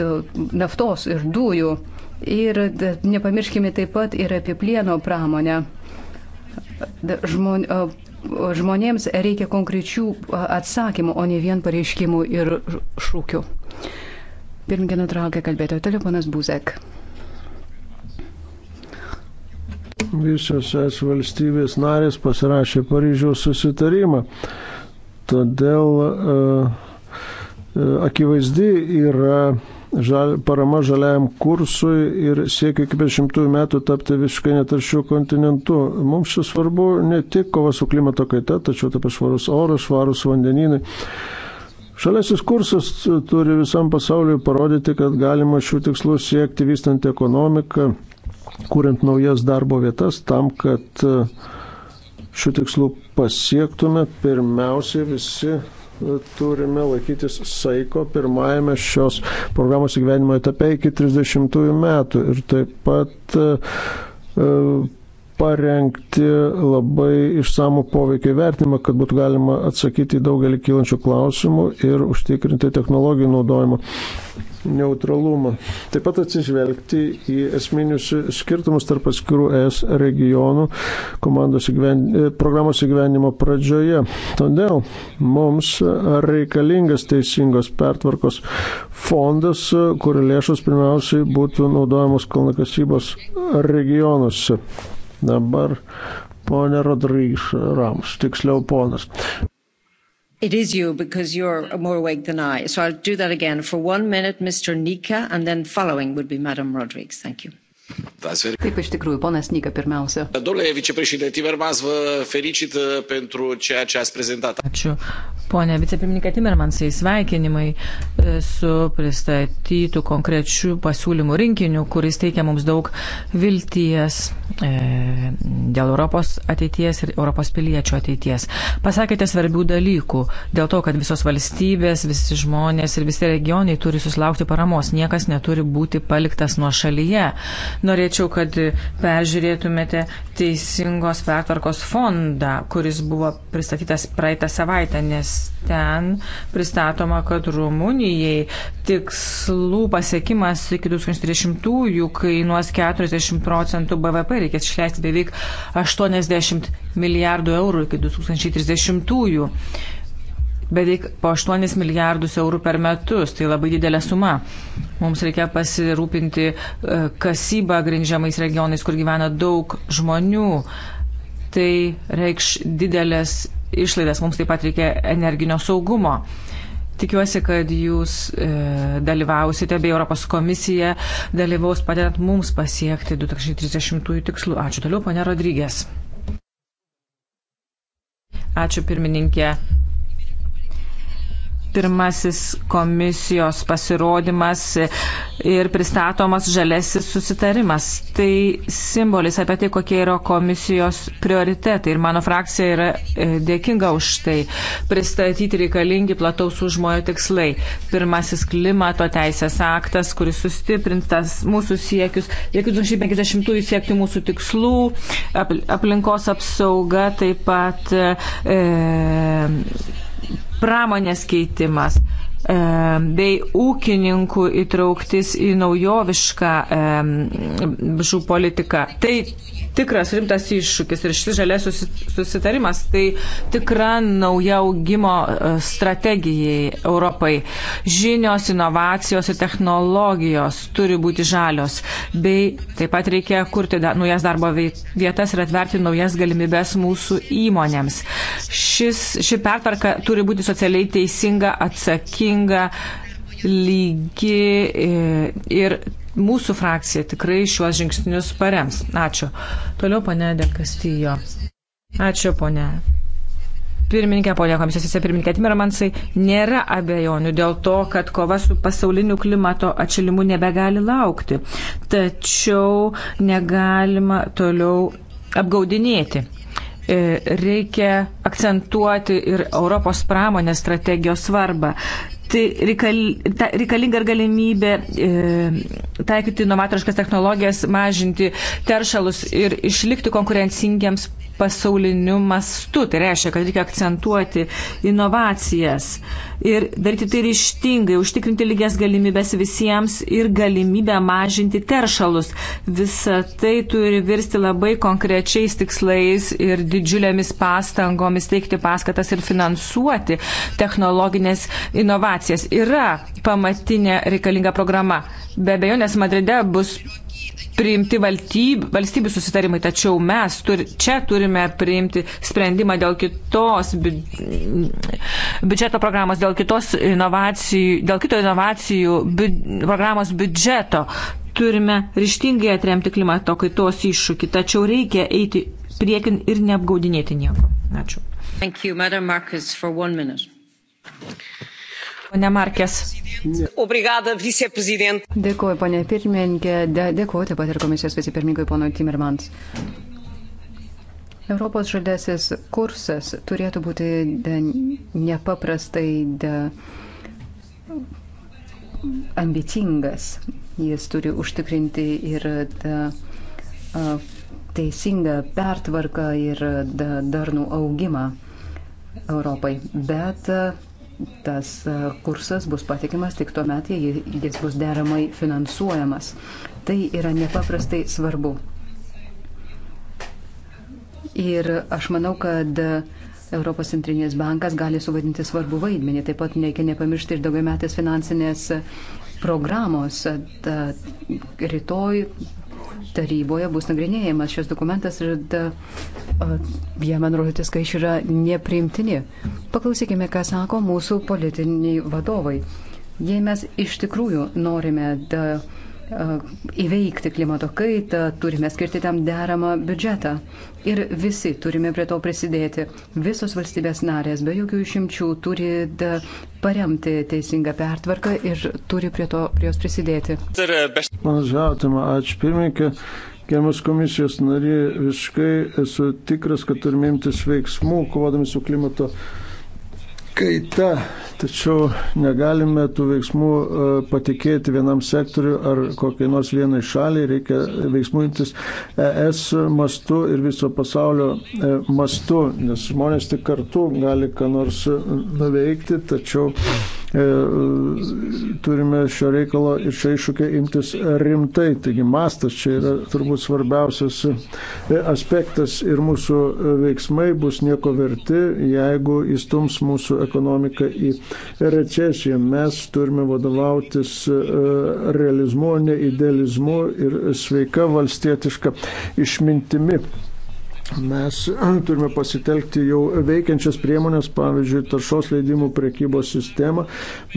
du, naftos ir dujų. Ir nepamirškime taip pat ir apie plieno pramonę. Žmon, žmonėms reikia konkrečių atsakymų, o ne vien pareiškimų ir šūkių. Pirmgina traukia kalbėtojo telefonas Buzek. Visos es valstybės narės pasirašė Paryžiaus susitarimą. Todėl uh, akivaizdi yra žal, parama žaliajam kursui ir siekiu iki 50 metų tapti visiškai netaršių kontinentų. Mums čia svarbu ne tik kova su klimato kaita, tačiau taip pat švarus oras, švarus vandeninai. Šaliasis kursas turi visam pasauliu parodyti, kad galima šių tikslų siekti vystant ekonomiką kuriant naujas darbo vietas, tam, kad e, šių tikslų pasiektume, pirmiausiai visi e, turime laikytis saiko pirmajame šios programos įgyvenimo etape iki 30 metų ir taip pat e, parengti labai išsamų poveikio vertinimą, kad būtų galima atsakyti į daugelį kylančių klausimų ir užtikrinti technologijų naudojimo neutralumą. Taip pat atsižvelgti į esminius skirtumus tarp atskirų ES regionų įgyven... E, programos įgyvenimo pradžioje. Todėl mums reikalingas teisingos pertvarkos fondas, kurio lėšos pirmiausiai būtų naudojamos kalnakasybos regionuose. Dabar ponė Rodryš Rams, tiksliau ponas. It is you because you're more awake than I. So I'll do that again. For one minute, Mr. Nika, and then following would be Madam Rodriguez. Thank you. Taip, iš tikrųjų, ponas Nika pirmiausia. Domnule viceprezidente Timermans, vă felicit uh, pentru ceea ce ați prezentat. Ačiū. Pone vicepirmininkė Timermansai, sveikinimai uh, su pristatytų konkrečių pasiūlymų rinkiniu, kuris teikia mums daug vilties e, dėl Europos ateities ir Europos piliečių ateities. Pasakėte svarbių dalykų dėl to, kad visos valstybės, visi žmonės ir visi regionai turi susilaukti paramos. Niekas neturi būti paliktas nuo šalyje. Norėčiau, kad peržiūrėtumėte Teisingos pertvarkos fondą, kuris buvo pristatytas praeitą savaitę, nes ten pristatoma, kad Rumunijai tikslų pasiekimas iki 2030-ųjų kainuos 40 procentų BVP, reikės išleisti beveik 80 milijardų eurų iki 2030-ųjų beveik po 8 milijardus eurų per metus. Tai labai didelė suma. Mums reikia pasirūpinti e, kasybą grindžiamais regionais, kur gyvena daug žmonių. Tai reikš didelės išlaidas. Mums taip pat reikia energinio saugumo. Tikiuosi, kad jūs e, dalyvausite bei Europos komisija dalyvaus padedant mums pasiekti 2030 tikslų. Ačiū toliau, ponė Rodrygės. Ačiū pirmininkė pirmasis komisijos pasirodymas ir pristatomas žalesis susitarimas. Tai simbolis apie tai, kokie yra komisijos prioritetai. Ir mano frakcija yra e, dėkinga už tai. Pristatyti reikalingi plataus užmojo tikslai. Pirmasis klimato teisės aktas, kuris sustiprintas mūsų siekius, iki 2050-ųjų siekti mūsų tikslų, aplinkos apsauga taip pat. E, pramonės keitimas e, bei ūkininkų įtrauktis į naujovišką e, žų politiką. Tai tikras rimtas iššūkis ir šis žalės susitarimas tai tikra nauja augimo e, strategijai Europai. Žinios, inovacijos ir technologijos turi būti žalios, bei taip pat reikia kurti da, naujas darbo vietas ir atverti naujas galimybės mūsų įmonėms. Šis, ši pertvarka turi būti socialiai teisinga, atsakinga, lygi e, ir mūsų frakcija tikrai šiuos žingsnius parems. Ačiū. Toliau ponė Dekastijo. Ačiū ponė. Pirmininkė, ponė komisijos vicepirmininkė Timmermansai, nėra abejonių dėl to, kad kova su pasauliniu klimato atšilimu nebegali laukti. Tačiau negalima toliau apgaudinėti e, reikia akcentuoti ir Europos pramonės strategijos svarbą. Tai reikal, ta, reikalinga ir galimybė e, taikyti inovatoriškas technologijas, mažinti teršalus ir išlikti konkurencingiams pasauliniu mastu. Tai reiškia, kad reikia akcentuoti inovacijas ir daryti tai ryštingai, užtikrinti lygias galimybės visiems ir galimybę mažinti teršalus. Visa tai turi virsti labai konkrečiais tikslais ir didžiulėmis pastangomis teikti paskatas ir finansuoti technologinės inovacijas. Yra pamatinė reikalinga programa. Be abejo, nes Madride bus priimti valtyb, valstybių susitarimai, tačiau mes tur, čia turime priimti sprendimą dėl kitos bi, biudžeto programos, dėl kitos inovacijų, dėl kito inovacijų bi, programos biudžeto. Turime ryštingai atremti klimato kaitos iššūkį, tačiau reikia eiti priekin ir neapgaudinėti nieko. Ačiū. Thank you, Madam Marcus, for one minute. Pone Markės. Obrigada, viceprezident. Dėkuoju, ponė pirmininkė. Dėkuoju taip pat ir komisijos vicepirmininkui, ponui Timmermans. Europos žaliasis kursas turėtų būti e, nepaprastai e, ambicingas. Jis turi užtikrinti ir e, teisingą pertvarką ir darnų augimą Europai. Bet tas e, kursas bus patikimas tik tuo metu, jei jis bus deramai finansuojamas. Tai yra nepaprastai svarbu. Ir aš manau, kad Europos centrinės bankas gali suvadinti svarbu vaidmenį. Taip pat reikia nepamiršti ir daugiametės finansinės programos. Ta, rytoj taryboje bus nagrinėjimas šis dokumentas ir jie, man rodo, tie skaičiai yra nepriimtini. Paklausykime, ką sako mūsų politiniai vadovai. Jei mes iš tikrųjų norime da, uh, įveikti klimato kaitą, turime skirti tam deramą biudžetą. Ir visi turime prie to prisidėti. Visos valstybės narės, be jokių išimčių, turi paremti teisingą pertvarką ir turi prie to prie jos prisidėti. Man žautima, ačiū pirmininkė. Gerbiamas komisijos narė, visiškai esu tikras, kad turime imtis veiksmų, kovodami su klimato kaita kaita, tačiau negalime tų veiksmų e, patikėti vienam sektoriu ar kokiai nors vienai šaliai, reikia veiksmų imtis ES mastu ir viso pasaulio e, mastu, nes žmonės tik kartu gali ką nors nuveikti, tačiau e, turime šio reikalo ir šio iššūkio imtis rimtai. Taigi mastas čia yra turbūt svarbiausias aspektas ir mūsų veiksmai bus nieko verti, jeigu įstums mūsų ekonomiką į recesiją. Mes turime vadovautis e, realizmu, ne idealizmu ir sveika valstietiška išmintimi. Mes turime pasitelkti jau veikiančias priemonės, pavyzdžiui, taršos leidimų priekybos sistemą.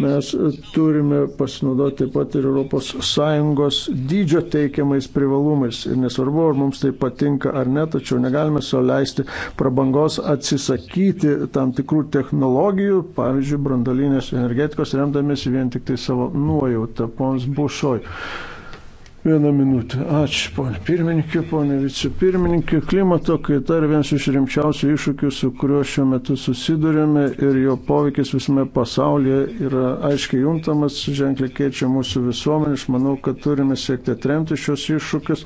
Mes turime pasinaudoti taip pat ir ES dydžio teikiamais privalumais. Ir nesvarbu, ar mums tai patinka ar ne, tačiau negalime savo leisti prabangos atsisakyti tam tikrų technologijų, pavyzdžiui, brandolinės energetikos, remdamėsi vien tik tai savo nuojautą, pons bušoj. Vieną minutę. Ačiū, ponė pirmininkė, ponė vicepirmininkė. Klimato kaita yra vienas iš rimčiausių iššūkių, su kuriuo šiuo metu susidurėme ir jo poveikis visame pasaulyje yra aiškiai juntamas, ženkliai keičia mūsų visuomenį. Aš manau, kad turime siekti atremti šios iššūkius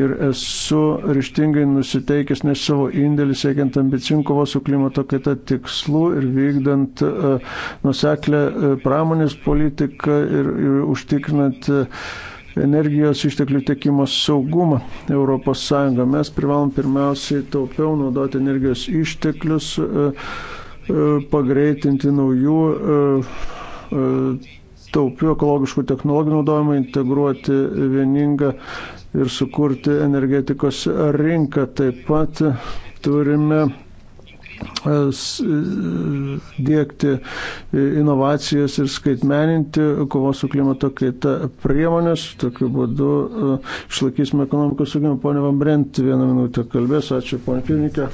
ir esu ryštingai nusiteikęs, nes savo indėlį siekiant ambicinkovo su klimato kaita tikslų ir vykdant uh, e, nuseklę uh, e, pramonės politiką ir, ir užtikrinant uh, energijos išteklių tiekimo saugumą ES. Mes privalom pirmiausiai taupiau naudoti energijos išteklius, e, e, pagreitinti naujų e, taupių ekologiškų technologijų naudojimą, integruoti vieningą ir sukurti energetikos rinką. Taip pat turime dėkti inovacijas ir skaitmeninti kovos su klimato kaita priemonės. Tokiu būdu e, išlaikysime ekonomikos augimą. Pone Vambrent, vieną minutę kalbės. Ačiū, pone pirmininkė.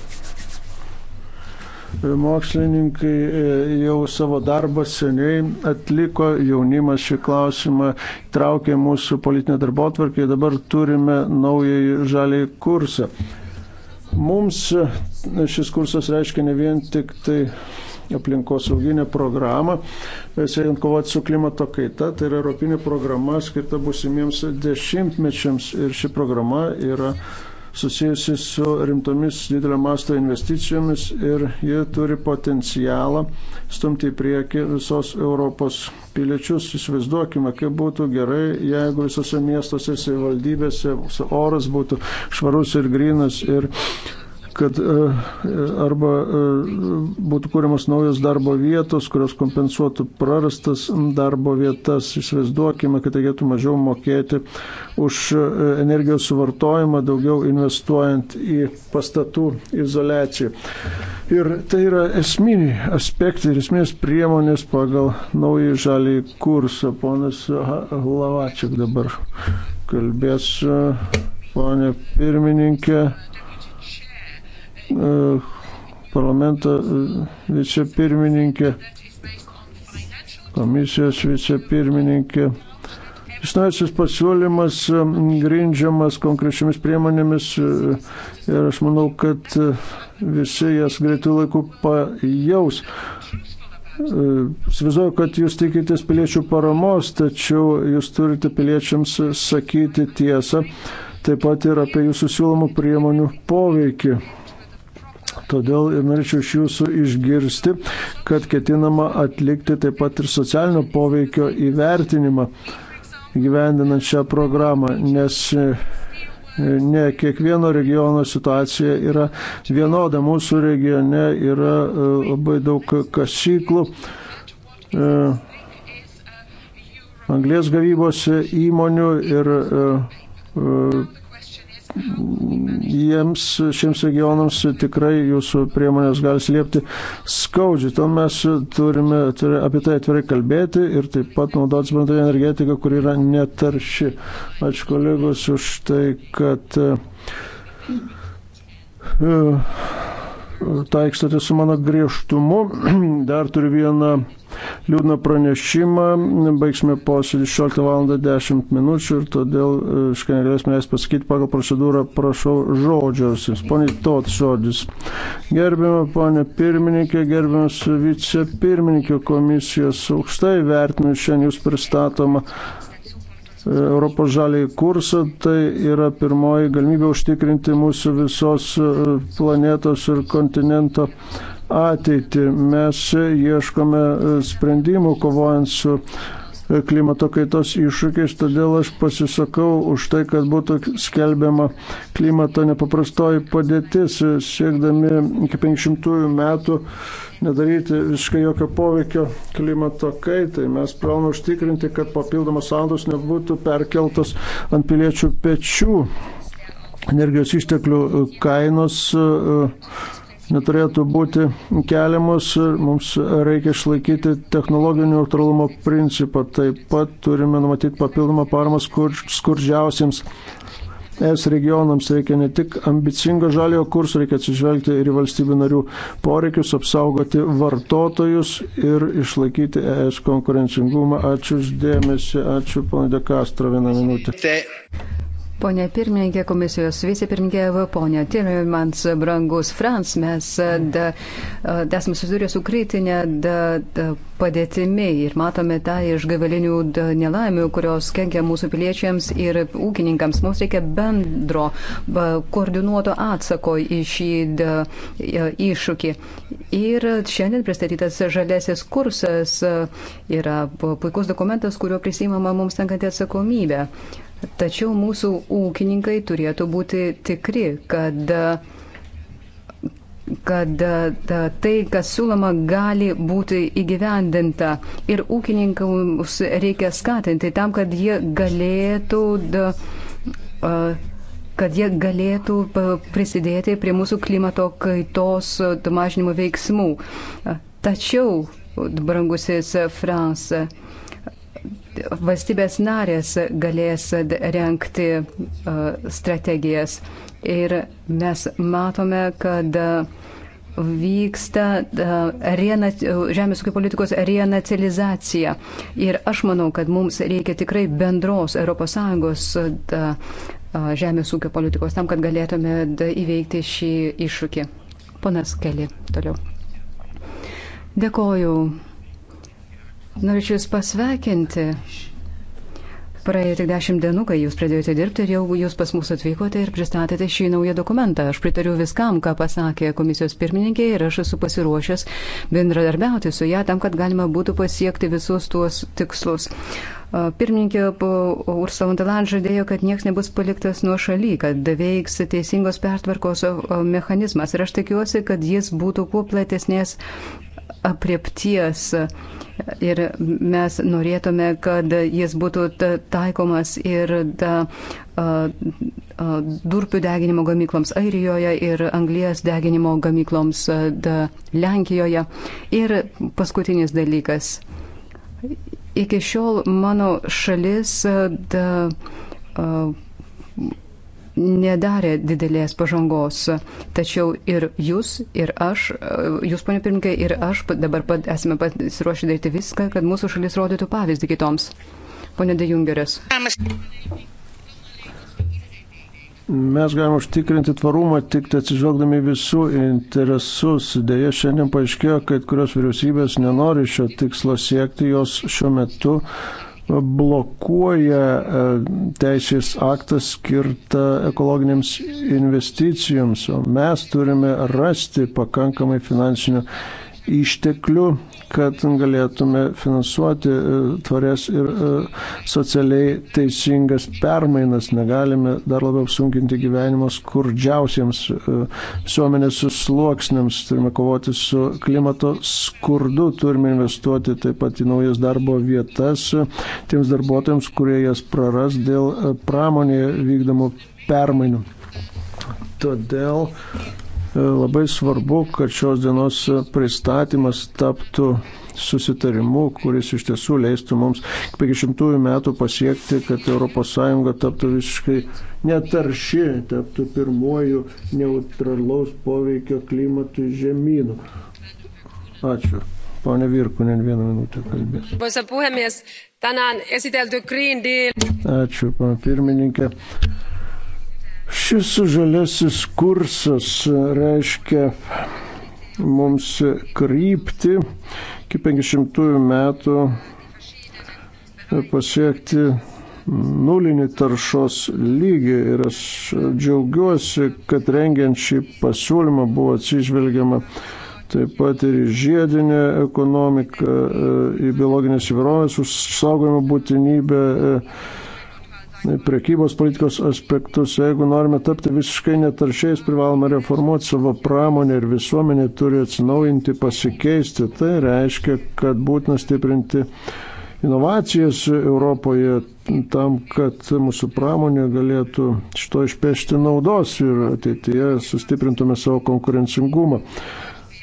E, mokslininkai e, jau savo darbą seniai atliko, jaunimas šį klausimą traukė mūsų politinę darbo atvarkį, dabar turime naująjį žalį kursą. Mums e, šis kursas reiškia ne vien tik tai aplinkosauginę programą, e, siekiant kovoti su klimato kaita, tai yra Europinė programa skirta busimiems dešimtmečiams ir ši programa yra susijusi su rimtomis didelio masto investicijomis ir ji turi potencialą stumti į priekį visos Europos piliečius. Įsivaizduokime, kaip būtų gerai, jeigu visose miestuose ir savivaldybėse oras būtų švarus ir grinas ir kad e, arba e, būtų kūriamos naujos darbo vietos, kurios kompensuotų prarastas darbo vietas. Įsivaizduokime, kad reikėtų mažiau mokėti už e, energijos suvartojimą, daugiau investuojant į pastatų izolaciją. Ir tai yra esminiai aspektai ir esminės priemonės pagal naują žalį kursą. Ponas Lavačiak dabar kalbės, ponė pirmininkė. E, parlamento e, vicepirmininkė, komisijos vicepirmininkė. Išnasis pasiūlymas e, grindžiamas konkrečiamis priemonėmis ir aš manau, kad visi jas greitų laikų pajaus. Svizuoju, kad jūs tikitės piliečių paramos, tačiau jūs turite piliečiams sakyti tiesą, taip pat ir apie jūsų siūlomų priemonių poveikį. Todėl ir norėčiau iš jūsų išgirsti, kad ketinama atlikti taip pat ir socialinio poveikio įvertinimą gyvendinant šią programą, nes e, ne kiekvieno regiono situacija yra vienoda. Mūsų regione yra e, labai daug kasyklų, e, anglės gavybos įmonių ir jiems, šiems regionams tikrai jūsų priemonės gali slėpti skaudžiai. To mes turime, turime apie tai atvirai kalbėti ir taip pat naudotis bendrą energetiką, kuri yra netarši. Ačiū kolegos už tai, kad. Uh, taikstote su mano griežtumu. Dar turiu vieną liūdną pranešimą. Baigsime posėdį 16 val. 10 minučių ir todėl, kai e, negalėsime jas pasakyti pagal procedūrą, prašau žodžios. Pone Tot žodis. Gerbimo ponė pirmininkė, gerbimas vicepirmininkė komisijos aukštai vertinu šiandien jūs pristatomą Europos žalį kursą, tai yra pirmoji galimybė užtikrinti mūsų visos e, planetos ir kontinento ateitį. Mes ieškome e, sprendimų kovojant su klimato kaitos iššūkiais, todėl aš pasisakau už tai, kad būtų skelbiama klimato nepaprastoji padėtis, siekdami iki 500 metų nedaryti visiškai jokio poveikio klimato kaitai. Mes privalome užtikrinti, kad papildomas sąnaudos nebūtų perkeltos ant piliečių pečių. Energijos išteklių kainos uh, neturėtų būti keliamos. Mums reikia išlaikyti technologinio neutralumo principą. Taip pat turime numatyti papildomą paramą skurdžiausiems es regionams. Reikia ne tik ambicingo žaliojo kurso, reikia atsižvelgti ir į valstybių narių poreikius, apsaugoti vartotojus ir išlaikyti es konkurencingumą. Ačiū uždėmesi, ačiū ponai Dekastro vieną minutę. Pone pirmininkė, komisijos vicepirmininkė, ponė Tirmans, brangus Frans, mes e, e, esame susidūrę su kritinė da, da, padėtimi ir matome tą iš gavelinių nelaimių, kurios kenkia mūsų piliečiams ir ūkininkams. Mums reikia bendro, ba, koordinuoto atsako į šį da, e, iššūkį. Ir šiandien pristatytas žalėsis kursas yra puikus dokumentas, kuriuo prisimama mums tenkantį atsakomybę. Tačiau mūsų ūkininkai turėtų būti tikri, kad, kad tai, kas siūloma, gali būti įgyvendinta. Ir ūkininkams reikia skatinti tam, kad jie galėtų. Da, uh, kad jie galėtų prisidėti prie mūsų klimato kaitos mažinimo veiksmų. Tačiau, brangusis Fransa, valstybės narės galės renkti strategijas. Ir mes matome, kad vyksta rena, žemės ūkio politikos renacializacija. Ir aš manau, kad mums reikia tikrai bendros ES žemės ūkio politikos tam, kad galėtume įveikti šį iššūkį. Ponas Keli, toliau. Dėkoju, Norėčiau Jūs pasveikinti. Praėjo tik dešimt dienų, kai jūs pradėjote dirbti ir jau jūs pas mus atvykote ir pristatėte šį naują dokumentą. Aš pritariu viskam, ką pasakė komisijos pirmininkė ir aš esu pasiruošęs bendradarbiauti su ją tam, kad galima būtų pasiekti visus tuos tikslus. Pirmininkė Ursula Montelan žadėjo, kad niekas nebus paliktas nuo šaly, kad veiks teisingos pertvarkos mechanizmas ir aš tikiuosi, kad jis būtų kuo platesnės apriepties ir mes norėtume, kad jis būtų taikomas ir da, a, a, durpių deginimo gamykloms Airijoje ir anglijas deginimo gamykloms da, Lenkijoje. Ir paskutinis dalykas. Iki šiol mano šalis da, a, nedarė didelės pažangos. Tačiau ir jūs, ir aš, jūs, ponė pirmininkai, ir aš dabar pat esame pasiruošę daryti viską, kad mūsų šalis rodytų pavyzdį kitoms. Pone De Jungeris. Mes galime užtikrinti tvarumą tik tai atsižvelgdami visų interesus. Deja, šiandien paaiškėjo, kad kurios vyriausybės nenori šio tikslo siekti, jos šiuo metu uh, blokuoja e, teisės aktas skirtą ekologinėms investicijoms, o mes turime rasti pakankamai finansinių išteklių kad galėtume finansuoti e, tvarės ir e, socialiai teisingas permainas. Negalime dar labiau apsunkinti gyvenimo skurdžiausiems e, visuomenės sluoksniams. Turime kovoti su klimato skurdu, turime investuoti taip pat į naujas darbo vietas tiems darbuotojams, kurie jas praras dėl pramonėje vykdomų permainų. Todėl E, labai svarbu, kad šios dienos pristatymas taptų susitarimu, kuris iš tiesų leistų mums 50 metų pasiekti, kad ES taptų visiškai netarši, taptų pirmojų neutralaus poveikio klimatui žemynų. Ačiū. Pane Virkunen, vieną minutę kalbės. Arvoisa puhemies, tänään esitelty Green Deal. Ačiū, pana pirmininkė. Šis žalesis kursas reiškia mums krypti iki 50 metų pasiekti nulinį taršos lygį ir aš džiaugiuosi, kad rengiant šį pasiūlymą buvo atsižvelgiama taip pat ir į žiedinę ekonomiką, į biologinės įvairovės užsaugojimo būtinybę, prekybos politikos aspektus. Jeigu norime tapti visiškai netaršiais, privalome reformuoti savo pramonę ir visuomenė turi atsinaujinti, pasikeisti. Tai reiškia, kad būtina stiprinti inovacijas Europoje tam, kad mūsų pramonė galėtų šito išpešti naudos ir ateityje sustiprintume savo konkurencingumą.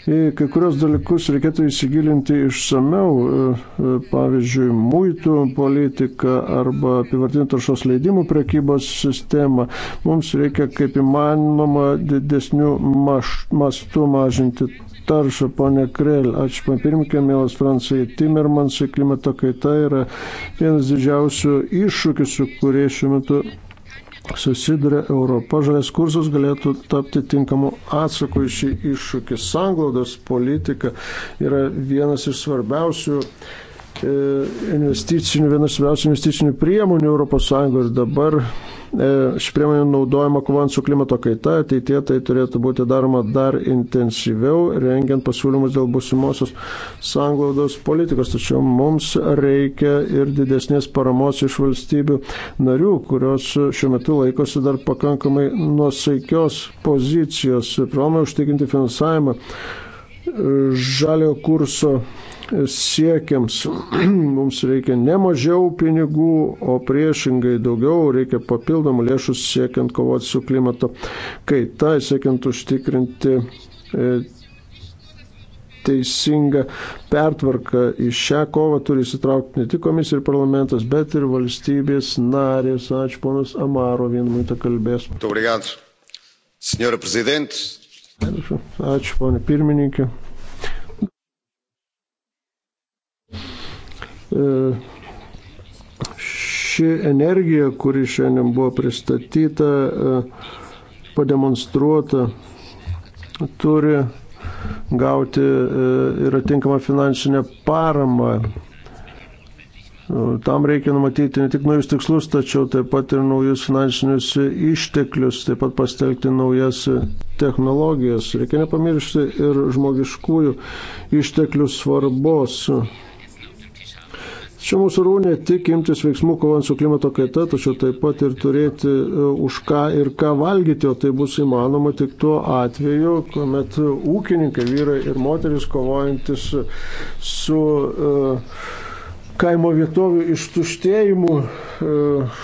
Kai kurios dalykus reikėtų įsigilinti išsameu, e, e, pavyzdžiui, muitų politiką arba apivartinių taršos leidimų prekybos sistemą. Mums reikia kaip įmanoma didesnių mastų mažinti taršą, ponė Krell. Ačiū, papirmkė, mielas Francijai Timmermansai, klimato kaita yra vienas didžiausių iššūkių, su kurie šiuo metu susiduria Europa, žalės kursus galėtų tapti tinkamu atsaku į šį iššūkį. Sanglaudos politika yra vienas iš svarbiausių E, investicinių, vienas svarbiausių investicinių priemonių ES ir dabar e, ši priemonė naudojama kovant su klimato kaita, ateitie tai turėtų būti daroma dar intensyviau, rengiant pasiūlymus dėl busimosios sanglaudos politikos, tačiau mums reikia ir didesnės paramos iš valstybių narių, kurios šiuo metu laikosi dar pakankamai nuosaikios pozicijos, privalome užtikrinti finansavimą e, žalio kurso siekiams mums reikia ne mažiau pinigų, o priešingai daugiau reikia papildomų lėšų siekiant kovoti su klimato kaita, siekiant užtikrinti e, teisingą pertvarką. Į šią kovą turi įsitraukti ne tik komisija ir parlamentas, bet ir valstybės narės. Ačiū ponas Amaro, vieną minutę kalbės. Ačiū, ponė pirmininkė. E, ši energija, kuri šiandien buvo pristatyta, e, pademonstruota, turi gauti e, ir atinkamą finansinę paramą. Tam reikia numatyti ne tik naujus tikslus, tačiau taip pat ir naujus finansinius išteklius, taip pat pastelgti naujas technologijas. Reikia nepamiršti ir žmogiškųjų išteklių svarbos. Čia mūsų rūnė tik imtis veiksmų kovant su klimato kaita, tačiau taip pat ir turėti e, už ką ir ką valgyti, o tai bus įmanoma tik tuo atveju, kuomet ūkininkai, vyrai ir moteris kovojantis su uh, kaimo vietovių ištuštėjimu uh,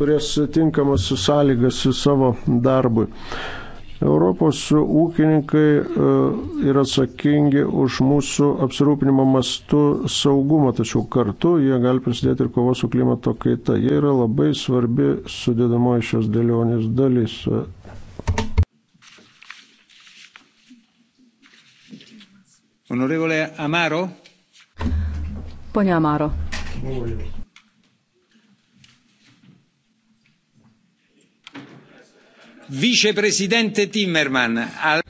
turės tinkamas sąlygas savo darbui. Uh, Europos ūkininkai e, yra atsakingi už mūsų apsirūpinimo mastu saugumą, tačiau kartu jie gali prisidėti ir kovos su klimato kaita. Jie yra labai svarbi sudėdamoji šios dėlionės dalis. Honorevole Amaro. Pone Amaro. Oje. viceprezidente Timmerman. Al...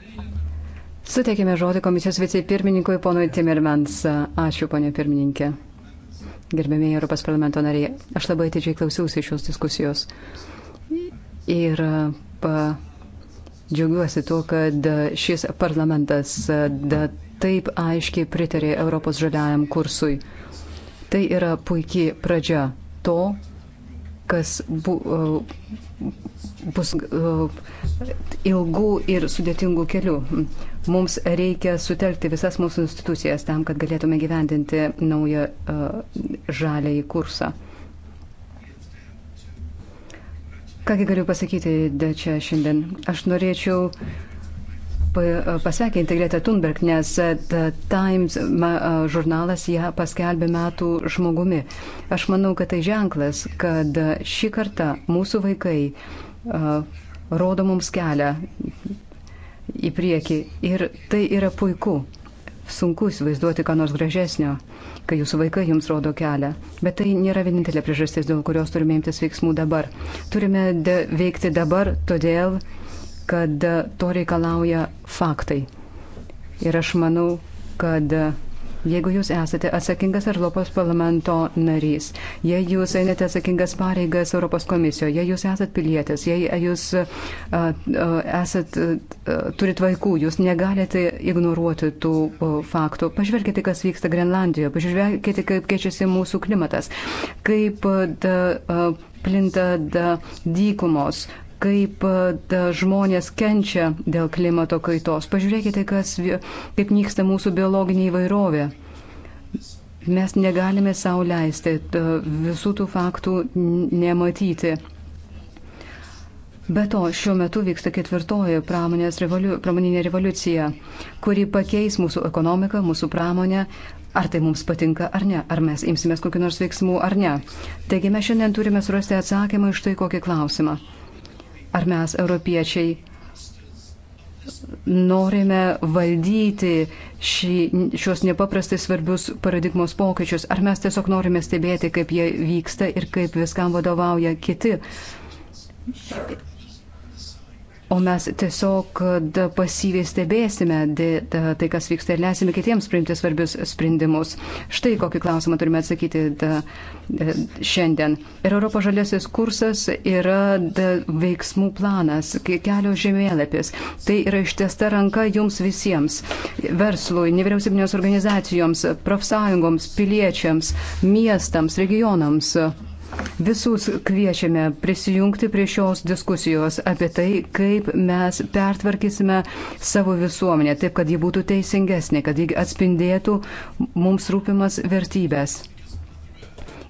Suteikime žodį komisijos vicepirmininkui ponui Timmermans. Ačiū, ponė pirmininkė. Gerbėmiai Europos parlamento nariai, aš labai atidžiai klausiausi šios diskusijos. Ir pa, džiaugiuosi tuo, kad šis parlamentas da, taip aiškiai pritarė Europos žaliajam kursui. Tai yra puikiai pradžia to, kas bu, e, bus e, ilgų ir sudėtingų kelių. Mums reikia sutelkti visas mūsų institucijas tam, kad galėtume gyvendinti naują e, žalėjį kursą. Kągi galiu pasakyti čia šiandien? Aš norėčiau uh, pasveikė Integrietą Thunberg, nes The Times e, žurnalas ją paskelbė metų žmogumi. Aš manau, kad tai ženklas, kad e, šį kartą mūsų vaikai e, rodo mums kelią į priekį ir tai yra puiku. Sunku įsivaizduoti, ką nors gražesnio, kai jūsų vaikai jums rodo kelią. Bet tai nėra vienintelė priežastis, dėl kurios turime imtis veiksmų dabar. Turime veikti dabar, todėl kad to reikalauja faktai. Ir aš manau, kad jeigu jūs esate atsakingas Europos parlamento narys, jei jūs einate atsakingas pareigas Europos komisijoje, jei jūs esat pilietis, jei jūs uh, uh, esat, uh, turit vaikų, jūs negalite ignoruoti tų uh, faktų. Pažvelkite, kas vyksta Grenlandijoje, pažvelkite, kaip keičiasi mūsų klimatas, kaip uh, uh, plinta dykumos, kaip e, žmonės kenčia dėl klimato kaitos. Pažiūrėkite, kas, kaip nyksta mūsų biologinė įvairovė. Mes negalime sauliaisti visų tų faktų nematyti. Be to, šiuo metu vyksta ketvirtoji revoliu, pramoninė revoliucija, kuri pakeis mūsų ekonomiką, mūsų pramonę, ar tai mums patinka ar ne, ar mes imsimės kokiu nors veiksmu ar ne. Taigi mes šiandien turime surasti atsakymą iš tai kokį klausimą. Ar mes, europiečiai, norime valdyti šį, šios nepaprastai svarbius paradigmos pokyčius, ar mes tiesiog norime stebėti, kaip jie vyksta ir kaip viskam vadovauja kiti o mes tiesiog pasyviai stebėsime tai, kas vyksta ir leisime kitiems priimti svarbius sprendimus. Štai kokį klausimą turime atsakyti šiandien. Ir Europos žalėsis kursas yra veiksmų planas, kelio žemėlapis. Tai yra ištiesta ranka jums visiems - verslui, nevyriausybinės organizacijoms, profsąjungoms, piliečiams, miestams, regionams. Visus kviečiame prisijungti prie šios diskusijos apie tai, kaip mes pertvarkysime savo visuomenę, taip kad ji būtų teisingesnė, kad ji atspindėtų mums rūpimas vertybės.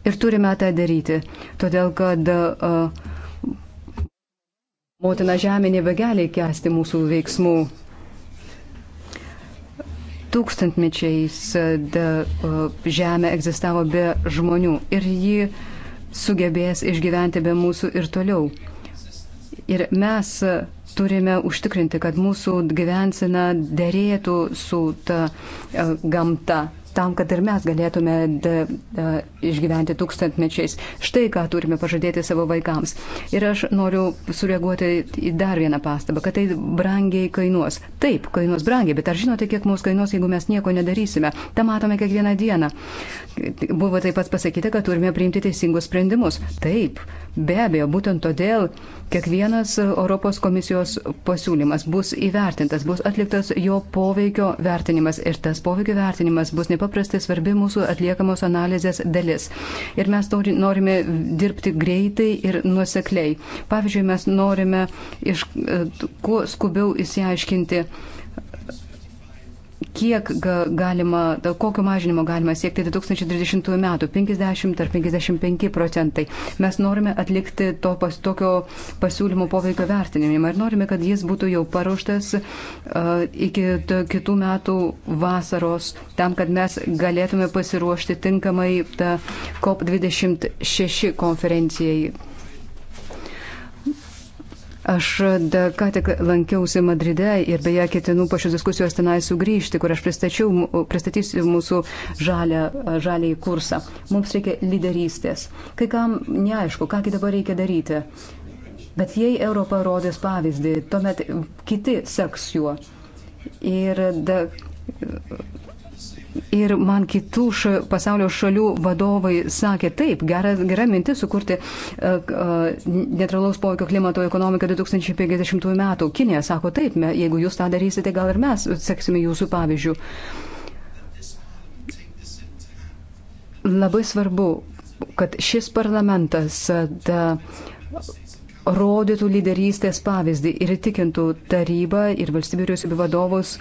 Ir turime tą daryti, todėl kad uh, motina žemė nebegali kesti mūsų veiksmų tūkstantmečiais žemė egzistavo be žmonių ir ji sugebės išgyventi be mūsų ir toliau. Ir mes turime užtikrinti, kad mūsų gyvensina dėrėtų su ta e, gamta, tam, kad ir mes galėtume da, da, išgyventi tūkstantmečiais. Štai ką turime pažadėti savo vaikams. Ir aš noriu sureaguoti į dar vieną pastabą, kad tai brangiai kainuos. Taip, kainuos brangiai, bet ar žinote, kiek mums kainuos, jeigu mes nieko nedarysime? Ta matome kiekvieną dieną. Buvo taip pat pasakyta, kad turime priimti teisingus sprendimus. Taip. Be abejo, būtent todėl kiekvienas Europos komisijos pasiūlymas bus įvertintas, bus atliktas jo poveikio vertinimas ir tas poveikio vertinimas bus nepaprastai svarbi mūsų atliekamos analizės dalis. Ir mes norime dirbti greitai ir nusekliai. Pavyzdžiui, mes norime iš, e, kuo skubiau įsiaiškinti kiek galima, kokio mažinimo galima siekti 2030 metų - 50 ar 55 procentai. Mes norime atlikti to pas, tokio pasiūlymo poveikio vertinimą ir norime, kad jis būtų jau paruoštas uh, iki kitų metų vasaros, tam, kad mes galėtume pasiruošti tinkamai COP26 konferencijai Aš da, ką tik lankiausi Madride ir beje ketinu po šios diskusijos tenai sugrįžti, kur aš pristatysiu mūsų žalę, žalį kursą. Mums reikia lyderystės. Kai kam neaišku, kągi dabar reikia daryti. Bet jei Europa rodės pavyzdį, tuomet kiti seks juo. Ir da, Ir man kitų š, pasaulio šalių vadovai sakė, taip, gera, gera mintis sukurti uh, uh, neutralaus poveikio klimato ekonomiką 2050 metų. Kinė sako, taip, me, jeigu jūs tą darysite, gal ir mes seksime jūsų pavyzdžių. Labai svarbu, kad šis parlamentas e, da, rodytų lyderystės pavyzdį ir įtikintų tarybą ir valstybių vyriausybių vadovus,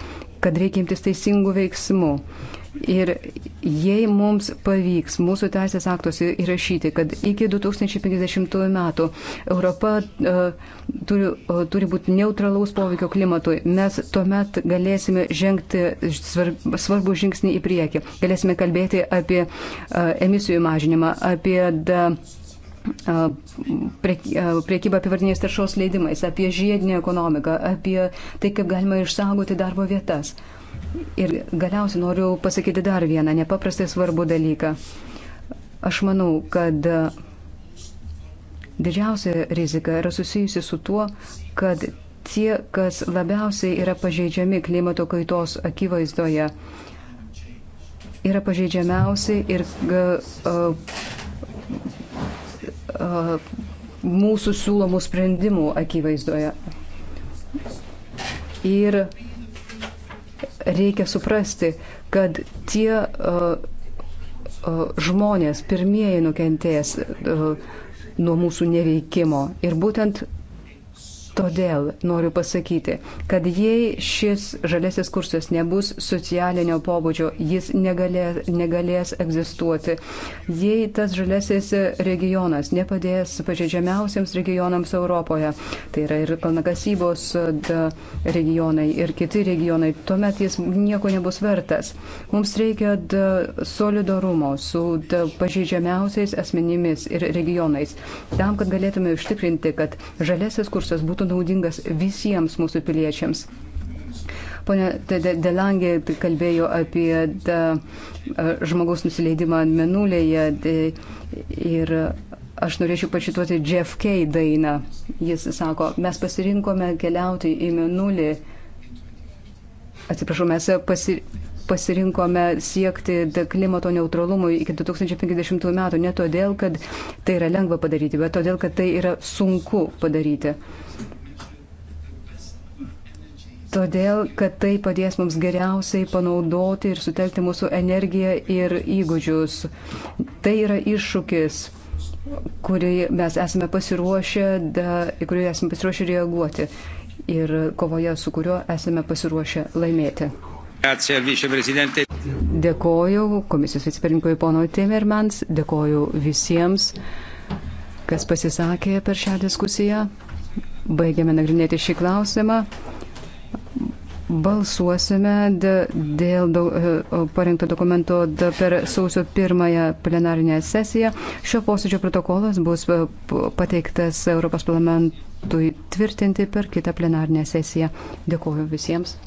kad reikia imtis teisingų veiksmų. Uh, Ir jei mums pavyks mūsų teisės aktuose įrašyti, kad iki 2050 metų Europa uh, turi, uh, turi būti neutralaus poveikio klimatui, mes tuomet galėsime žengti svarb, svarbų žingsnį į priekį. Galėsime kalbėti apie uh, emisijų mažinimą, apie da, priekybą apivartinės taršos leidimais, apie žiedinę ekonomiką, apie tai, kaip galima išsaugoti darbo vietas. Uh, Ir galiausiai noriu pasakyti dar vieną nepaprastai svarbų dalyką. Aš manau, kad didžiausia rizika yra susijusi su tuo, kad tie, kas labiausiai yra pažeidžiami klimato kaitos akivaizdoje, yra pažeidžiamiausi ir uh, uh, mūsų siūlomų sprendimų akivaizdoje. Ir reikia suprasti, kad tie uh, uh, žmonės pirmieji nukentės uh, nuo mūsų neveikimo. Ir būtent Todėl noriu pasakyti, kad jei šis žalėsis kursas nebus socialinio pobūdžio, jis negalės, negalės egzistuoti. Jei tas žalėsis regionas nepadės pažeidžiamiausiams regionams Europoje, tai yra ir kalnakasybos regionai ir kiti regionai, tuomet jis nieko nebus vertas. Mums reikia solidarumo su pažeidžiamiausiais asmenimis ir regionais, tam, kad galėtume užtikrinti, kad žalėsis kursas būtų būtų naudingas visiems mūsų piliečiams. Pone Delangė kalbėjo apie da, žmogaus nusileidimą ant menulėje ir aš norėčiau pačituoti Jeff Kay dainą. Jis sako, mes pasirinkome keliauti į menulį. Atsiprašau, mes pasir pasirinkome siekti klimato neutralumo iki 2050 metų ne todėl, kad tai yra lengva padaryti, bet todėl, kad tai yra sunku padaryti todėl kad tai padės mums geriausiai panaudoti ir sutelkti mūsų energiją ir įgūdžius. Tai yra iššūkis, kurį mes esame pasiruošę, į kurį esame pasiruošę reaguoti ir kovoje su kuriuo esame pasiruošę laimėti. Dėkoju komisijos vicepirinkui pono Timermans, dėkoju visiems, kas pasisakė per šią diskusiją. Baigiame nagrinėti šį klausimą balsuosime dėl e, parengto dokumento per sausio pirmąją plenarinę sesiją. Šio posėdžio protokolas bus e, pateiktas Europos parlamentui tvirtinti per kitą plenarinę sesiją. Dėkuoju visiems.